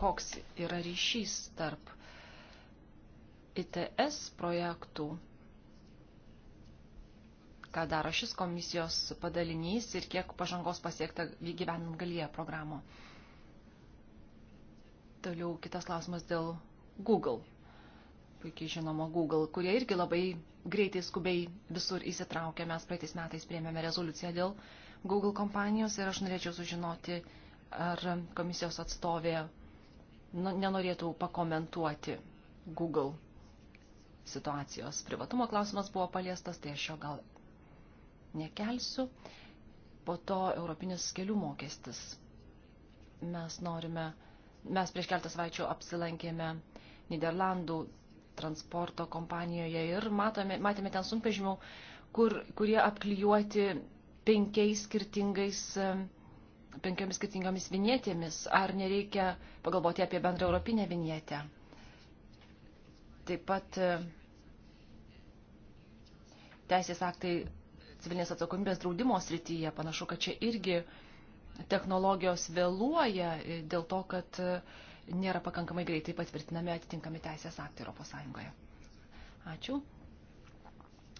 Koks yra ryšys tarp ITS projektų, ką daro šis komisijos padalinys ir kiek pažangos pasiekta gyvenant Galilėjo programą? Toliau kitas klausimas dėl Google. Puikiai žinoma Google, kurie irgi labai greitai skubiai visur įsitraukia. Mes praeitais metais priėmėme rezoliuciją dėl Google kompanijos ir aš norėčiau sužinoti, ar komisijos atstovė nu, nenorėtų pakomentuoti Google situacijos. Privatumo klausimas buvo paliestas, tai aš jo gal nekelsiu. Po to Europinis kelių mokestis. Mes norime Mes prieš keltą savaičių apsilankėme Niderlandų transporto kompanijoje ir matome, matėme ten sunkvežimių, kur, kurie apklijuoti penkiais skirtingais penkiomis skirtingomis vinietėmis, ar nereikia pagalvoti apie bendrą europinę vinietę. Taip pat e, teisės aktai civilinės atsakomybės draudimo srityje, panašu, kad čia irgi uh, technologijos vėluoja dėl to, kad nėra pakankamai greitai patvirtinami atitinkami teisės aktai Europos Sąjungoje. Ačiū.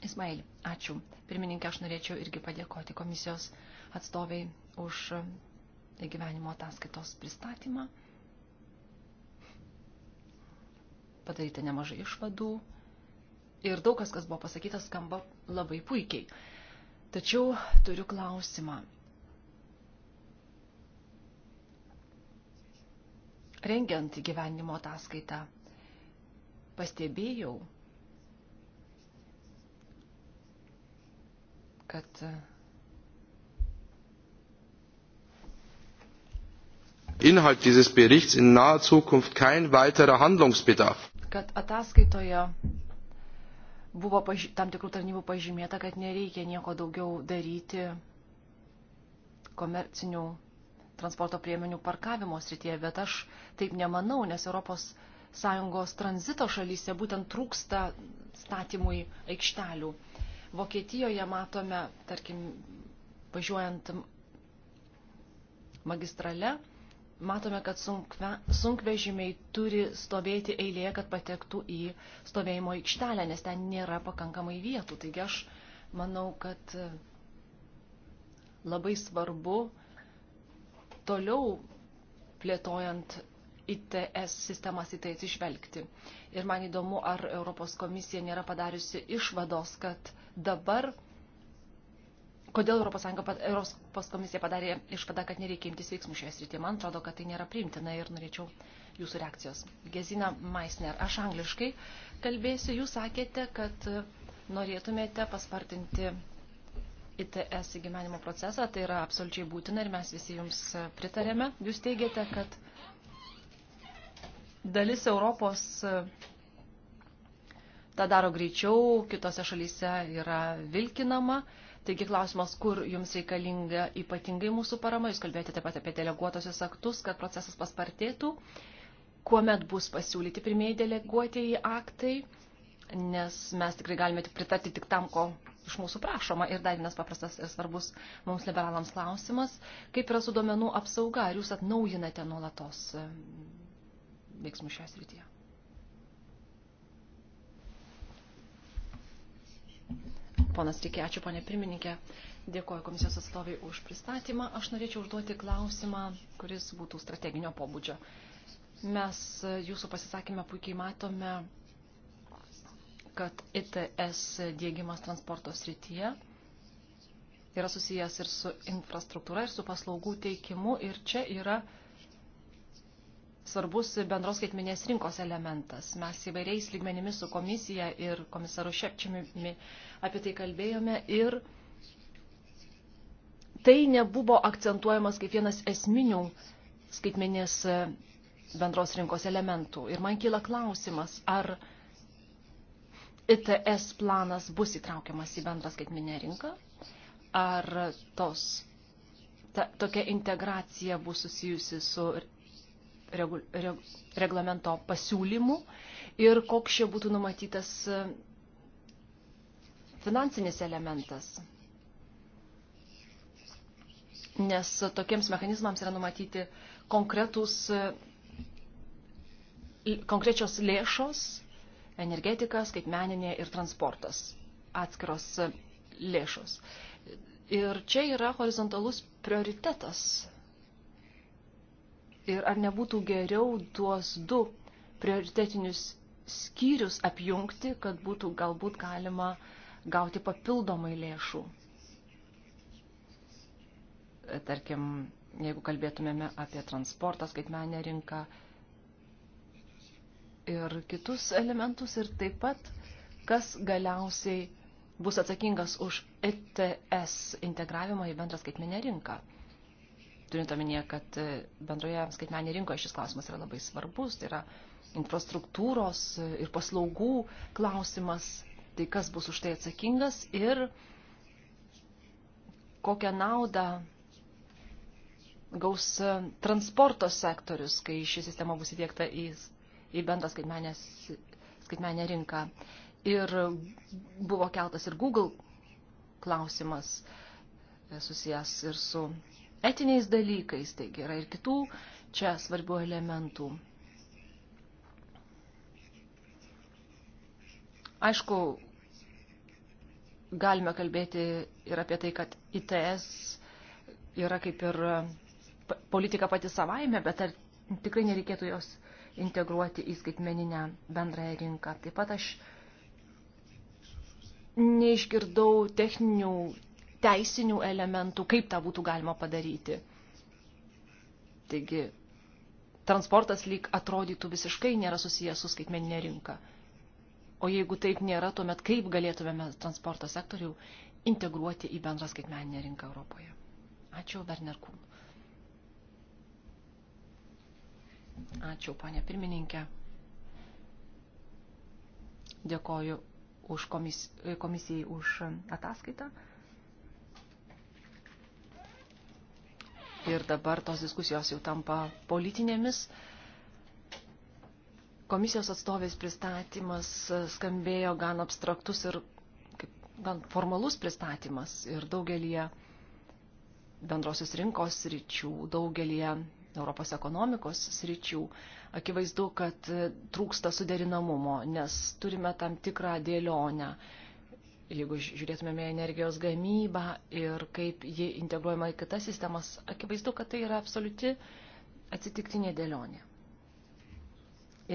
Ismail, ačiū. Pirmininkė, aš norėčiau irgi padėkoti komisijos atstoviai už gyvenimo ataskaitos pristatymą. Padaryta nemažai išvadų ir daug kas, kas buvo pasakytas, skamba labai puikiai. Tačiau turiu klausimą. rengiant gyvenimo ataskaitą, pastebėjau, kad Inhalt dieses Berichts in naher Zukunft kein weiterer Handlungsbedarf. Kad ataskaitoje buvo tam tikrų tarnybų pažymėta, kad nereikia nieko daugiau daryti komercinių transporto priemonių parkavimo srityje, bet aš taip nemanau, nes ES tranzito šalyse būtent trūksta statymui aikštelių. Vokietijoje matome, tarkim, važiuojant magistrale, matome, kad sunkve, sunkvežimiai turi stovėti eilėje, kad patektų į stovėjimo aikštelę, nes ten nėra pakankamai vietų. Taigi aš manau, kad labai svarbu toliau plėtojant ITS sistemas į tai atsižvelgti. Ir man įdomu, ar Europos komisija nėra padariusi išvados, kad dabar, kodėl Europos, Sąjunga, Europos komisija padarė išvadą, kad nereikia imtis veiksmų šioje srityje. Man atrodo, kad tai nėra priimtina ir norėčiau jūsų reakcijos. Gezina Meisner, aš angliškai kalbėsiu, jūs sakėte, kad norėtumėte paspartinti ITS įgyvenimo procesą, tai yra absoliučiai būtina ir mes visi jums pritarėme. Jūs teigiate, kad dalis Europos e, tą daro greičiau, kitose šalyse yra vilkinama. Taigi klausimas, kur jums reikalinga ypatingai mūsų parama, jūs kalbėjote taip pat apie deleguotosius aktus, kad procesas paspartėtų, kuomet bus pasiūlyti pirmieji deleguotieji aktai, nes mes tikrai galime tik pritarti tik tam, ko iš mūsų prašoma. Ir dar vienas paprastas ir svarbus mums liberalams klausimas. Kaip yra su duomenų apsauga? Ar jūs atnaujinate nuolatos e, veiksmų šioje srityje? Ponas Rikė, ačiū, ponė pirmininkė. Dėkoju komisijos atstovai už pristatymą. Aš norėčiau užduoti klausimą, kuris būtų strateginio pobūdžio. Mes e, jūsų pasisakymę puikiai matome kad ITS dėgymas transporto srityje yra susijęs ir su infrastruktūra, ir su paslaugų teikimu, ir čia yra svarbus bendros skaitminės rinkos elementas. Mes įvairiais lygmenimis su komisija ir komisaru Šepčiumi apie tai kalbėjome ir tai nebuvo akcentuojamas kaip vienas esminių skaitmenės bendros rinkos elementų. Ir man kyla klausimas, ar ITS planas bus įtraukiamas į bendrą skaitminę rinką? Ar tos, ta, tokia integracija bus susijusi su regu, reg, reglamento pasiūlymu ir koks čia būtų numatytas finansinis elementas? nes tokiems mechanizmams yra numatyti konkretus, konkrečios lėšos energetika, skaitmeninė ir transportas atskiros lėšos. Ir čia yra horizontalus prioritetas. Ir ar nebūtų geriau tuos du prioritetinius skyrius apjungti, kad būtų galbūt galima gauti papildomai lėšų. Tarkim, jeigu kalbėtumėme apie transportą, skaitmenę rinką, ir kitus elementus ir taip pat, kas galiausiai bus atsakingas už ETS integravimą į bendrą skaitmenę rinką. Turint omenyje, kad e, bendroje skaitmenė rinkoje šis klausimas yra labai svarbus, tai yra infrastruktūros ir paslaugų klausimas, tai kas bus už tai atsakingas ir kokią naudą gaus transporto sektorius, kai ši sistema bus įdėkta į į bendrą skaitmenę rinką. Ir buvo keltas ir Google klausimas e, susijęs ir su etiniais dalykais, taigi yra ir kitų čia svarbių elementų. Aišku, galime kalbėti ir apie tai, kad ITS yra kaip ir e, politika pati savaime, bet ar tikrai nereikėtų jos integruoti į skaitmeninę bendrąją rinką. Taip pat aš neišgirdau techninių teisinių elementų, kaip tą būtų galima padaryti. Taigi, transportas lyg atrodytų visiškai nėra susijęs su skaitmeninė rinka. O jeigu taip nėra, tuomet kaip galėtumėme transporto sektorių integruoti į bendrą skaitmeninę rinką Europoje? Ačiū, Werner Kūn. Ačiū, ponė pirmininkė. Dėkoju už komis, komisijai už ataskaitą. Ir dabar tos diskusijos jau tampa politinėmis. Komisijos atstovės pristatymas skambėjo gan abstraktus ir kaip, gan formalus pristatymas ir daugelie bendrosios rinkos ryčių, daugelie Europos ekonomikos sričių, akivaizdu, kad e, trūksta suderinamumo, nes turime tam tikrą dėlionę. Jeigu žiūrėtumėme energijos gamybą ir kaip ji integruojama į kitas sistemas, akivaizdu, kad tai yra absoliuti atsitiktinė dėlionė.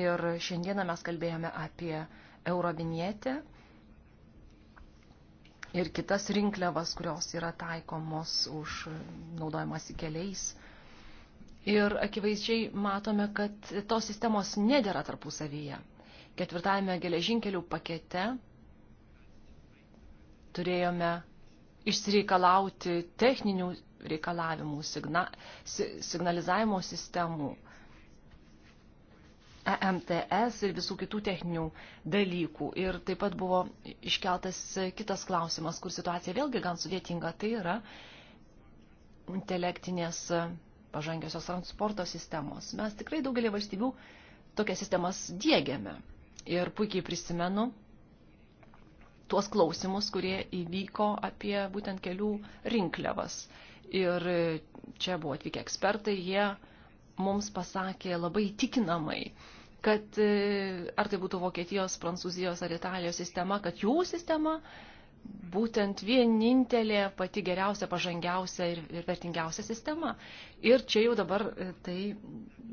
Ir šiandieną mes kalbėjome apie eurovinietę ir kitas rinkliavas, kurios yra taikomos už naudojimas į keliais Ir akivaizdžiai matome, kad tos sistemos nedėra tarpusavyje. Ketvirtajame geležinkelių pakete turėjome išsireikalauti techninių reikalavimų, signa, signalizavimo sistemų, EMTS ir visų kitų techninių dalykų. Ir taip pat buvo iškeltas kitas klausimas, kur situacija vėlgi gan sudėtinga, tai yra intelektinės pažangiosios transporto sistemos. Mes tikrai daugelį valstybių tokias sistemas dėgiame. Ir puikiai prisimenu tuos klausimus, kurie įvyko apie būtent kelių rinkliavas. Ir čia buvo atvykę ekspertai, jie mums pasakė labai tikinamai, kad e, ar tai būtų Vokietijos, Prancūzijos ar Italijos sistema, kad jų sistema uh, būtent vienintelė pati geriausia, pažangiausia ir, ir vertingiausia sistema. Ir čia jau dabar e, tai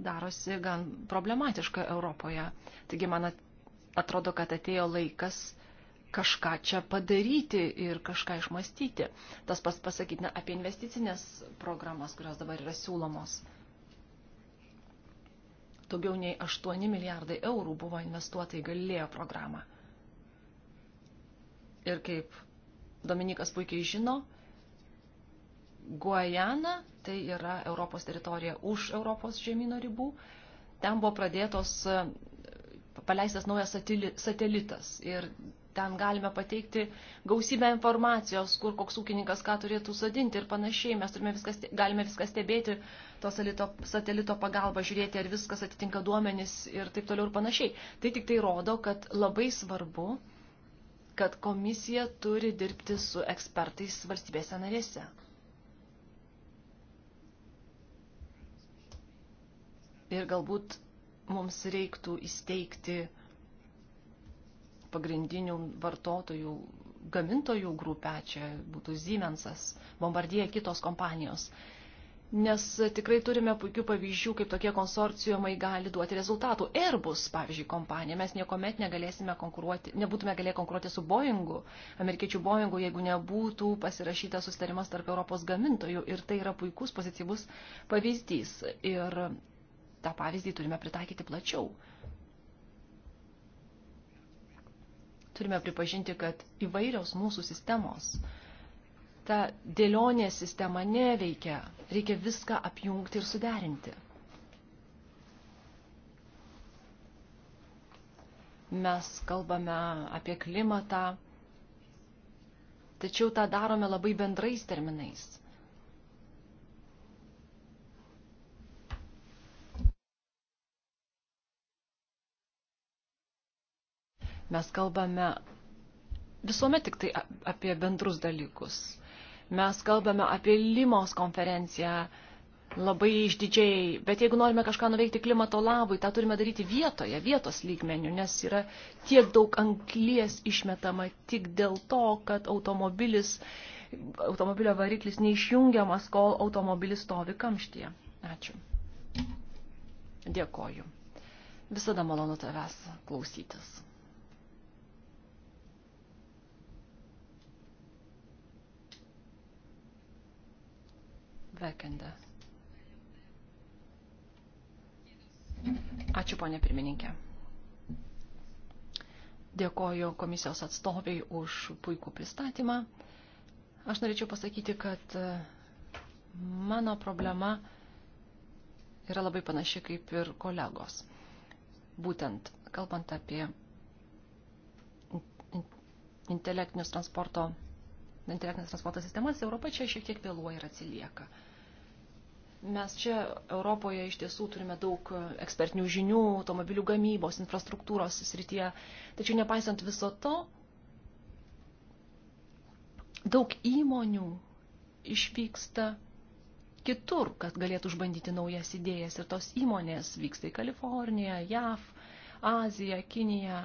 darosi gan problematiška Europoje. Taigi man atrodo, kad atėjo laikas kažką čia padaryti ir kažką išmastyti. Tas pas pasakyti na, apie investicinės programas, kurios dabar yra siūlomos. Daugiau nei 8 milijardai eurų buvo investuota į Galilėjo programą. Ir kaip Dominikas puikiai žino, Guajana, tai yra Europos teritorija už Europos žemynų ribų, ten buvo pradėtos, paleistas naujas satelitas ir ten galime pateikti gausybę informacijos, kur koks ūkininkas ką turėtų sodinti ir panašiai. Mes turime viskas, galime viską stebėti to salito, satelito pagalba, žiūrėti, ar viskas atitinka duomenis ir taip toliau ir panašiai. Tai tik tai rodo, kad labai svarbu kad komisija turi dirbti su ekspertais valstybėse narėse. Ir galbūt mums reiktų įsteigti pagrindinių vartotojų gamintojų grupę, čia būtų Siemensas, Bombardija kitos kompanijos nes tikrai turime puikių pavyzdžių, kaip tokie konsorciumai gali duoti rezultatų. Airbus, pavyzdžiui, kompanija, mes niekuomet negalėsime konkuruoti, nebūtume galėję konkuruoti su Boeingu, amerikiečių Boeingu, jeigu nebūtų pasirašytas sustarimas tarp Europos gamintojų. Ir tai yra puikus, pozityvus pavyzdys. Ir tą pavyzdį turime pritaikyti plačiau. Turime pripažinti, kad įvairios mūsų sistemos, ta dėlionė sistema neveikia. Reikia viską apjungti ir suderinti. Mes kalbame apie klimatą, tačiau tą darome labai bendrais terminais. mes kalbame visuomet tik tai apie bendrus dalykus. Mes kalbame apie Limos konferenciją labai išdidžiai, bet jeigu norime kažką nuveikti klimato labui, tą turime daryti vietoje, vietos lygmenių, nes yra tiek daug anglies išmetama tik dėl to, kad automobilis, automobilio variklis neišjungiamas, kol automobilis stovi kamštyje. Ačiū. Dėkoju. Visada malonu tavęs klausytis. Vekende. Ačiū, ponė pirmininkė. Dėkoju komisijos atstoviai už puikų pristatymą. Aš norėčiau pasakyti, kad e, mano problema yra labai panaši kaip ir kolegos. Būtent kalbant apie intelektinius transporto internetinės transporto sistemas, Europa čia šiek tiek vėluoja ir atsilieka. Mes čia Europoje iš tiesų turime daug ekspertinių žinių, automobilių gamybos, infrastruktūros srityje, tačiau nepaisant viso to, daug įmonių išvyksta kitur, kad galėtų išbandyti naujas idėjas ir tos įmonės vyksta į Kaliforniją, JAV, Aziją, Kiniją,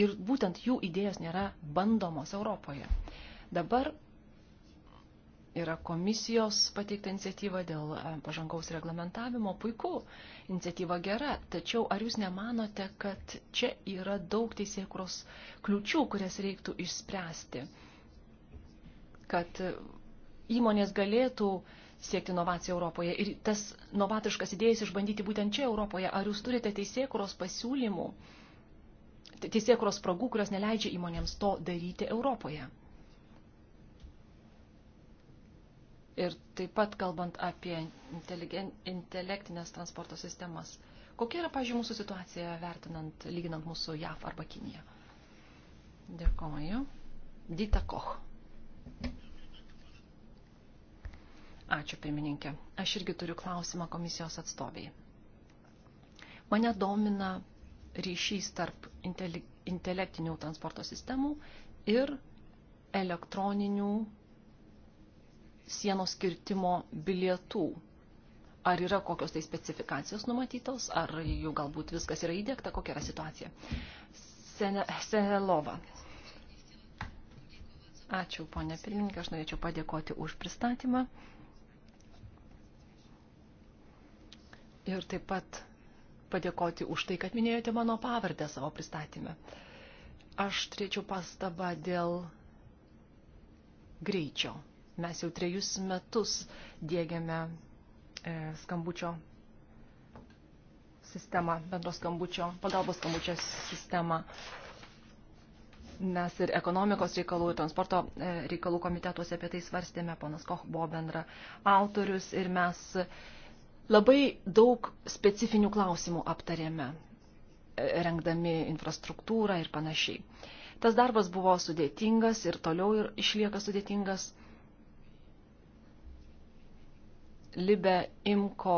ir būtent jų idėjos nėra bandomos Europoje. Dabar yra komisijos pateikta iniciatyva dėl e, pažangaus reglamentavimo, puiku, iniciatyva gera, tačiau ar jūs nemanote, kad čia yra daug teisėkuros kliučių, kurias reiktų išspręsti, kad e, įmonės galėtų siekti inovacijų Europoje ir tas novatiškas idėjas išbandyti būtent čia Europoje, ar jūs turite teisėkuros pasiūlymų? teisėkuros spragų, kurios neleidžia įmonėms to daryti Europoje. Ir taip pat kalbant apie intelektinės transporto sistemas. Kokia yra, pažiūrėjau, mūsų situacija vertinant, lyginant mūsų JAV arba Kiniją? Dėkoju. Dita Koch. Ačiū, pirmininkė. Aš irgi turiu klausimą komisijos atstoviai. Mane domina ryšys tarp intelektinių transporto sistemų ir elektroninių sienos kirtimo bilietų. Ar yra kokios tai specifikacijos numatytos, ar jų galbūt viskas yra įdėkta, kokia yra situacija. Senelova. Ačiū, ponė pirmininkė, aš norėčiau padėkoti už pristatymą. Ir taip pat padėkoti už tai, kad minėjote mano pavardę savo pristatymę. Aš turėčiau pastabą dėl greičio. Mes jau trejus metus dėgiame e, skambučio sistemą, bendros skambučio, pagalbos skambučio sistemą. Mes ir ekonomikos reikalų, ir transporto e, reikalų komitetuose apie tai svarstėme, ponas Koch buvo bendra autorius ir mes e, Labai daug specifinių klausimų aptarėme, e, rengdami infrastruktūrą ir panašiai. Tas darbas buvo sudėtingas ir toliau ir išlieka sudėtingas. Libe Imko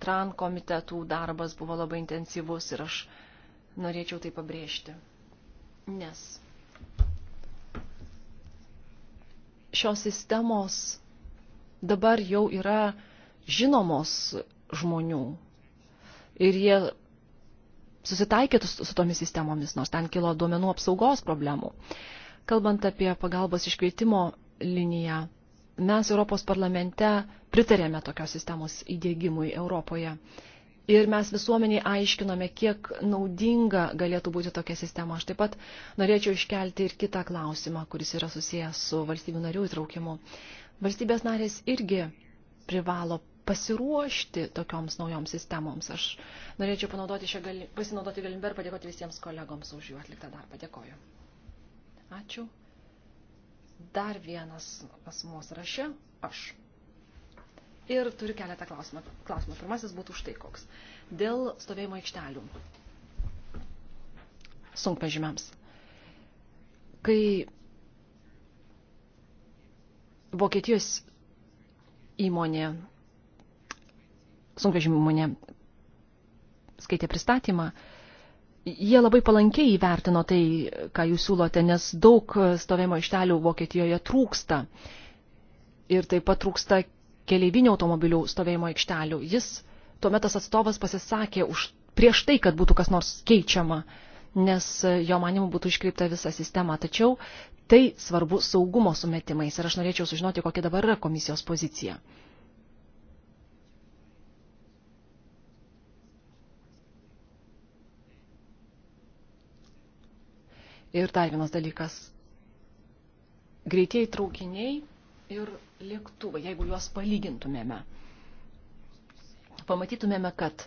Tran komitetų darbas buvo labai intensyvus ir aš norėčiau tai pabrėžti. Nes šios sistemos dabar jau yra žinomos žmonių. Ir jie susitaikė su tomis sistemomis, nors ten kilo duomenų apsaugos problemų. Kalbant apie pagalbos iškvietimo liniją, mes Europos parlamente pritarėme tokios sistemos įdėgymui Europoje. Ir mes visuomeniai aiškinome, kiek naudinga galėtų būti tokia sistema. Aš taip pat norėčiau iškelti ir kitą klausimą, kuris yra susijęs su valstybių narių įtraukimu. Valstybės narės irgi privalo pasiruošti tokioms naujoms sistemoms. Aš norėčiau panaudoti šią gali, pasinaudoti galimybę ir padėkoti visiems kolegoms už jų atliktą darbą. Dėkoju. Ačiū. Dar vienas asmuo rašė aš. Ir turiu keletą klausimą. klausimą. Pirmasis būtų štai koks. Dėl stovėjimo aikštelių. Sunkvežimiams. Kai Vokietijos įmonė sunkvežimų mane skaitė pristatymą, jie labai palankiai įvertino tai, ką jūs siūlote, nes daug stovėjimo ištelių Vokietijoje trūksta. Ir taip pat trūksta keleivinių automobilių stovėjimo aikštelių. Jis tuomet tas atstovas pasisakė už, prieš tai, kad būtų kas nors keičiama, nes jo manimu būtų iškreipta visa sistema. Tačiau tai svarbu saugumo sumetimais ir aš norėčiau sužinoti, kokia dabar yra komisijos pozicija. Ir dar vienas dalykas. Greitieji traukiniai ir lėktuvai, jeigu juos palygintumėme, pamatytumėme, kad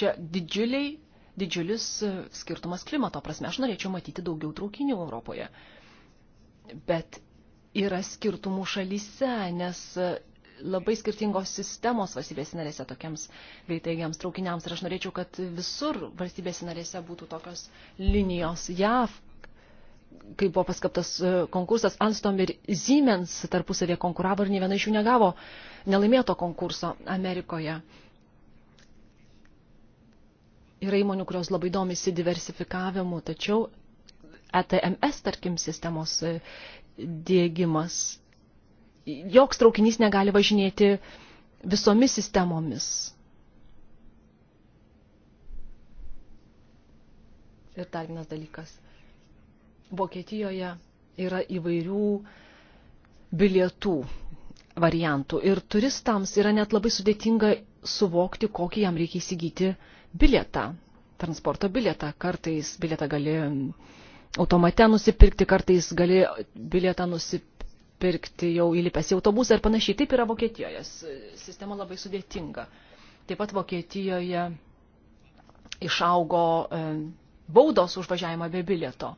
čia didžiuliai, didžiulis e, skirtumas klimato prasme. Aš norėčiau matyti daugiau traukinių Europoje. Bet yra skirtumų šalyse, nes e, labai skirtingos sistemos valstybės narėse tokiems greitaigiams traukiniams. Ir aš norėčiau, kad visur valstybės narėse būtų tokios linijos JAV kai buvo paskaptas e, konkursas, Anstom ir Siemens tarpusavė konkuravo ir ne viena iš jų negavo nelaimėto konkurso Amerikoje. Yra įmonių, kurios labai domisi diversifikavimu, tačiau ETMS, tarkim, sistemos e, dėgymas joks traukinys negali važinėti visomis sistemomis. Ir dar vienas dalykas. Vokietijoje yra įvairių bilietų variantų ir turistams yra net labai sudėtinga suvokti, kokį jam reikia įsigyti bilietą, transporto bilietą. Kartais bilietą gali automate nusipirkti, kartais gali bilietą nusipirkti pirkti jau įlipęs į autobusą ir panašiai. Taip yra Vokietijoje. Sistema labai sudėtinga. Taip pat Vokietijoje išaugo e, baudos už važiavimą be bilieto.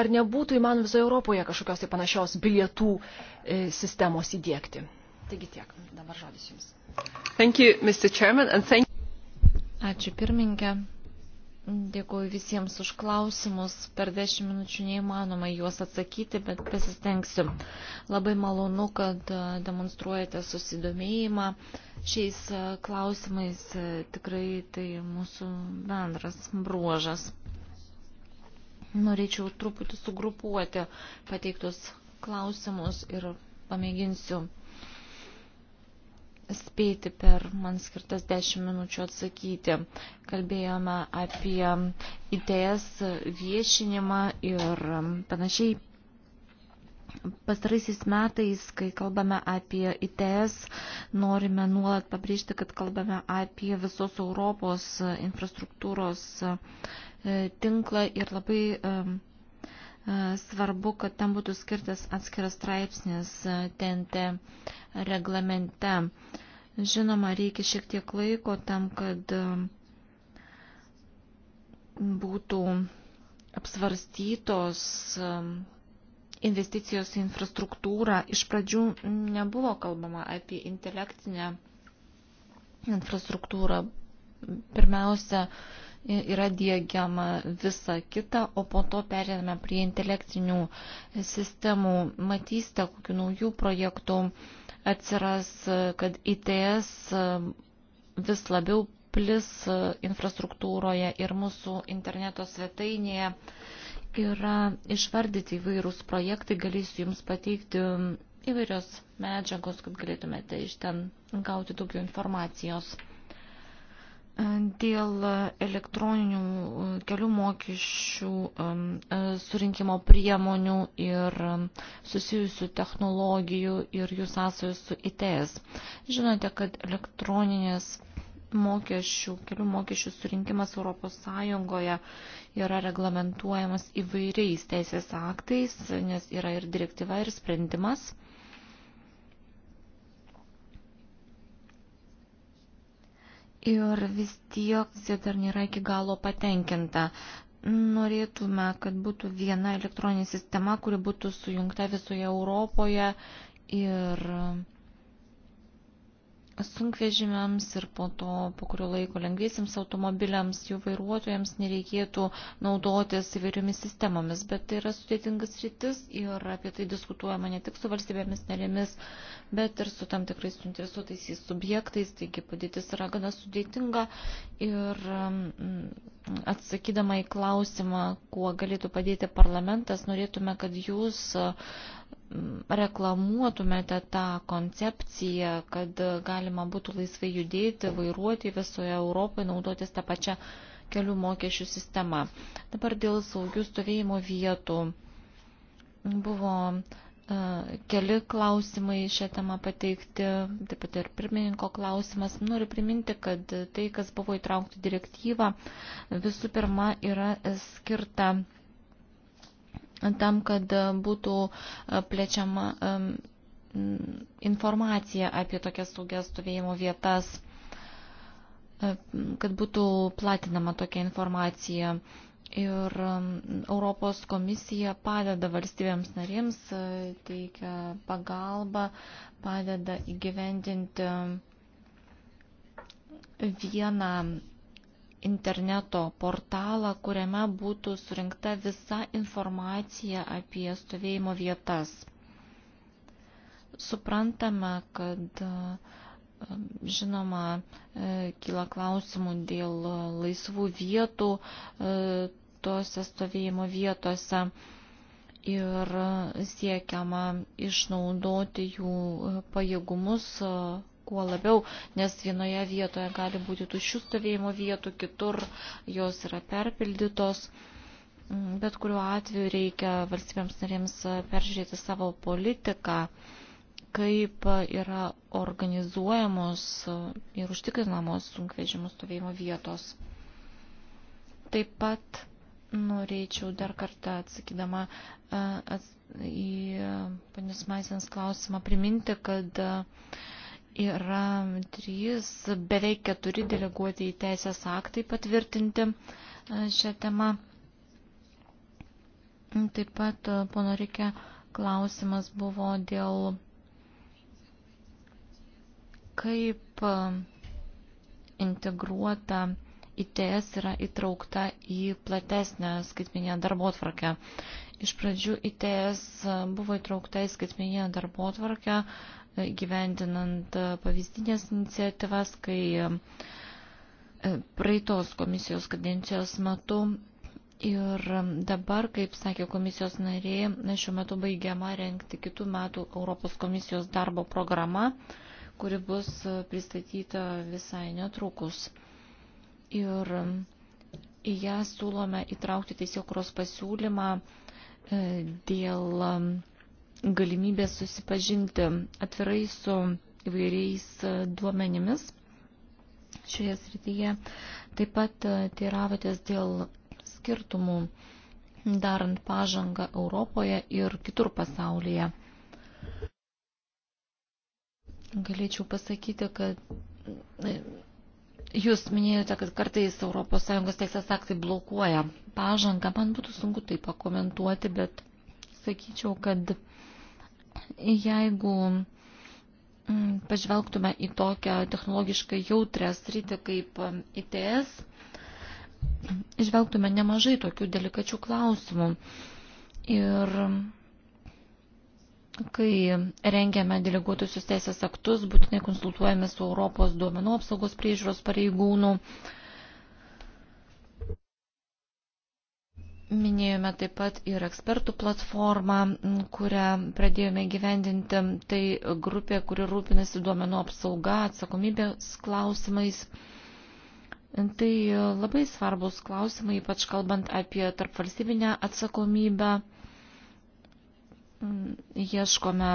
Ar nebūtų įmanoma visoje Europoje kažkokios tai panašios bilietų e, sistemos įdėkti? Taigi tiek. Dabar žodis Jums. Thank you, Mr. Chairman, and thank... Ačiū pirmininkė. Dėkuoju visiems už klausimus. Per dešimt minučių neįmanoma juos atsakyti, bet pasistengsiu. Labai malonu, kad e, demonstruojate susidomėjimą šiais e, klausimais. E, tikrai tai mūsų bendras bruožas. Norėčiau truputį sugrupuoti pateiktus klausimus ir pamėginsiu spėti per man skirtas 10 minučių atsakyti. Kalbėjome apie ITS viešinimą ir panašiai. Pastaraisiais metais, kai kalbame apie ITS, norime nuolat pabrėžti, kad kalbame apie visos Europos infrastruktūros e, tinklą ir labai e, Svarbu, kad tam būtų skirtas atskiras straipsnis TNT reglamente. Žinoma, reikia šiek tiek laiko tam, kad būtų apsvarstytos investicijos į infrastruktūrą. Iš pradžių nebuvo kalbama apie intelektinę infrastruktūrą. Pirmiausia, yra dėgiama visa kita, o po to perėmame prie intelektinių sistemų. Matysite, kokiu naujų projektų atsiras, kad ITS vis labiau plis infrastruktūroje ir mūsų interneto svetainėje yra išvardyti įvairūs projektai, galėsiu Jums pateikti įvairios medžiagos, kad galėtumėte iš ten gauti daugiau informacijos. Dėl elektroninių e, kelių mokesčių e, surinkimo priemonių ir e, susijusių technologijų ir jų sąsajų su ITS. Žinote, kad elektroninės mokesčių, kelių mokesčių surinkimas ES yra reglamentuojamas įvairiais teisės aktais, nes yra ir direktyva, ir sprendimas. ir vis tiek dar nėra iki galo patenkinta. Norėtume, kad būtų viena elektroninė sistema, kuri būtų sujungta visoje Europoje ir sunkvežimiams ir po to, po kurio laiko lengviesiams automobiliams, jų vairuotojams nereikėtų naudotis įvairiomis sistemomis, bet tai yra sudėtingas rytis ir apie tai diskutuojama ne tik su valstybėmis narėmis, bet ir su tam tikrais suinteresuotais į subjektais, taigi padėtis yra gana sudėtinga ir mm, atsakydama į klausimą, kuo galėtų padėti parlamentas, norėtume, kad jūs reklamuotumėte tą koncepciją, kad galima būtų laisvai judėti, vairuoti visoje Europoje, naudotis tą pačią kelių mokesčių sistemą. Dabar dėl saugių stovėjimo vietų buvo e, keli klausimai šią temą pateikti, taip pat ir pirmininko klausimas. Noriu priminti, kad tai, kas buvo įtraukti direktyvą, visų pirma yra skirta tam, kad e, būtų e, plečiama informacija apie tokias saugias stovėjimo vietas, e, kad būtų platinama tokia informacija. Ir Europos komisija padeda valstybėms narėms, teikia pagalbą, padeda įgyvendinti vieną interneto portalą, kuriame būtų surinkta visa informacija apie stovėjimo vietas. Suprantame, kad e, žinoma, e, kyla klausimų dėl laisvų vietų e, tose stovėjimo vietose ir siekiama išnaudoti jų pajėgumus kuo labiau, nes vienoje vietoje gali būti tuščių stovėjimo vietų, kitur jos yra perpildytos. Mm, bet kuriuo atveju reikia valstybėms narėms peržiūrėti savo politiką, kaip yra organizuojamos ir užtikrinamos sunkvežimų stovėjimo vietos. Taip pat norėčiau dar kartą atsakydama e, į panės Maisens klausimą priminti, kad yra trys, beveik keturi deleguoti į teisės aktai patvirtinti e, šią temą. Taip pat e, pono reikia klausimas buvo dėl kaip e, integruota ITS yra įtraukta į platesnę skaitminę darbotvarkę. Iš pradžių ITS buvo įtraukta į skaitminę darbotvarkę gyvendinant pavyzdinės iniciatyvas, kai e, praeitos komisijos kadencijos metu ir dabar, kaip sakė komisijos narė, šiuo metu baigiama renkti kitų metų Europos komisijos darbo programa, kuri bus pristatyta visai netrukus. Ir į ją siūlome įtraukti tiesiog pasiūlymą e, dėl galimybė susipažinti atvirai su įvairiais e, duomenimis šioje srityje. Taip pat e, teiravotės dėl skirtumų darant pažangą Europoje ir kitur pasaulyje. Galėčiau pasakyti, kad e, Jūs minėjote, kad kartais ES teisės aktai blokuoja pažangą. Man būtų sunku tai pakomentuoti, bet sakyčiau, kad Jeigu mm, pažvelgtume į tokią technologiškai jautrę sritį kaip mm, ITS, žvelgtume nemažai tokių delikačių klausimų. Ir mm, kai rengiame deleguotusius teisės aktus, būtinai konsultuojame su Europos duomenų apsaugos priežiūros pareigūnų. Nu, Minėjome taip pat ir ekspertų platformą, kurią pradėjome gyvendinti. Tai grupė, kuri rūpinasi duomenų apsauga, atsakomybės klausimais. Tai labai svarbus klausimai, ypač kalbant apie tarpvalstybinę atsakomybę. Ieškome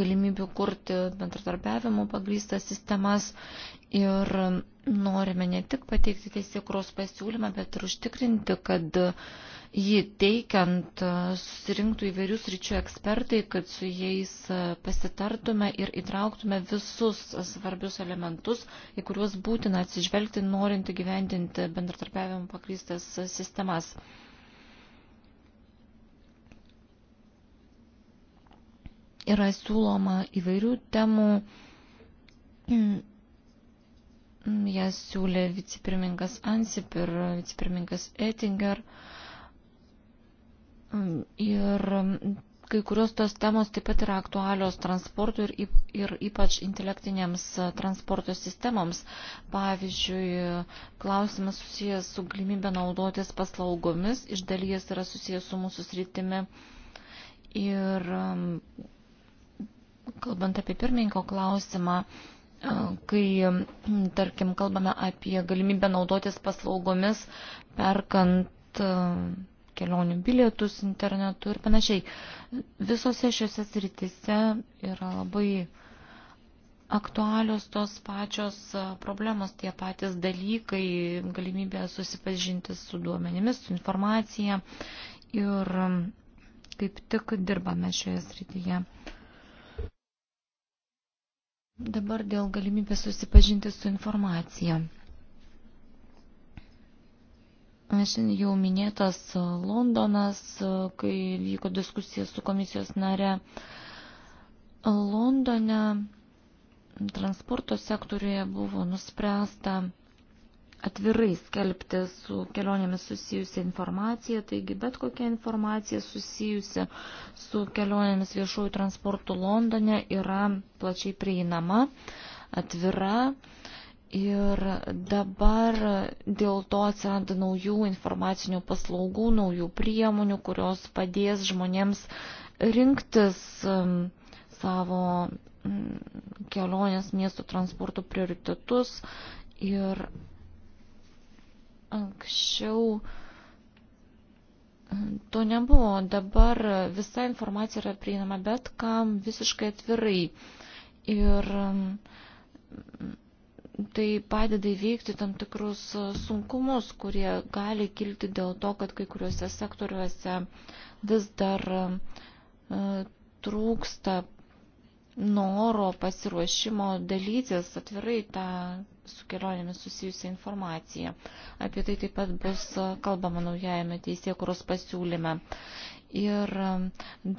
galimybių kurti bendradarbiavimo pagrįstas sistemas ir norime ne tik pateikti teisėkros pasiūlymą, bet ir užtikrinti, kad jį teikiant susirinktų įvairių sričių ekspertai, kad su jais pasitartume ir įtrauktume visus svarbius elementus, į kuriuos būtina atsižvelgti, norint gyvendinti bendratarpiavimo pakrystas sistemas. Yra siūloma įvairių temų Jas siūlė vicepirmingas Ansip ir vicepirmingas Ettinger. Ir kai kurios tos temos taip pat yra aktualios transportui ir, ir ypač intelektinėms transporto sistemoms. Pavyzdžiui, klausimas susijęs su galimybė naudotis paslaugomis iš dalies yra susijęs su mūsų sritimi. Ir kalbant apie pirmininko klausimą, kai, tarkim, kalbame apie galimybę naudotis paslaugomis, perkant kelionių bilietus internetu ir panašiai. Visose šiuose sritise yra labai aktualios tos pačios problemos, tie patys dalykai, galimybė susipažinti su duomenimis, su informacija ir kaip tik dirbame šioje srityje. Dabar dėl galimybės susipažinti su informacija. Šiandien jau minėtas Londonas, kai vyko diskusija su komisijos nare. Londone transporto sektoriuje buvo nuspręsta atvirai skelbti su kelionėmis susijusią informaciją, taigi bet kokia informacija susijusi su kelionėmis viešųjų transportų Londone yra plačiai prieinama, atvira. Ir dabar dėl to atsiranda naujų informacinių paslaugų, naujų priemonių, kurios padės žmonėms rinktis um, savo mm, kelionės miestų transporto prioritetus ir Anksčiau e, to nebuvo, dabar visa informacija yra prieinama bet kam visiškai atvirai. Ir e, tai padeda įveikti tam tikrus sunkumus, kurie gali kilti dėl to, kad kai kuriuose sektoriuose vis dar e, trūksta noro pasiruošimo dalytis atvirai tą su kelionėmis susijusią informaciją. Apie tai taip pat bus kalbama naujajame teisėkuros pasiūlyme. Ir um,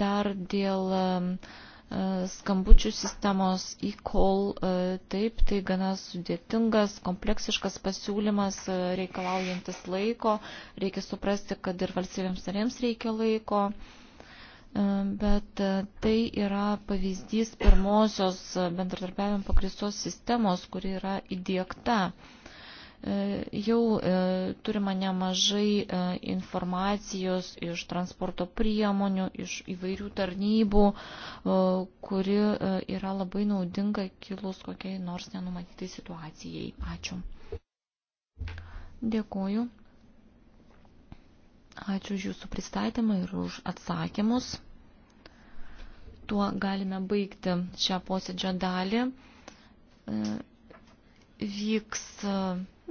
dar dėl um, uh, skambučių sistemos e-call, uh, taip, tai gana sudėtingas, kompleksiškas pasiūlymas, uh, reikalaujantis laiko, reikia suprasti, kad ir valstybėms narėms reikia laiko. E, E, bet e, tai yra pavyzdys pirmosios bendradarbiavimo pagristos sistemos, kuri yra įdėkta. E, jau turime nemažai informacijos iš transporto priemonių, iš įvairių tarnybų, kuri yra labai naudinga kilus kokiai nors nenumatytai situacijai. Ačiū. Dėkuoju. Ačiū už Jūsų pristatymą ir už atsakymus. Tuo galime baigti šią posėdžio dalį. E, vyks e,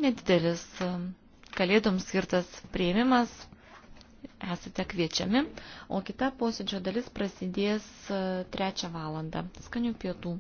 nedidelis e, kalėdoms skirtas prieimimas. Esate kviečiami, o kita posėdžio dalis prasidės trečią valandą. Skanių pietų.